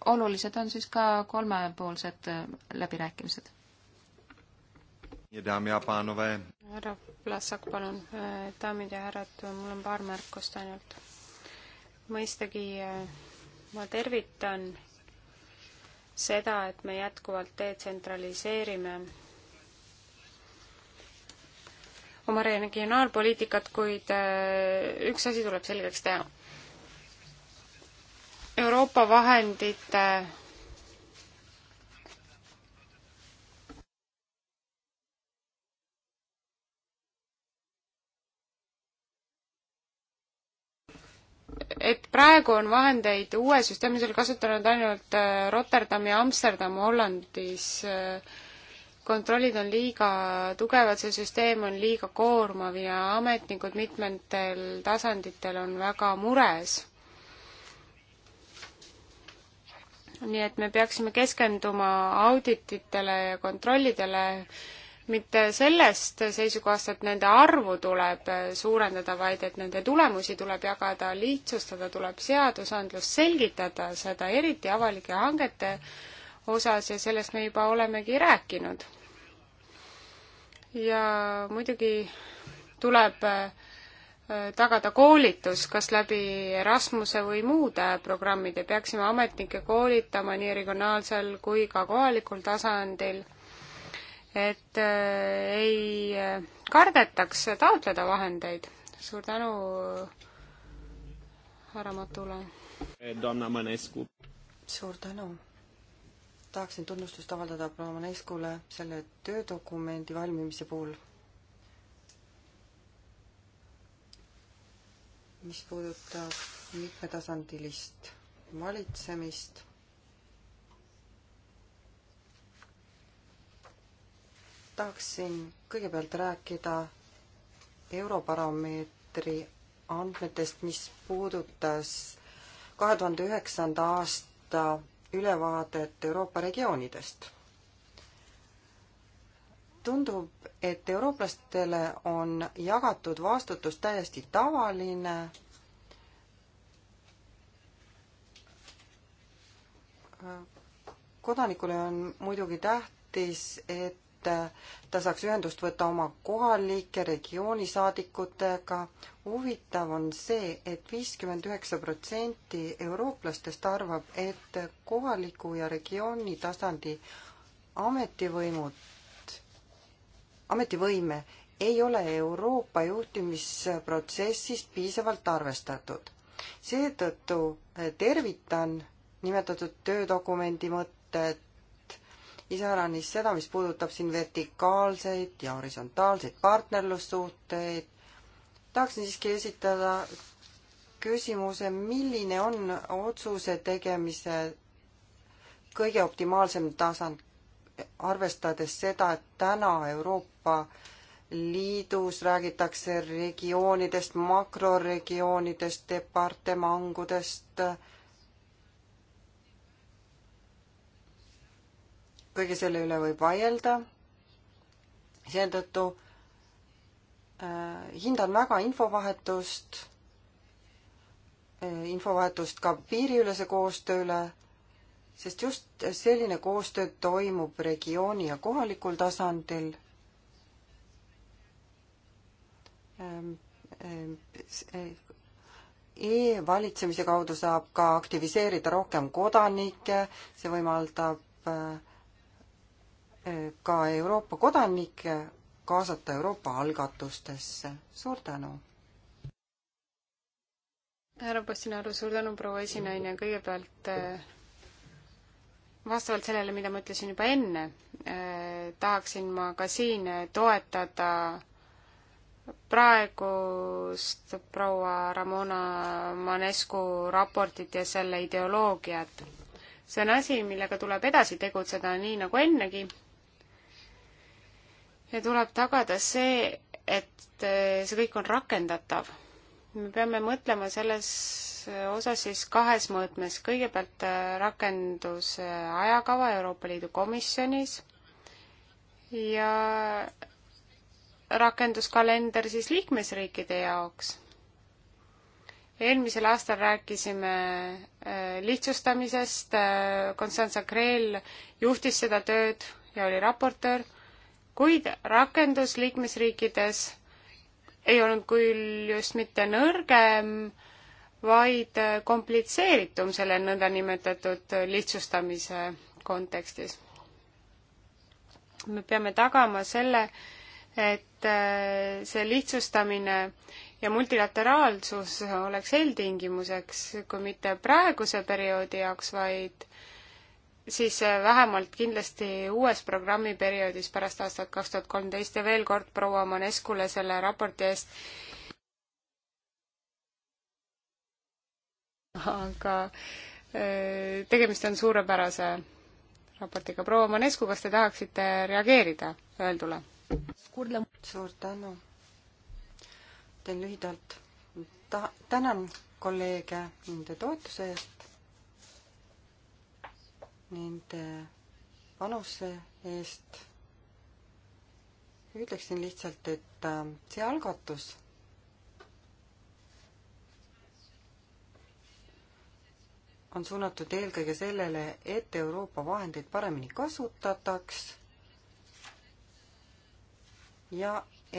olulised on siis ka kolmepoolsed äh, läbirääkimised. härra Vlasak, palun, äh, daamid ja härrad, mul on paar märkust ainult. mõistagi äh, ma tervitan seda, et me jätkuvalt detsentraliseerime oma regionaalpoliitikat, kuid üks asi tuleb selgeks teha Euroopa vahendite et praegu on vahendeid uue süsteemi seal kasutanud ainult äh, Rotterdam ja Amsterdam Hollandis. Äh, kontrollid on liiga tugevad, see süsteem on liiga koormav ja ametnikud mitmetel tasanditel on väga mures nii et me peaksime keskenduma audititele ja kontrollidele, mitte sellest seisukohast, et nende arvu tuleb suurendada, vaid et nende tulemusi tuleb jagada, lihtsustada tuleb seadusandlust, selgitada seda, eriti avalike hangete osas ja sellest me juba olemegi rääkinud. ja muidugi tuleb äh, Äh, tagada koolitus, kas läbi Erasmuse või muude programmide, peaksime ametnikke koolitama nii regionaalsel kui ka kohalikul tasandil, et äh, ei äh, kardetaks taotleda vahendeid. suur tänu, härra Matula. suur tänu. tahaksin tunnustust avaldada proua Maneskule selle töödokumendi valmimise puhul mis puudutab mitmetasandilist valitsemist. tahaksin kõigepealt rääkida Eurobaromeetri andmetest, mis puudutas kahe tuhande üheksanda aasta ülevaadet Euroopa regioonidest tundub, et eurooplastele on jagatud vastutus täiesti tavaline. kodanikule on muidugi tähtis, et ta saaks ühendust võtta oma kohalike regiooni saadikutega. huvitav on see et, et viiskümmend üheksa protsenti eurooplastest arvab, et kohaliku ja regiooni tasandi ametivõimud ametivõime ei ole Euroopa juhtimisprotsessis piisavalt arvestatud. seetõttu eh, tervitan nimetatud töödokumendi mõtet, iseäranis seda, mis puudutab siin vertikaalseid ja horisontaalseid partnerlussuhteid. tahaksin siiski esitada küsimuse, milline on otsuse tegemise kõige optimaalsem tasand arvestades seda, et täna Euroopa Liidus räägitakse regioonidest, makroregioonidest, departemangudest, kõige selle üle võib vaielda, seetõttu äh, hindan väga infovahetust, äh, infovahetust ka piiriülese koostöö üle sest just selline koostöö toimub regiooni ja kohalikul tasandil. Ehm, ehm, e- e-valitsemise kaudu saab ka aktiviseerida rohkem kodanikke, see võimaldab ehm, e- ka Euroopa kodanikke kaasata Euroopa algatustesse. suur tänu! härra Postinaru, suur tänu, proua esinaine, kõigepealt äh vastavalt sellele, mida ma ütlesin juba enne eh,, tahaksin ma ka siin toetada praegust proua Ramona Manescu raportit ja selle ideoloogiat. see on asi, millega tuleb edasi tegutseda, nii nagu ennegi. ja tuleb tagada see, et eh, see kõik on rakendatav. me peame mõtlema selles osas siis kahes mõõtmes. kõigepealt äh, rakenduse ajakava Euroopa Liidu komisjonis ja rakenduskalender siis liikmesriikide jaoks. eelmisel aastal rääkisime äh, lihtsustamisest, Konstantin äh, Kreel juhtis seda tööd ja oli raportöör, kuid rakendus liikmesriikides ei olnud küll just mitte nõrgem, vaid komplitseeritum selle nõndanimetatud lihtsustamise kontekstis. me peame tagama selle, et äh, see lihtsustamine ja multilateraalsus oleks eeltingimuseks, kui mitte praeguse perioodi jaoks, vaid siis äh, vähemalt kindlasti uues programmiperioodis pärast aastat kaks tuhat kolmteist ja veel kord proua Maneskule selle raporti eest aga äh, tegemist on suurepärase raportiga. proua Manescu, kas te tahaksite reageerida öeldule? suur tänu. teen lühidalt. ta-, tänan kolleege nende toetuse eest, nende panuse eest. ütleksin lihtsalt, et äh, see algatus on suunatud eelkõige sellele, et Euroopa vahendeid paremini kasutataks ja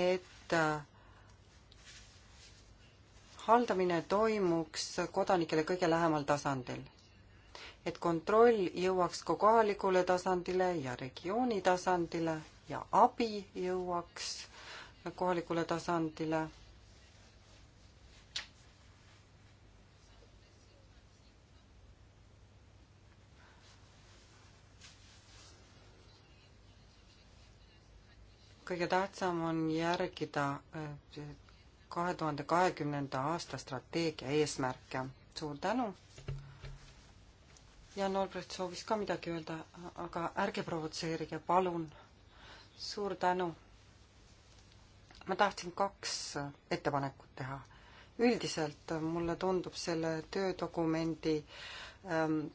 et äh, haldamine toimuks kodanikele kõige lähemal tasandil. et kontroll jõuaks ka kohalikule tasandile ja regiooni tasandile ja abi jõuaks kohalikule tasandile kõige tähtsam on järgida äh, kahe tuhande kahekümnenda aasta strateegia eesmärke. suur tänu! Jan Olbrecht soovis ka midagi öelda, aga ärge provotseerige, palun! suur tänu! ma tahtsin kaks äh, ettepanekut teha. üldiselt äh, mulle tundub selle töödokumendi ähm,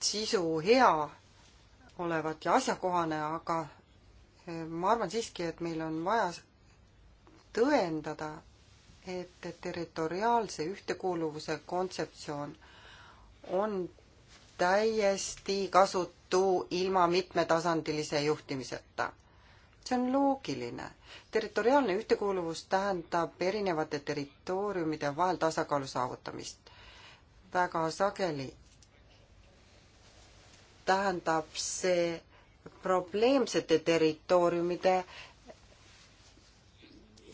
sisu hea olevat ja asjakohane, aga ma arvan siiski, et meil on vaja tõendada, et territoriaalse ühtekuuluvuse kontseptsioon on täiesti kasutu ilma mitmetasandilise juhtimiseta. see on loogiline. territoriaalne ühtekuuluvus tähendab erinevate territooriumide vahel tasakaalu saavutamist. väga sageli tähendab see probleemsete territooriumide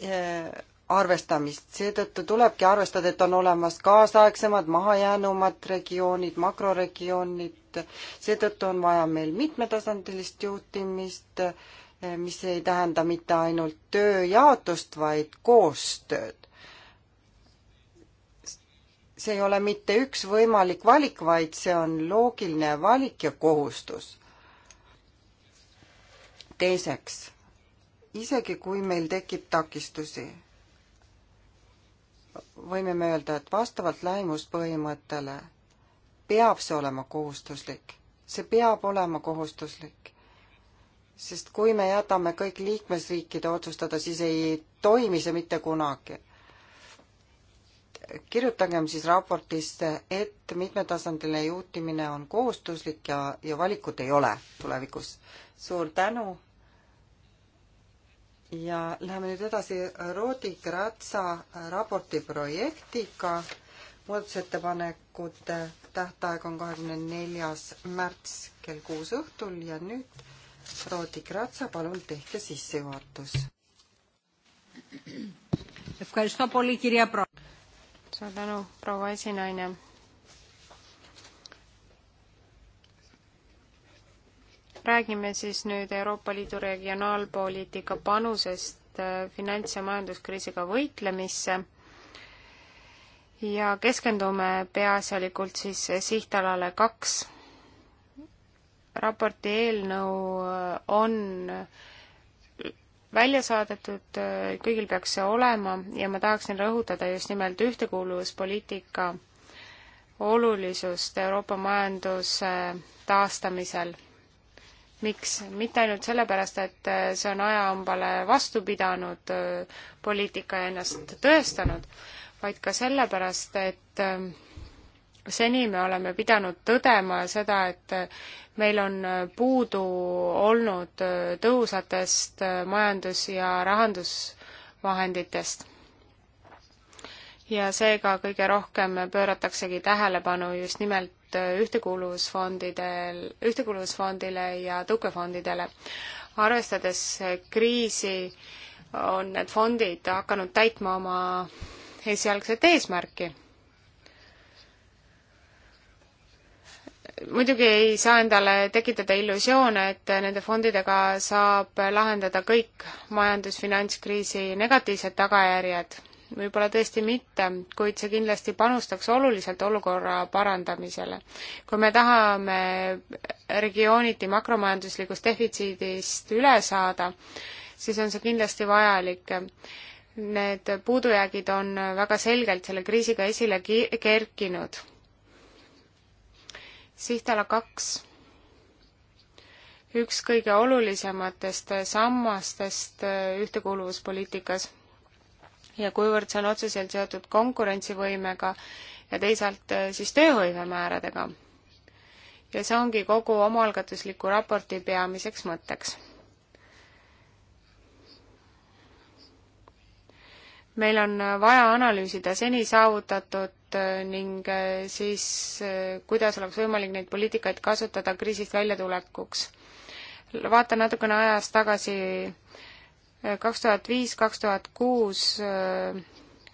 äh, arvestamist, seetõttu tulebki arvestada, et on olemas kaasaegsemad, mahajäänumad regioonid, makroregioonid, seetõttu on vaja meil mitmetasandilist juhtimist, äh, mis ei tähenda mitte ainult tööjaotust, vaid koostööd. see ei ole mitte üks võimalik valik, vaid see on loogiline valik ja kohustus teiseks, isegi kui meil tekib takistusi, võime me öelda, et vastavalt lähimuspõhimõttele peab see olema kohustuslik, see peab olema kohustuslik. sest kui me jätame kõik liikmesriikide otsustada, siis ei toimi see mitte kunagi. kirjutagem siis raportisse, et mitmetasandiline juhtimine on kohustuslik ja, ja valikut ei ole tulevikus suur tänu. ja läheme nüüd edasi Roodi Kratsa raporti projektiga. muudatusettepanekute tähtaeg on kahekümne neljas märts kell kuus õhtul ja nüüd Roodi Kratsa, palun tehke sissejuhatus. suur tänu, proua esinaine räägime siis nüüd Euroopa Liidu regionaalpoliitika panusest äh, finants- ja majanduskriisiga võitlemisse ja keskendume peaasjalikult siis sihtalale kaks. raporti eelnõu äh, on välja saadetud, äh, kõigil peaks see olema ja ma tahaksin rõhutada just nimelt ühtekuuluvuspoliitika olulisust Euroopa majanduse taastamisel miks? mitte ainult sellepärast, et äh, see on ajahambale vastu pidanud äh, poliitika ja ennast tõestanud, vaid ka sellepärast, et äh, seni me oleme pidanud tõdema seda, et meil on puudu olnud tõhusatest majandus- ja rahandusvahenditest. ja seega kõige rohkem pöörataksegi tähelepanu just nimelt ainult äh, ühtekuuluvusfondidel, ühtekuuluvusfondile ja tõukefondidele. arvestades äh, kriisi, on need fondid hakanud täitma oma esialgset eesmärki. muidugi ei saa endale tekitada illusioone, et nende fondidega saab lahendada kõik majandus-finantskriisi negatiivsed tagajärjed võib-olla tõesti mitte, kuid see kindlasti panustaks oluliselt olukorra parandamisele. kui me tahame regiooniti makromajanduslikust defitsiidist üle saada, siis on see kindlasti vajalik. Need puudujäägid on väga selgelt selle kriisiga esile ki-, kerkinud. sihtala kaks üks kõige olulisematest sammastest ühtekuuluvuspoliitikas ja kuivõrd see on otseselt seotud konkurentsivõimega ja teisalt äh, siis tööhõivemääradega. ja see ongi kogu omaalgatusliku raporti peamiseks mõtteks. meil on äh, vaja analüüsida seni saavutatud äh, ning siis, kuidas oleks võimalik neid poliitikaid kasutada kriisist väljatulekuks. vaatan natukene ajas tagasi kaks tuhat viis, kaks tuhat kuus äh,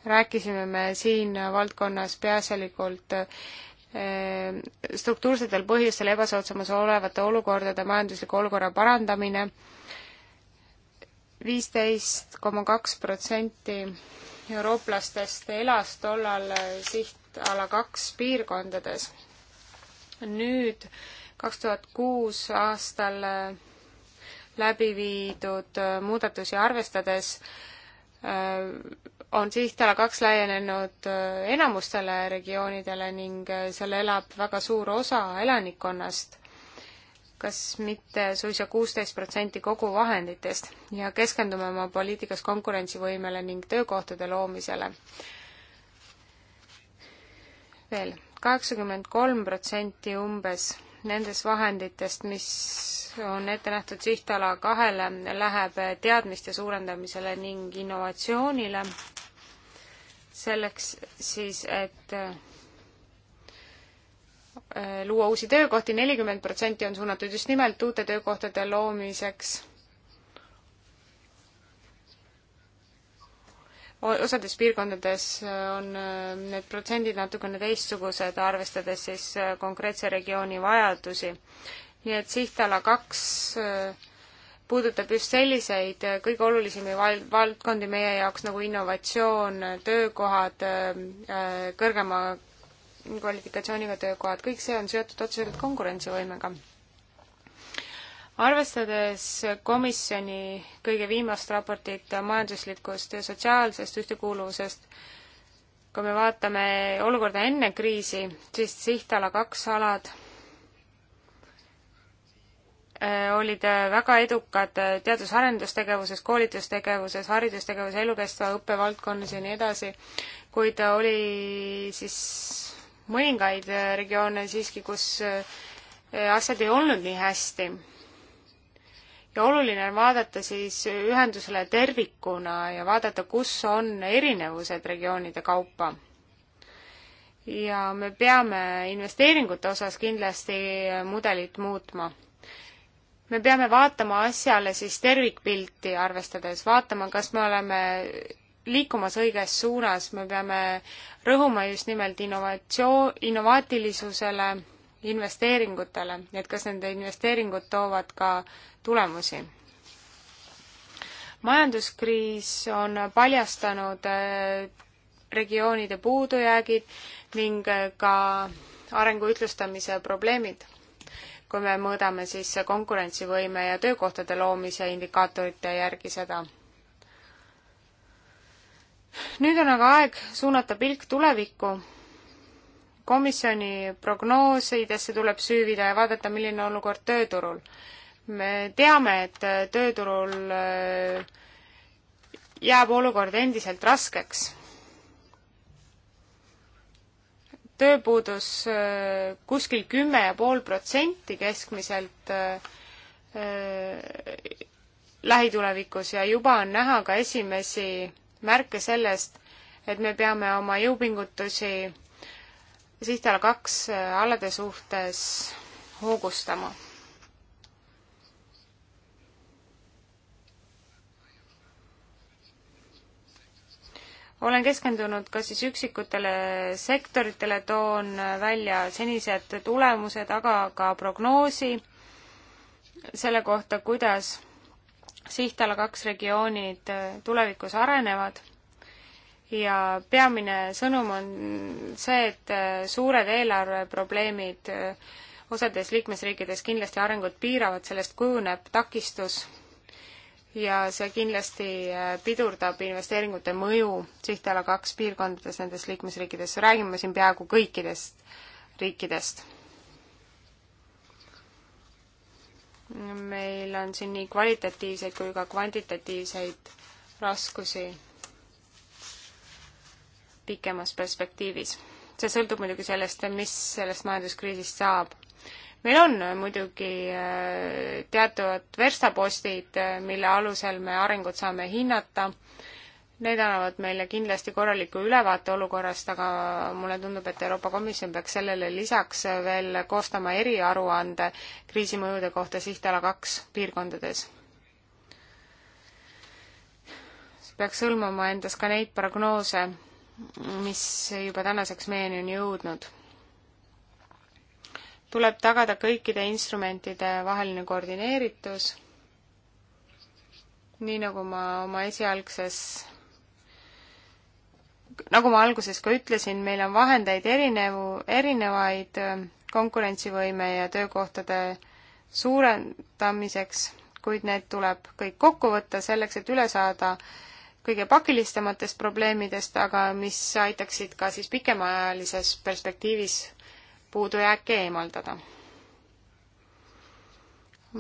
rääkisime me siin valdkonnas peaasjalikult äh, struktuursetel põhjustel ebasoodsamas olevate olukordade majandusliku olukorra parandamine, viisteist koma kaks protsenti eurooplastest elas tollal sihtala kaks piirkondades. nüüd kaks tuhat kuus aastal äh, läbi viidud äh, muudatusi arvestades äh, on sihtala kaks laienenud äh, enamustele regioonidele ning seal elab väga suur osa elanikkonnast, kas mitte suisa kuusteist protsenti kogu vahenditest ja keskendume oma poliitikas konkurentsivõimele ning töökohtade loomisele. veel kaheksakümmend kolm protsenti umbes nendest vahenditest, mis on ette nähtud sihtala kahele, läheb teadmiste suurendamisele ning innovatsioonile, selleks siis, et äh, luua uusi töökohti, nelikümmend protsenti on suunatud just nimelt uute töökohtade loomiseks osades piirkondades äh, on äh, need protsendid natukene teistsugused, arvestades siis äh, konkreetse regiooni vajadusi. nii et sihtala kaks puudutab just selliseid kõige olulisemaid val-, valdkondi meie jaoks nagu innovatsioon, töökohad, kõrgema kvalifikatsiooniga töökohad, kõik see on seotud otseselt konkurentsivõimega arvestades komisjoni kõige viimast raportit majanduslikust ja sotsiaalsest ühtekuuluvusest, kui me vaatame olukorda enne kriisi, siis sihtala kaks alad äh, olid väga edukad teadus-arendustegevuses, koolitustegevuses, haridustegevuses, elukestva õppe valdkonnas ja nii edasi, kuid oli siis mõningaid regioone siiski, kus äh, asjad ei olnud nii hästi ja oluline on vaadata siis ühendusele tervikuna ja vaadata, kus on erinevused regioonide kaupa. ja me peame investeeringute osas kindlasti mudelit muutma. me peame vaatama asjale siis tervikpilti arvestades, vaatama, kas me oleme liikumas õiges suunas, me peame rõhuma just nimelt innovatsioon, innovaatilisusele investeeringutele, et kas nende investeeringud toovad ka tulemusi. majanduskriis on paljastanud äh, regioonide puudujäägid ning äh, ka arengu ühtlustamise probleemid, kui me mõõdame siis konkurentsivõime ja töökohtade loomise indikaatorite järgi seda. nüüd on aga aeg suunata pilk tulevikku komisjoni prognoosidesse tuleb süüvida ja vaadata, milline on olukord tööturul. me teame, et äh, tööturul äh, jääb olukord endiselt raskeks. tööpuudus äh, kuskil kümme ja pool protsenti keskmiselt lähitulevikus ja juba on näha ka esimesi märke sellest, et me peame oma jõupingutusi sihtala kaks äh, alade suhtes hoogustama. olen keskendunud ka siis üksikutele sektoritele, toon välja senised tulemused, aga ka prognoosi selle kohta, kuidas sihtala kaks regioonid tulevikus arenevad ja peamine sõnum on see, et äh, suured eelarveprobleemid äh, osades liikmesriikides kindlasti arengut piiravad, sellest kujuneb takistus ja see kindlasti äh, pidurdab investeeringute mõju sihtala kaks piirkondades nendes liikmesriikides, räägime siin peaaegu kõikidest riikidest. meil on siin nii kvalitatiivseid kui ka kvantitatiivseid raskusi pikemas perspektiivis. see sõltub muidugi sellest, mis sellest majanduskriisist saab. meil on muidugi äh, teatavad verstapostid, äh, mille alusel me arengut saame hinnata, need annavad meile kindlasti korraliku ülevaate olukorrast, aga mulle tundub, et Euroopa Komisjon peaks sellele lisaks veel koostama eriaruande kriisimõjude kohta sihtala kaks piirkondades peaks hõlmama endas ka neid prognoose, mis juba tänaseks meieni on jõudnud. tuleb tagada kõikide instrumentide vaheline koordineeritus, nii nagu ma oma esialgses nagu ma alguses ka ütlesin, meil on vahendeid erinevu, erinevaid äh, konkurentsivõime ja töökohtade suurendamiseks, kuid need tuleb kõik kokku võtta selleks, et üle saada äh, kõige pakilisematest probleemidest, aga mis aitaksid ka siis pikemaajalises perspektiivis puudujääke eemaldada.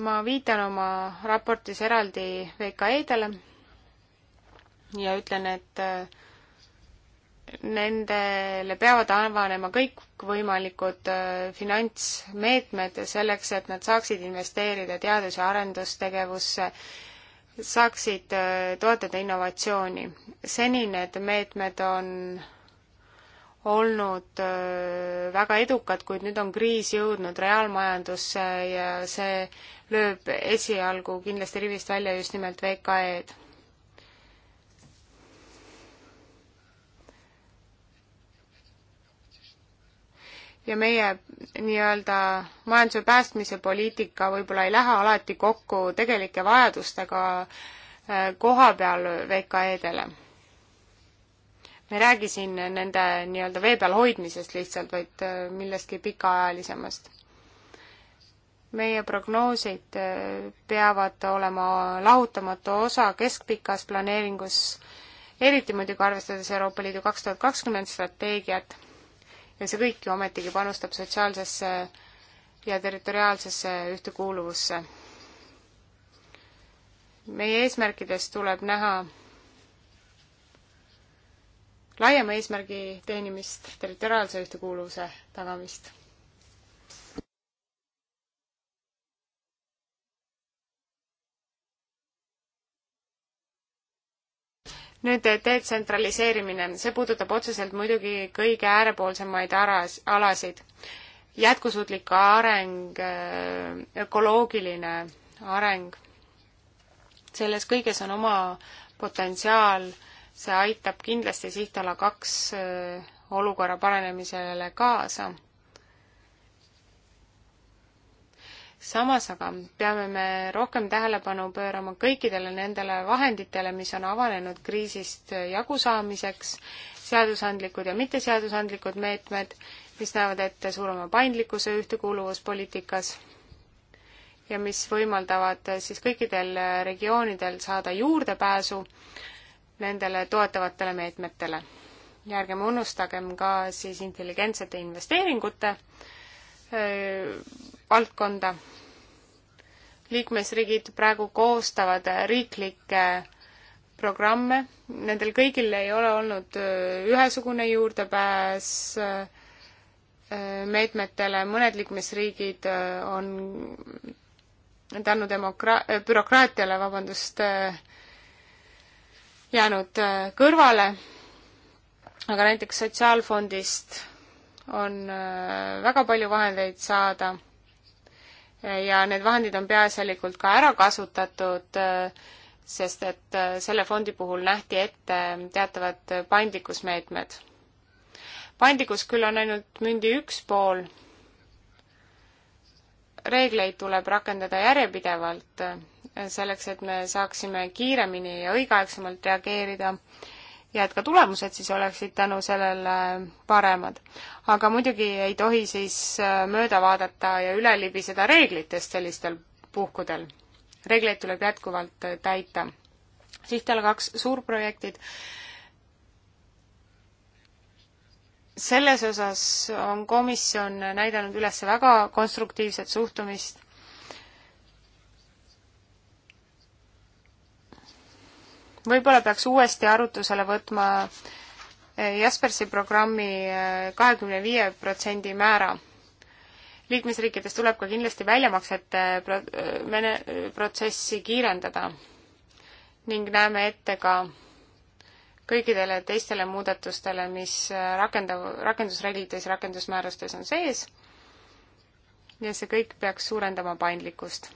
ma viitan oma raportis eraldi VKE-dele ja ütlen, et äh, nendele peavad avanema kõikvõimalikud äh, finantsmeetmed selleks, et nad saaksid investeerida teadus- ja arendustegevusse saaksid äh, toetada innovatsiooni. seni need meetmed on olnud äh, väga edukad, kuid nüüd on kriis jõudnud reaalmajandusse ja see lööb esialgu kindlasti rivist välja just nimelt VKE-d. ja meie nii-öelda majanduse päästmise poliitika võib-olla ei lähe alati kokku tegelike vajadustega äh, koha peal VKE-dele. me ei räägi siin nende nii-öelda vee peal hoidmisest lihtsalt, vaid äh, millestki pikaajalisemast. meie prognoosid äh, peavad olema lahutamatu osa keskpikas planeeringus, eriti muidugi arvestades Euroopa Liidu kaks tuhat kakskümmend strateegiat ja see kõik ju ometigi panustab sotsiaalsesse ja territoriaalsesse ühtekuuluvusse. meie eesmärkides tuleb näha laiema eesmärgi teenimist, territoriaalse ühtekuuluvuse tagamist nüüd eh, detsentraliseerimine, see puudutab otseselt muidugi kõige äärepoolsemaid aras, alasid. jätkusuutlik areng, eh, ökoloogiline areng, selles kõiges on oma potentsiaal, see aitab kindlasti sihtala kaks eh, olukorra paranemisele kaasa samas aga peame me rohkem tähelepanu pöörama kõikidele nendele vahenditele, mis on avanenud kriisist jagusaamiseks, seadusandlikud ja mitteseadusandlikud meetmed, mis näevad ette suurema paindlikkuse ühtekuuluvuspoliitikas ja mis võimaldavad siis kõikidel regioonidel saada juurdepääsu nendele toetavatele meetmetele. ja ärgem unustagem ka siis intelligentsete investeeringute valdkonda. liikmesriigid praegu koostavad riiklikke programme, nendel kõigil ei ole olnud äh, ühesugune juurdepääs äh, meetmetele, mõned liikmesriigid äh, on tänu demokra-, bürokraatiale, vabandust, jäänud kõrvale, aga näiteks Sotsiaalfondist on väga palju vahendeid saada ja need vahendid on peaasjalikult ka ära kasutatud, sest et äh, selle fondi puhul nähti ette teatavad paindlikkusmeetmed. paindlikkus küll on ainult mündi üks pool, reegleid tuleb rakendada järjepidevalt, äh, selleks et me saaksime kiiremini ja õigeaegsemalt reageerida äh, ja et ka tulemused siis oleksid tänu sellele paremad. aga muidugi ei tohi siis äh, mööda vaadata ja üle libiseda reeglitest sellistel puhkudel. reegleid tuleb jätkuvalt äh, täita. sihtala kaks suurprojektid. selles osas on komisjon näidanud üles väga konstruktiivset suhtumist võib-olla peaks uuesti arutusele võtma eh, Jaspersi programmi eh, kahekümne viie protsendi määra. liikmesriikides tuleb ka kindlasti väljamaksete pro-, vene-, eh, protsessi kiirendada ning näeme ette ka kõikidele teistele muudatustele, mis rakendav, rakendusreeglites ja rakendusmäärustes on sees ja see kõik peaks suurendama paindlikkust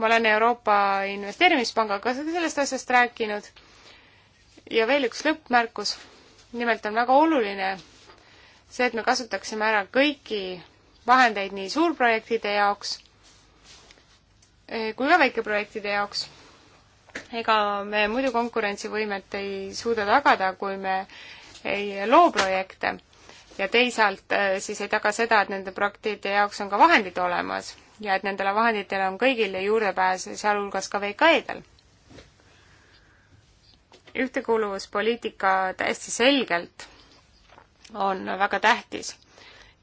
ma olen Euroopa Investeerimispangaga sellest asjast rääkinud. ja veel üks lõppmärkus. nimelt on väga oluline see, et me kasutaksime ära kõiki vahendeid nii suurprojektide jaoks kui ka väikeprojektide jaoks. ega me muidu konkurentsivõimet ei suuda tagada, kui me ei loo projekte ja teisalt äh, siis ei taga seda, et nende projektide jaoks on ka vahendid olemas ja et nendele vahenditele on kõigil juurdepääs, sealhulgas ka VKE-del. ühtekuuluvuspoliitika täiesti selgelt on väga tähtis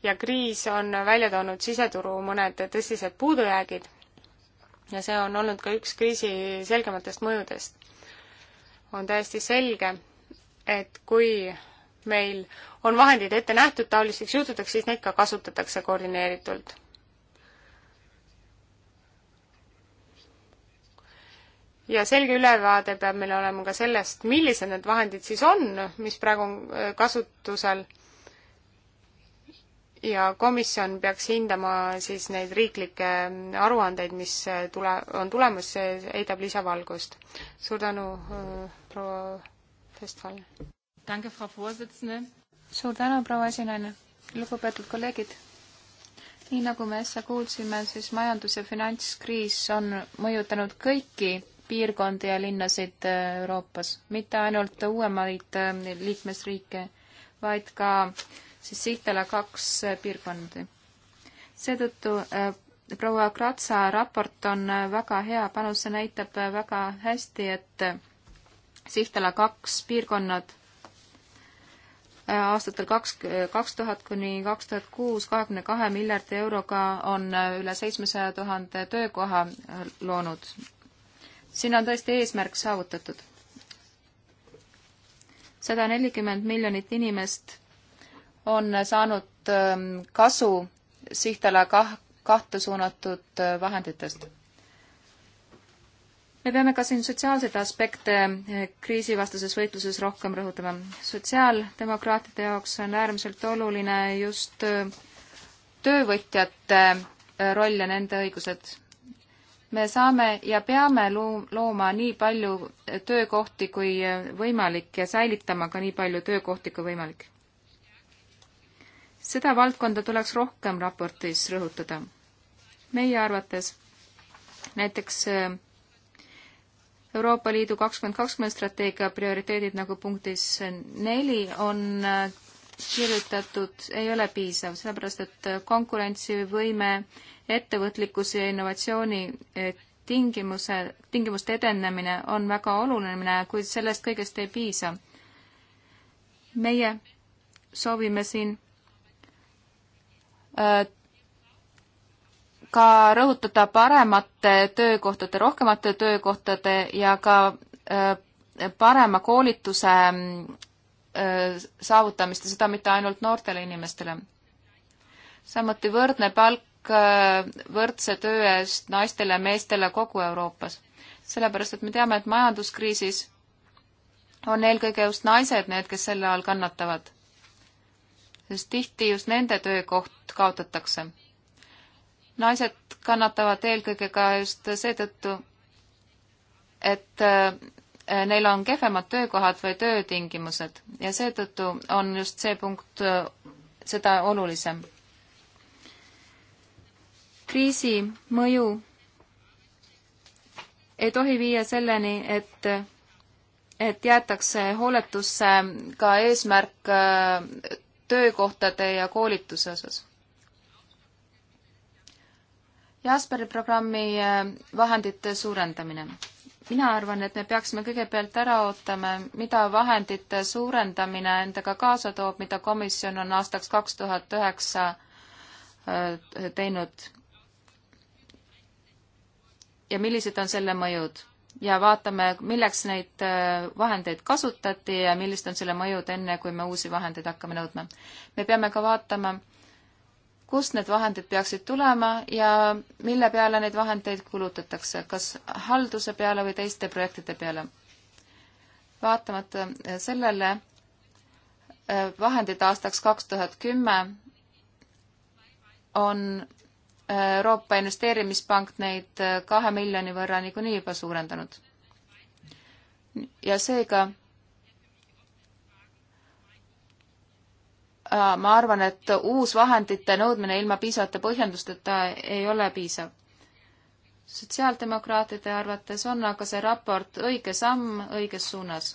ja kriis on välja toonud siseturu mõned tõsised puudujäägid ja see on olnud ka üks kriisi selgematest mõjudest. on täiesti selge, et kui meil on vahendid ette nähtud taolisteks juhtudeks, siis neid ka kasutatakse koordineeritult ja selge ülevaade peab meil olema ka sellest, millised need vahendid siis on, mis praegu on äh, kasutusel. ja komisjon peaks hindama siis neid riiklikke äh, aruandeid, mis äh, tule, on tulemas, see heidab lisavalgust. suur tänu, proua Festval. suur tänu, proua esinaine. lugupeetud kolleegid nii nagu me äsja kuulsime, siis majandus- ja finantskriis on mõjutanud kõiki piirkondi ja linnasid äh, Euroopas, mitte ainult uuemaid äh, liikmesriike, vaid ka siis sihtala kaks äh, piirkondi. seetõttu proua Kratsa raport on väga hea panus, see näitab väga hästi, et sihtala kaks piirkonnad aastatel kaks, kaks tuhat kuni kaks tuhat kuus kahekümne kahe miljardi euroga on üle seitsmesaja tuhande töökoha loonud siin on tõesti eesmärk saavutatud. sada nelikümmend miljonit inimest on saanud ähm, kasu sihtala kah-, kahte suunatud äh, vahenditest. me peame ka siin sotsiaalseid aspekte äh, kriisivastases võitluses rohkem rõhutama. sotsiaaldemokraatide jaoks on äärmiselt oluline just äh, töövõtjate roll ja nende õigused me saame ja peame looma nii palju töökohti kui võimalik ja säilitama ka nii palju töökohti kui võimalik. seda valdkonda tuleks rohkem raportis rõhutada. meie arvates näiteks äh, Euroopa Liidu kakskümmend kakskümmend strateegia prioriteedid nagu punktis neli on äh, kirjutatud, ei ole piisav, sellepärast et äh, konkurentsivõime ettevõtlikkuse ja innovatsiooni tingimuse, tingimuste edenemine on väga oluline, kuid sellest kõigest ei piisa. meie soovime siin äh, ka rõhutada paremate töökohtade, rohkemate töökohtade ja ka äh, parema koolituse äh, saavutamist ja seda mitte ainult noortele inimestele. samuti võrdne palk palk äh, võrdse töö eest naistele ja meestele kogu Euroopas. sellepärast, et me teame, et majanduskriisis on eelkõige just naised need, kes selle all kannatavad. sest tihti just nende töökoht kaotatakse. naised kannatavad eelkõige ka just seetõttu, et äh, neil on kehvemad töökohad või töötingimused ja seetõttu on just see punkt äh, seda olulisem kriisi mõju ei tohi viia selleni, et, et jäetakse hooletusse ka eesmärk äh, töökohtade ja koolituse osas. Jasperi programmi äh, vahendite suurendamine. mina arvan, et me peaksime kõigepealt ära ootama, mida vahendite suurendamine endaga kaasa toob, mida komisjon on aastaks kaks tuhat üheksa äh, teinud ja millised on selle mõjud ja vaatame, milleks neid äh, vahendeid kasutati ja millised on selle mõjud, enne kui me uusi vahendeid hakkame nõudma. me peame ka vaatama, kust need vahendid peaksid tulema ja mille peale neid vahendeid kulutatakse, kas halduse peale või teiste projektide peale. vaatamata äh, sellele, äh, vahendid aastaks kaks tuhat kümme on Euroopa Investeerimispank neid äh, kahe miljoni võrra niikuinii juba suurendanud. ja seega äh, ma arvan, et uus vahendite nõudmine ilma piisavate põhjendusteta ei ole piisav. sotsiaaldemokraatide arvates on aga see raport õige samm õiges suunas.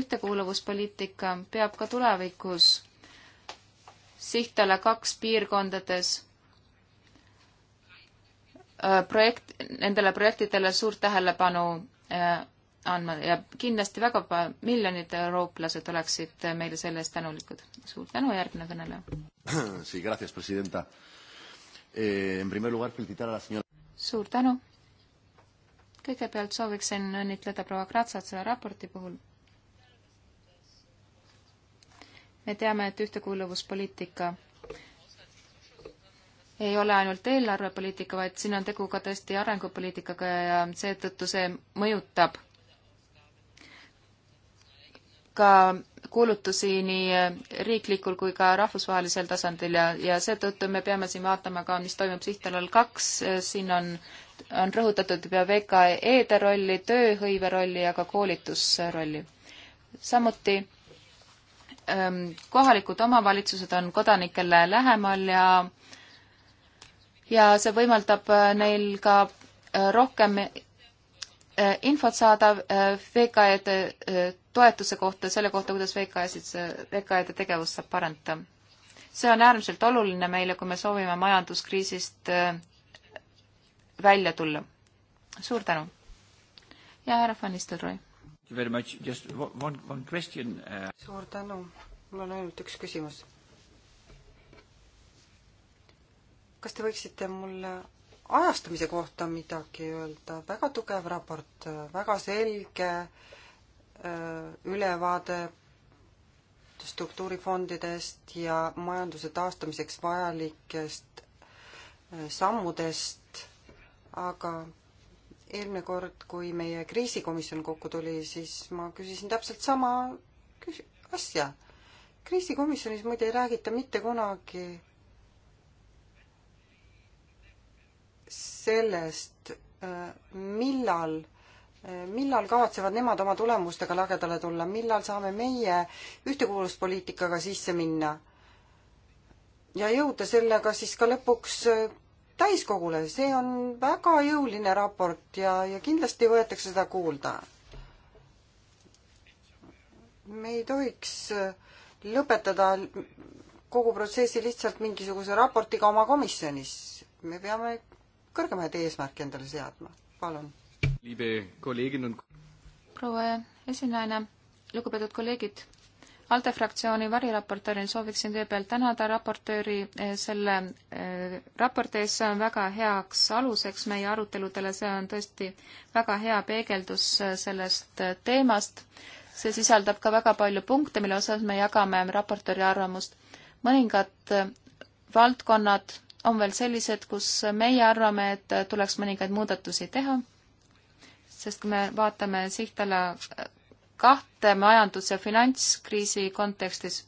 ühtekuuluvuspoliitika peab ka tulevikus sihtala kaks piirkondades Äh, projekt, nendele projektidele suurt tähelepanu äh, andma ja kindlasti väga miljonid eurooplased oleksid äh, meile selle eest tänulikud. suur tänu, järgmine kõneleja. [CLEARS THROAT] Eh, suur tänu. kõigepealt sooviksin õnnitleda proua Kratsat selle raporti puhul. me teame, et ühtekuuluvuspoliitika ei ole ainult eelarvepoliitika, vaid siin on tegu ka tõesti arengupoliitikaga ja seetõttu see mõjutab ka kuulutusi nii riiklikul kui ka rahvusvahelisel tasandil ja, ja seetõttu me peame siin vaatama ka, mis toimub sihtalal kaks, siin on, on rõhutatud juba VKE-de rolli, tööhõive rolli ja ka koolitusrolli. samuti ähm, kohalikud omavalitsused on kodanikele lähemal ja ja see võimaldab äh, neil ka äh, rohkem äh, infot saada VKE-de toetuse kohta, selle kohta, kuidas VKE-sid, VKE-de tegevust saab parandada. see on äärmiselt oluline meile, kui me soovime majanduskriisist välja tulla. suur tänu! ja härra Van Nistelrooy. Uh, suur tänu, mul on ainult üks küsimus kas te võiksite mulle ajastamise kohta midagi öelda, väga tugev raport, väga selge äh, ülevaade struktuurifondidest ja majanduse taastamiseks vajalikest äh, sammudest, aga eelmine kord, kui meie kriisikomisjon kokku tuli, siis ma küsisin täpselt sama küs-, asja. kriisikomisjonis muide ei räägita mitte kunagi sellest, äh, millal, äh, millal kavatsevad nemad oma tulemustega lagedale tulla, millal saame meie ühtekuuluvuspoliitikaga sisse minna ja jõuda sellega siis ka lõpuks äh, täiskogule, see on väga jõuline raport ja, ja kindlasti võetakse seda kuulda. me ei tohiks lõpetada kogu protsessi lihtsalt mingisuguse raportiga oma komisjonis. me peame kõrgemaid eesmärke endale seadma. palun. proua esinaine, lugupeetud kolleegid, ALDE fraktsiooni variraportööril sooviksin kõigepealt tänada raportööri eh, selle eh, raporti eest, see on väga heaks aluseks meie aruteludele, see on tõesti väga hea peegeldus eh, sellest teemast. see sisaldab ka väga palju punkte, mille osas me jagame raportööri arvamust. mõningad valdkonnad on veel sellised, kus meie arvame, et tuleks mõningaid muudatusi teha, sest kui me vaatame sihtala kahte majandus- ja finantskriisi kontekstis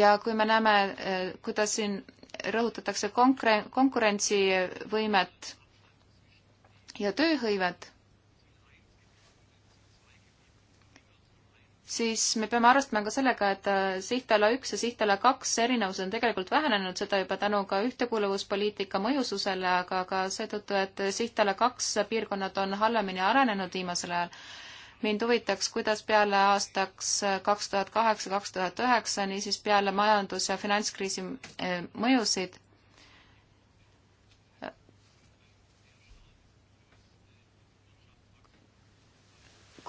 ja kui me näeme, kuidas siin rõhutatakse konkurentsivõimet ja tööhõivet, siis me peame arvestama ka sellega, et äh, sihtala üks ja sihtala kaks erinevus on tegelikult vähenenud, seda juba tänu ka ühtekuuluvuspoliitika mõjususele, aga ka seetõttu, et sihtala kaks piirkonnad on halvemini arenenud viimasel ajal. mind huvitaks, kuidas peale aastaks äh, kaks tuhat kaheksa, kaks tuhat üheksa, niisiis peale majandus- ja finantskriisi äh, mõjusid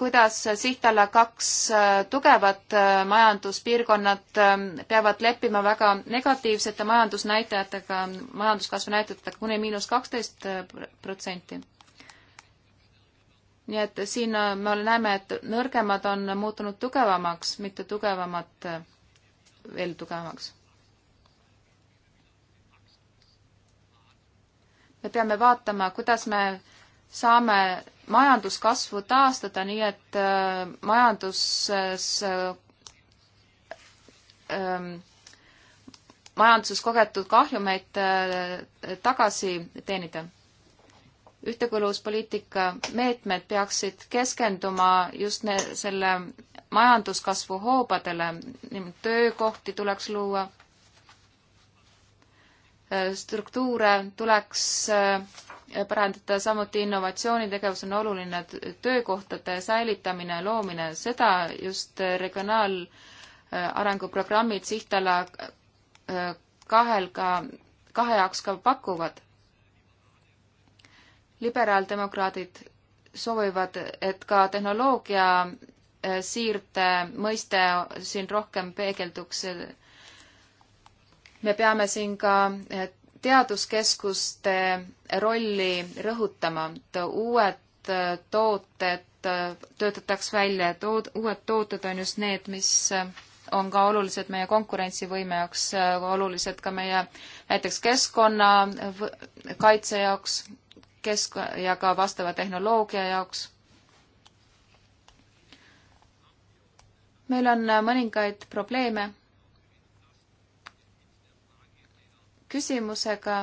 kuidas sihtala kaks äh, tugevat äh, majanduspiirkonnad äh, peavad leppima väga negatiivsete majandusnäitajatega, majanduskasvu näitajatega kuni miinus kaksteist protsenti. nii et siin me näeme, et nõrgemad on muutunud tugevamaks, mitte tugevamad veel tugevamaks. me peame vaatama, kuidas me saame majanduskasvu taastada, nii et äh, majanduses äh, ähm, majanduses kogetud kahjumeid äh, tagasi teenida. ühtekuuluvuspoliitika meetmed peaksid keskenduma just ne-, selle majanduskasvu hoobadele, töökohti tuleks luua, struktuure tuleks äh, parandada, samuti innovatsioonitegevus on oluline, töökohtade säilitamine, loomine, seda just regionaalarenguprogrammid äh, sihtala äh, kahel ka, kahe jaoks ka pakuvad. liberaaldemokraadid soovivad, et ka tehnoloogia äh, siirde mõiste siin rohkem peegelduks. me peame siin ka teaduskeskuste rolli rõhutama, et uued tooted töötataks välja, et uued tooted on just need, mis on ka olulised meie konkurentsivõime jaoks, olulised ka meie näiteks keskkonnakaitse jaoks, kesk- ja ka vastava tehnoloogia jaoks. meil on mõningaid probleeme küsimusega,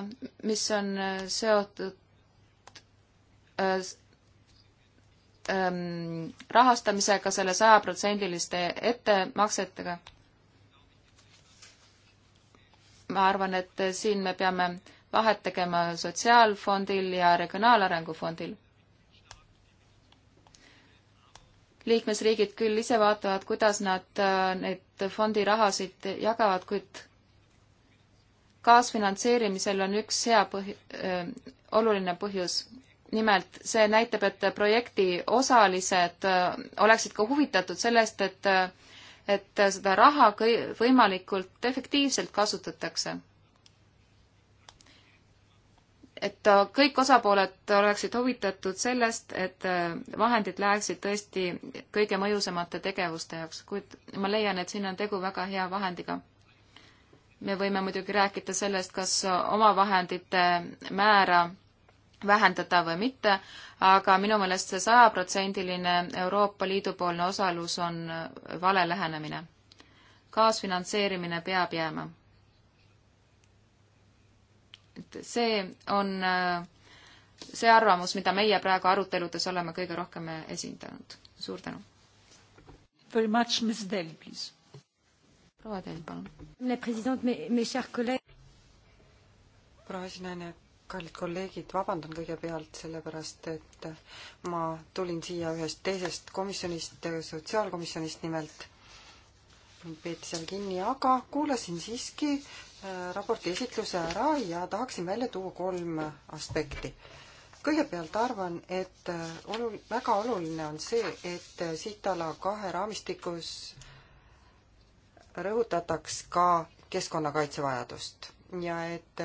mis on äh, seotud äh, ähm, rahastamisega selle sajaprotsendiliste ettemaksetega. ma arvan, et äh, siin me peame vahet tegema Sotsiaalfondil ja Regionaalarengu Fondil. liikmesriigid küll ise vaatavad, kuidas nad äh, neid fondi rahasid jagavad, kuid kaasfinantseerimisel on üks hea põhi- äh,, oluline põhjus. nimelt see näitab, et projekti osalised äh, oleksid ka huvitatud sellest, et et seda raha kõi-, võimalikult efektiivselt kasutatakse. et kõik osapooled oleksid huvitatud sellest, et vahendid läheksid tõesti kõige mõjusamate tegevuste jaoks, kuid ma leian, et siin on tegu väga hea vahendiga me võime muidugi rääkida sellest, kas omavahendite määra vähendada või mitte, aga minu meelest see sajaprotsendiline Euroopa Liidu poolne osalus on vale lähenemine. kaasfinantseerimine peab jääma. et see on see arvamus, mida meie praegu aruteludes oleme kõige rohkem esindanud. suur tänu! Very much, Ms Del, please proua Teel, palun. proua esinaine, kallid kolleegid, vabandan kõigepealt sellepärast, et ma tulin siia ühest teisest komisjonist, sotsiaalkomisjonist nimelt, peeti seal kinni, aga kuulasin siiski äh, raporti esitluse ära ja tahaksin välja tuua kolm aspekti kõigepealt arvan, et äh, olul-, väga oluline on see, et äh, sihtala kahe raamistikus rõhutataks ka keskkonnakaitse vajadust ja et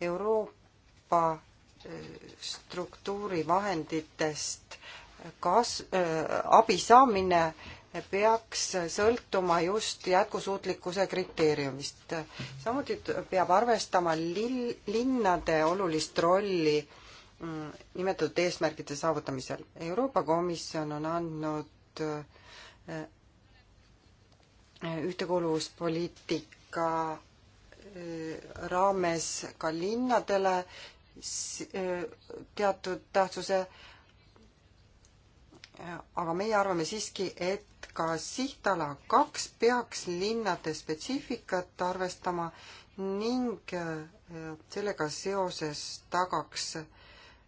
Euroopa äh, struktuurivahenditest kas- äh,, abi saamine peaks sõltuma just jätkusuutlikkuse kriteeriumist. samuti peab arvestama lill, linnade olulist rolli mm, nimetatud eesmärkide saavutamisel. Euroopa Komisjon on andnud äh, ühtekuuluvuspoliitika äh, raames ka linnadele äh, teatud tähtsuse, aga meie arvame siiski, et ka sihtala kaks peaks linnade spetsiifikat arvestama ning äh, sellega seoses tagaks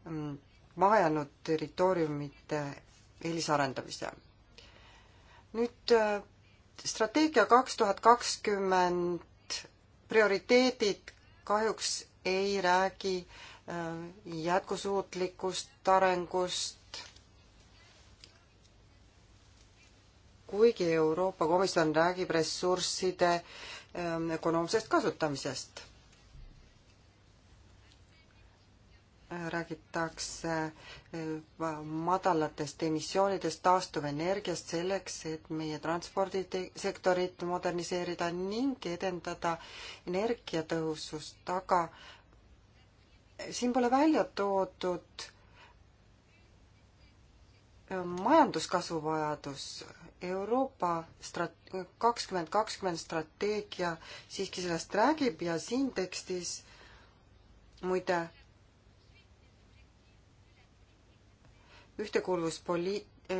mm, mahajäänud territooriumite eelisarendamise. nüüd strateegia kaks tuhat kakskümmend prioriteedid kahjuks ei räägi äh, jätkusuutlikust arengust, kuigi Euroopa Komisjon räägib ressursside ähm, ökonoomsest kasutamisest räägitakse äh, madalatest emissioonidest, taastuvenergiast selleks, et meie transpordisektorit moderniseerida ning edendada energiatõhusust, aga siin pole välja toodud majanduskasvu vajadus. Euroopa strat-, kakskümmend kakskümmend strateegia siiski sellest räägib ja siin tekstis muide ühtekuuluvuspoliit-,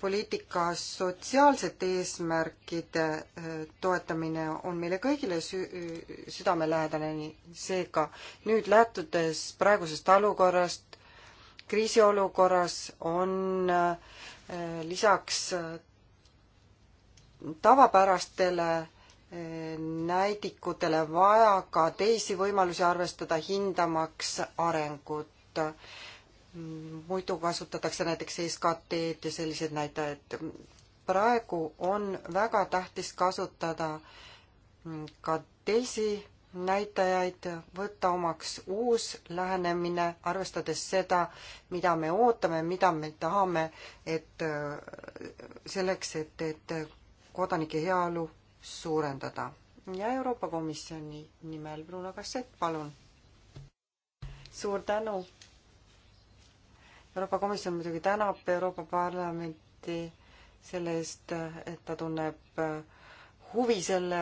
poliitika sotsiaalsete eesmärkide toetamine on meile kõigile sü-, südamelähedane, seega nüüd lähtudes praegusest olukorrast, kriisiolukorras on lisaks tavapärastele näidikutele vaja ka teisi võimalusi arvestada, hindamaks arengut muidu kasutatakse näiteks SKT-d ja selliseid näitajaid. praegu on väga tähtis kasutada ka teisi näitajaid, võtta omaks uus lähenemine, arvestades seda, mida me ootame, mida me tahame, et äh, selleks, et, et kodanike heaolu suurendada. ja Euroopa Komisjoni nimel Bruno Kassett, palun. suur tänu Euroopa Komisjon muidugi tänab Euroopa Parlamenti selle eest, et ta tunneb äh, huvi selle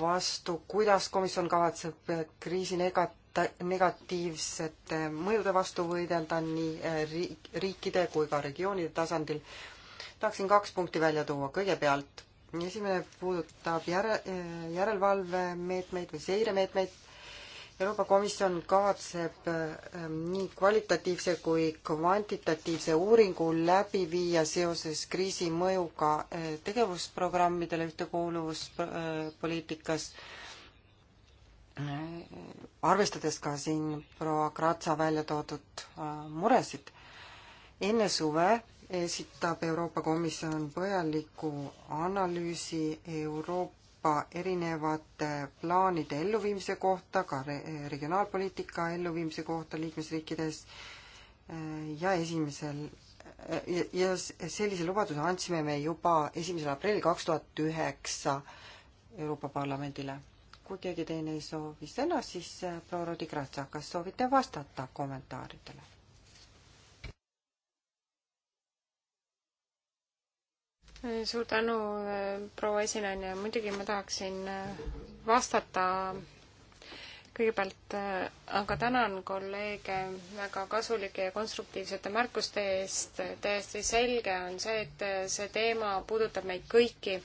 vastu, kuidas komisjon kavatseb äh, kriisi negata-, negatiivsete mõjude vastu võidelda nii äh, riik, riikide kui ka regioonide tasandil. tahaksin kaks punkti välja tuua, kõigepealt esimene puudutab järe, järelevalvemeetmeid või seiremeetmeid Euroopa Komisjon kavatseb ähm, nii kvalitatiivse kui kvantitatiivse uuringu läbi viia seoses kriisi mõjuga äh, tegevusprogrammidele ühtekuuluvuspoliitikas, äh, arvestades ka siin proua Kratsa välja toodud äh, muresid. enne suve esitab Euroopa Komisjon põhjaliku analüüsi Euroopa juba erinevate plaanide elluviimise kohta, ka re regionaalpoliitika elluviimise kohta liikmesriikides äh, ja esimesel ja sellise lubaduse andsime me juba esimesel aprillil kaks tuhat üheksa Euroopa Parlamendile. kui keegi teine ei soovi sõna, siis äh, proua Rudi Kratsa, kas soovite vastata kommentaaridele? suur tänu, e, proua esinaine, muidugi ma tahaksin e, vastata kõigepealt e, aga tänan kolleege väga kasulike ja konstruktiivsete märkuste eest. täiesti selge on see, et see teema puudutab meid kõiki.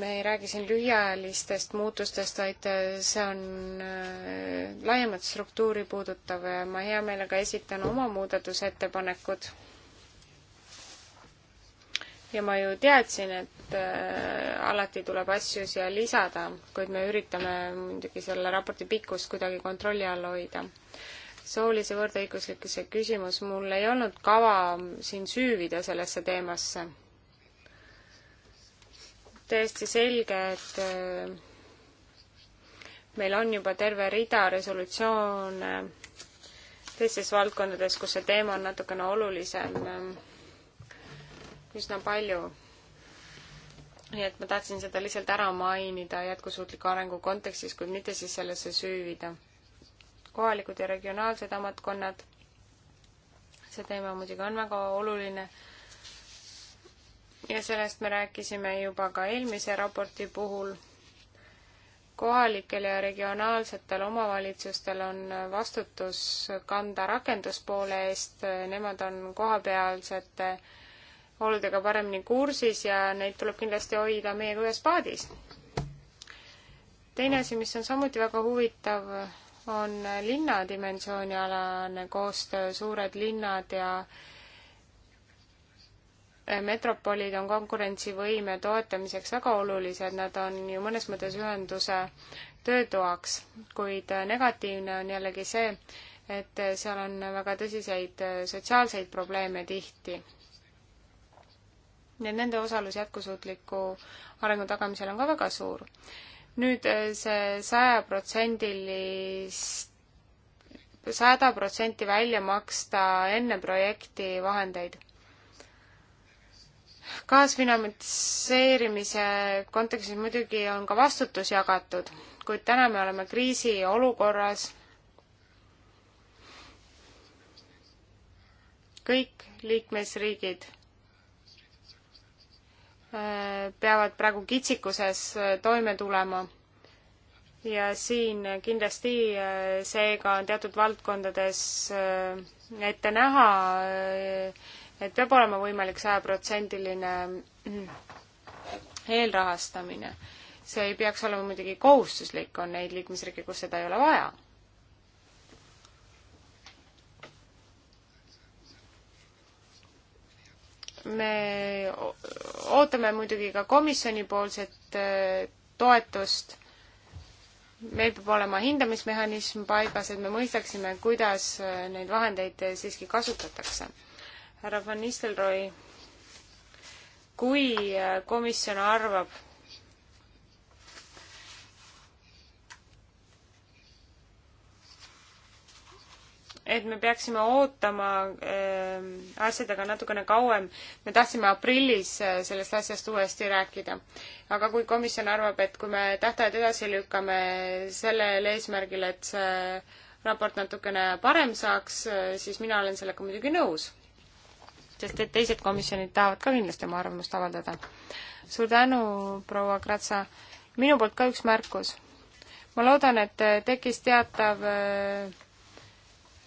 me ei räägi siin lühiajalistest muutustest, vaid see on laiemat struktuuri puudutav ja ma hea meelega esitan oma muudatusettepanekud ja ma ju teadsin, et äh, alati tuleb asju siia lisada, kuid me üritame muidugi selle raporti pikkust kuidagi kontrolli all hoida. soolise võrdõiguslikkuse küsimus, mul ei olnud kava siin süüvida sellesse teemasse. täiesti selge, et äh, meil on juba terve rida resolutsioone teistes valdkondades, kus see teema on natukene olulisem üsna palju. nii et ma tahtsin seda lihtsalt ära mainida jätkusuutliku arengu kontekstis, kuid mitte siis sellesse süüvida. kohalikud ja regionaalsed ametkonnad, see teema muidugi on väga oluline ja sellest me rääkisime juba ka eelmise raporti puhul. kohalikel ja regionaalsetel omavalitsustel on vastutus kanda rakenduspoole eest, nemad on kohapealsete äh, oldega paremini kursis ja neid tuleb kindlasti hoida meiega ühes paadis. teine asi, mis on samuti väga huvitav, on linnadimensiooni alane koostöö, suured linnad ja eh, metropolid on konkurentsivõime toetamiseks väga olulised, nad on ju mõnes mõttes ühenduse töötoaks, kuid negatiivne on jällegi see, et seal on väga tõsiseid sotsiaalseid probleeme tihti nii et nende osalus jätkusuutliku arengu tagamisel on ka väga suur. nüüd äh, see sajaprotsendilist, sada protsenti välja maksta enne projekti vahendeid. kaasfinantseerimise kontekstis muidugi on ka vastutus jagatud, kuid täna me oleme kriisiolukorras. kõik liikmesriigid peavad praegu kitsikuses äh, toime tulema. ja siin kindlasti äh, seega on teatud valdkondades äh, ette näha, et peab olema võimalik sajaprotsendiline eelrahastamine. see ei peaks olema muidugi kohustuslik, on neid liikmesriike, kus seda ei ole vaja me ootame muidugi ka komisjonipoolset äh, toetust. meil peab olema hindamismehhanism paigas, et me mõistaksime, kuidas äh, neid vahendeid äh, siiski kasutatakse. härra Van Nistelrooy, kui komisjon arvab, et me peaksime ootama äh, asjadega natukene kauem. me tahtsime aprillis äh, sellest asjast uuesti rääkida. aga kui komisjon arvab, et kui me tähtajad edasi lükkame sellel eesmärgil, et see raport natukene parem saaks äh,, siis mina olen sellega muidugi nõus. sest et teised komisjonid tahavad ka kindlasti oma arvamust avaldada. suur tänu, proua Kratsa. minu poolt ka üks märkus. ma loodan, et tekkis teatav äh,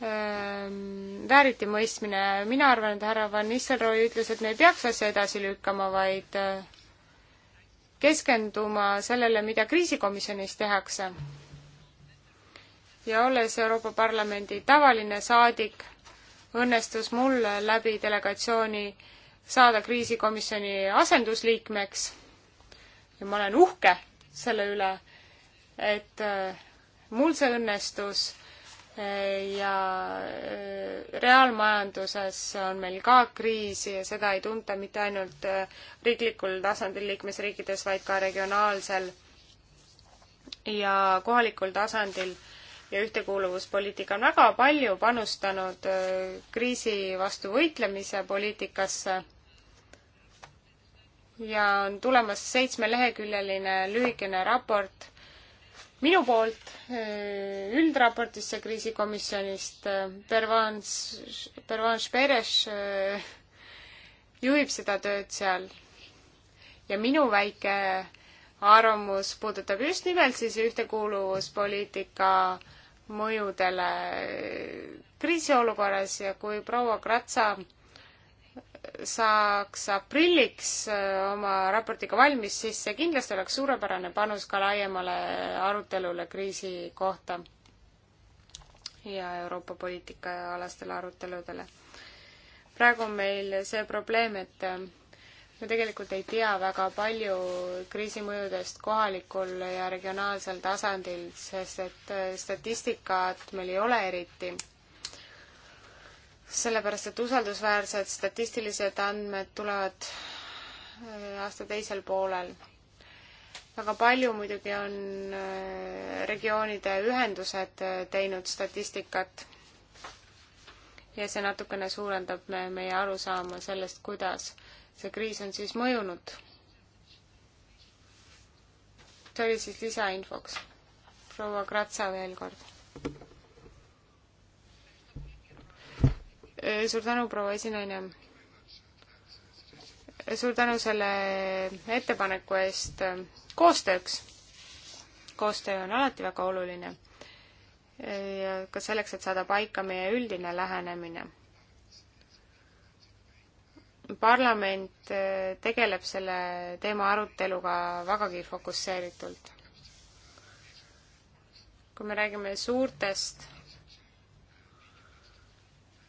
Ehm, vääritimõistmine, mina arvan, et härra Van Nistelrooy ütles, et me ei peaks asja edasi lükkama, vaid äh, keskenduma sellele, mida kriisikomisjonis tehakse. ja olles Euroopa Parlamendi tavaline saadik, õnnestus mul läbi delegatsiooni saada kriisikomisjoni asendusliikmeks ja ma olen uhke selle üle, et äh, mul see õnnestus ja äh, reaalmajanduses on meil ka kriisi ja seda ei tunta mitte ainult äh, riiklikul tasandil liikmesriikides, vaid ka regionaalsel ja kohalikul tasandil ja ühtekuuluvuspoliitika on väga palju panustanud äh, kriisi vastu võitlemise poliitikasse ja on tulemas seitsmeleheküljeline lühikene raport minu poolt eh, üldraportisse kriisikomisjonist eh, Pervans, Pervans Peres eh, juhib seda tööd seal. ja minu väike arvamus puudutab just nimelt siis ühtekuuluvuspoliitika mõjudele kriisiolukorras ja kui proua Kratsa saaks aprilliks äh, oma raportiga valmis, siis see kindlasti oleks suurepärane panus ka laiemale arutelule kriisi kohta ja Euroopa poliitikaalastele aruteludele. praegu on meil see probleem, et äh, me tegelikult ei tea väga palju kriisi mõjudest kohalikul ja regionaalsel tasandil, sest et äh, statistikat meil ei ole eriti sellepärast, et usaldusväärsed statistilised andmed tulevad äh, aasta teisel poolel. väga palju muidugi on äh, regioonide ühendused äh, teinud statistikat ja see natukene suurendab meie arusaama sellest, kuidas see kriis on siis mõjunud. see oli siis lisainfoks. proua Kratsa veel kord Äh, suur tänu, proua esinaine. suur tänu selle ettepaneku eest koostööks. koostöö on alati väga oluline. Äh, ja ka selleks, et saada paika meie üldine lähenemine. parlament äh, tegeleb selle teema aruteluga vägagi fokusseeritult. kui me räägime suurtest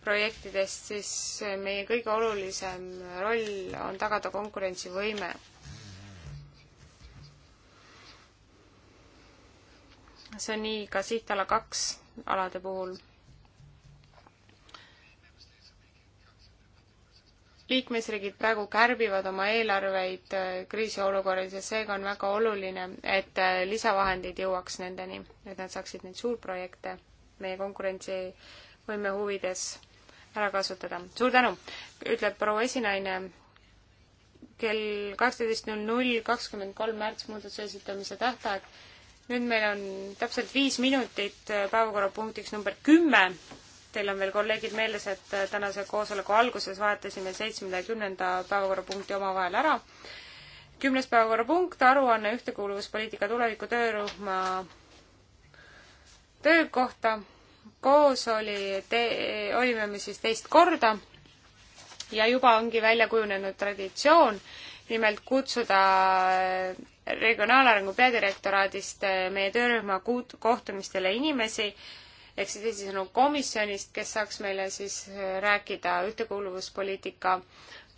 projektidest, siis meie kõige olulisem roll on tagada konkurentsivõime. see on nii ka sihtala kaks alade puhul. liikmesriigid praegu kärbivad oma eelarveid kriisiolukorras ja seega on väga oluline, et lisavahendid jõuaks nendeni, et nad saaksid neid suurprojekte meie konkurentsi võime huvides ära kasutada. suur tänu, ütleb proua esinaine. kell kaksteist null null kakskümmend kolm märts muudatuse esitamise tähtaeg. nüüd meil on täpselt viis minutit päevakorrapunktiks number kümme. Teil on veel kolleegid meeles, et tänase koosoleku alguses vahetasime seitsmenda ja kümnenda päevakorrapunkti omavahel ära. kümnes päevakorrapunkt, aruanne ühtekuuluvuspoliitika tuleviku töörühma töö kohta koos oli, olime me siis teist korda ja juba ongi välja kujunenud traditsioon nimelt kutsuda äh, regionaalarengu peadirektoraadist äh, meie töörühma kohtumistele inimesi, ehk siis teisisõnu komisjonist, kes saaks meile siis äh, rääkida ühtekuuluvuspoliitika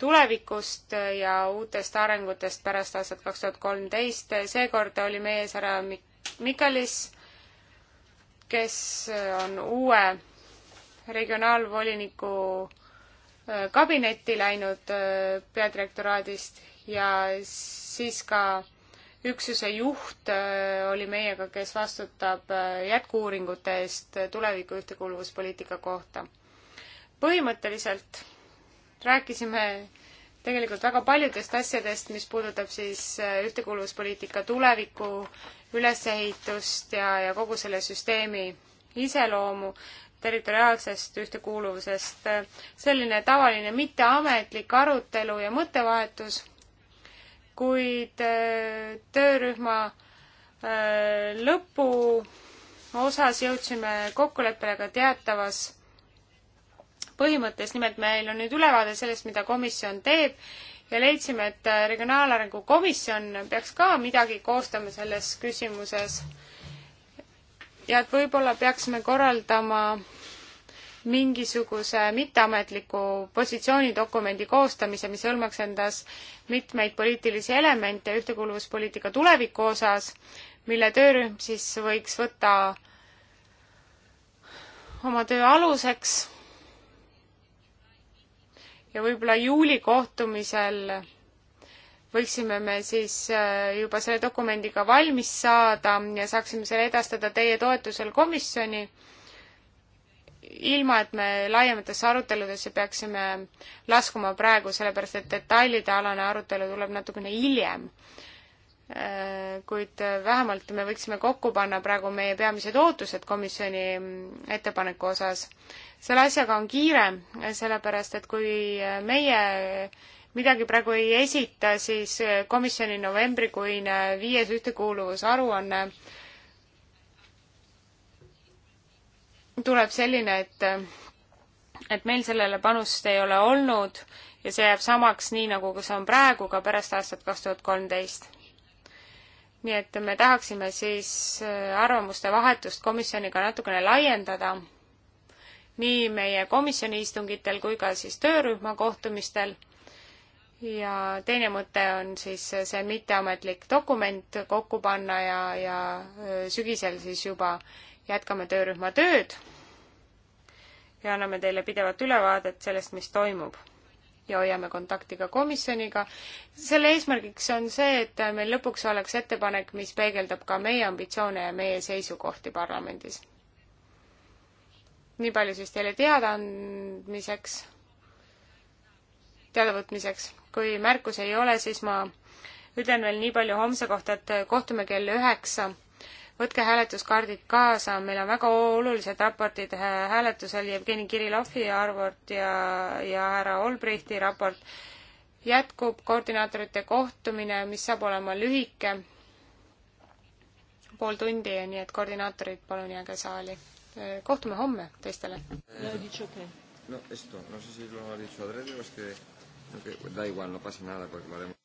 tulevikust ja uutest arengutest pärast aastat kaks tuhat kolmteist. seekord oli meie ees härra Mik-, Mikalis, kes on uue regionaalvoliniku äh, kabinetti läinud äh, peadirektoraadist ja siis ka üksuse juht äh, oli meiega, kes vastutab jätku-uuringute eest tuleviku ühtekuuluvuspoliitika kohta. põhimõtteliselt rääkisime tegelikult väga paljudest asjadest, mis puudutab siis ühtekuuluvuspoliitika tulevikku ülesehitust ja, ja kogu selle süsteemi iseloomu, territoriaalsest ühtekuuluvusest, selline tavaline mitteametlik arutelu ja mõttevahetus, kuid äh, töörühma äh, lõpu osas jõudsime kokkuleppele ka teatavas põhimõttes, nimelt meil on nüüd ülevaade sellest, mida komisjon teeb ja leidsime, et äh, Regionaalarengu Komisjon peaks ka midagi koostama selles küsimuses. ja et võib-olla peaksime korraldama mingisuguse mitteametliku positsioonidokumendi koostamise, mis hõlmaks endas mitmeid poliitilisi elemente ühtekuuluvuspoliitika tuleviku osas, mille töörühm siis võiks võtta oma töö aluseks ja võib-olla juuli kohtumisel võiksime me siis äh, juba selle dokumendiga valmis saada ja saaksime selle edastada teie toetusel komisjoni, ilma et me laiematesse aruteludesse peaksime laskuma praegu, sellepärast et detailide alane arutelu tuleb natukene hiljem Äh, kuid äh, vähemalt me võiksime kokku panna praegu meie peamised ootused komisjoni mm, ettepaneku osas. selle asjaga on kiire, äh, sellepärast et kui meie midagi praegu ei esita, siis komisjoni novembrikuine viies ühtekuuluvusaruanne tuleb selline, et et meil sellele panust ei ole olnud ja see jääb samaks, nii nagu see on praegu, ka pärast aastat kaks tuhat kolmteist nii et me tahaksime siis äh, arvamuste vahetust komisjoniga natukene laiendada, nii meie komisjoni istungitel kui ka siis töörühma kohtumistel. ja teine mõte on siis see mitteametlik dokument kokku panna ja, ja äh, sügisel siis juba jätkame töörühma tööd ja anname teile pidevat ülevaadet sellest, mis toimub ja hoiame kontakti ka komisjoniga. selle eesmärgiks on see, et meil lõpuks oleks ettepanek, mis peegeldab ka meie ambitsioone ja meie seisukohti parlamendis. nii palju siis teile teadaandmiseks, teadavõtmiseks. kui märkusi ei ole, siis ma ütlen veel nii palju homse kohta, et kohtume kell üheksa võtke hääletuskaardid kaasa, meil on väga olulised raportid hääletusel, Jevgeni Kirillovi raport ja, ja härra Olbrichti raport. jätkub koordinaatorite kohtumine, mis saab olema lühike, pool tundi, nii et koordinaatorid, palun jääge saali. kohtume homme teistele. No, esto, no sé si lo ha dicho Adrede o es que, que da igual, no pasa nada porque lo haremos.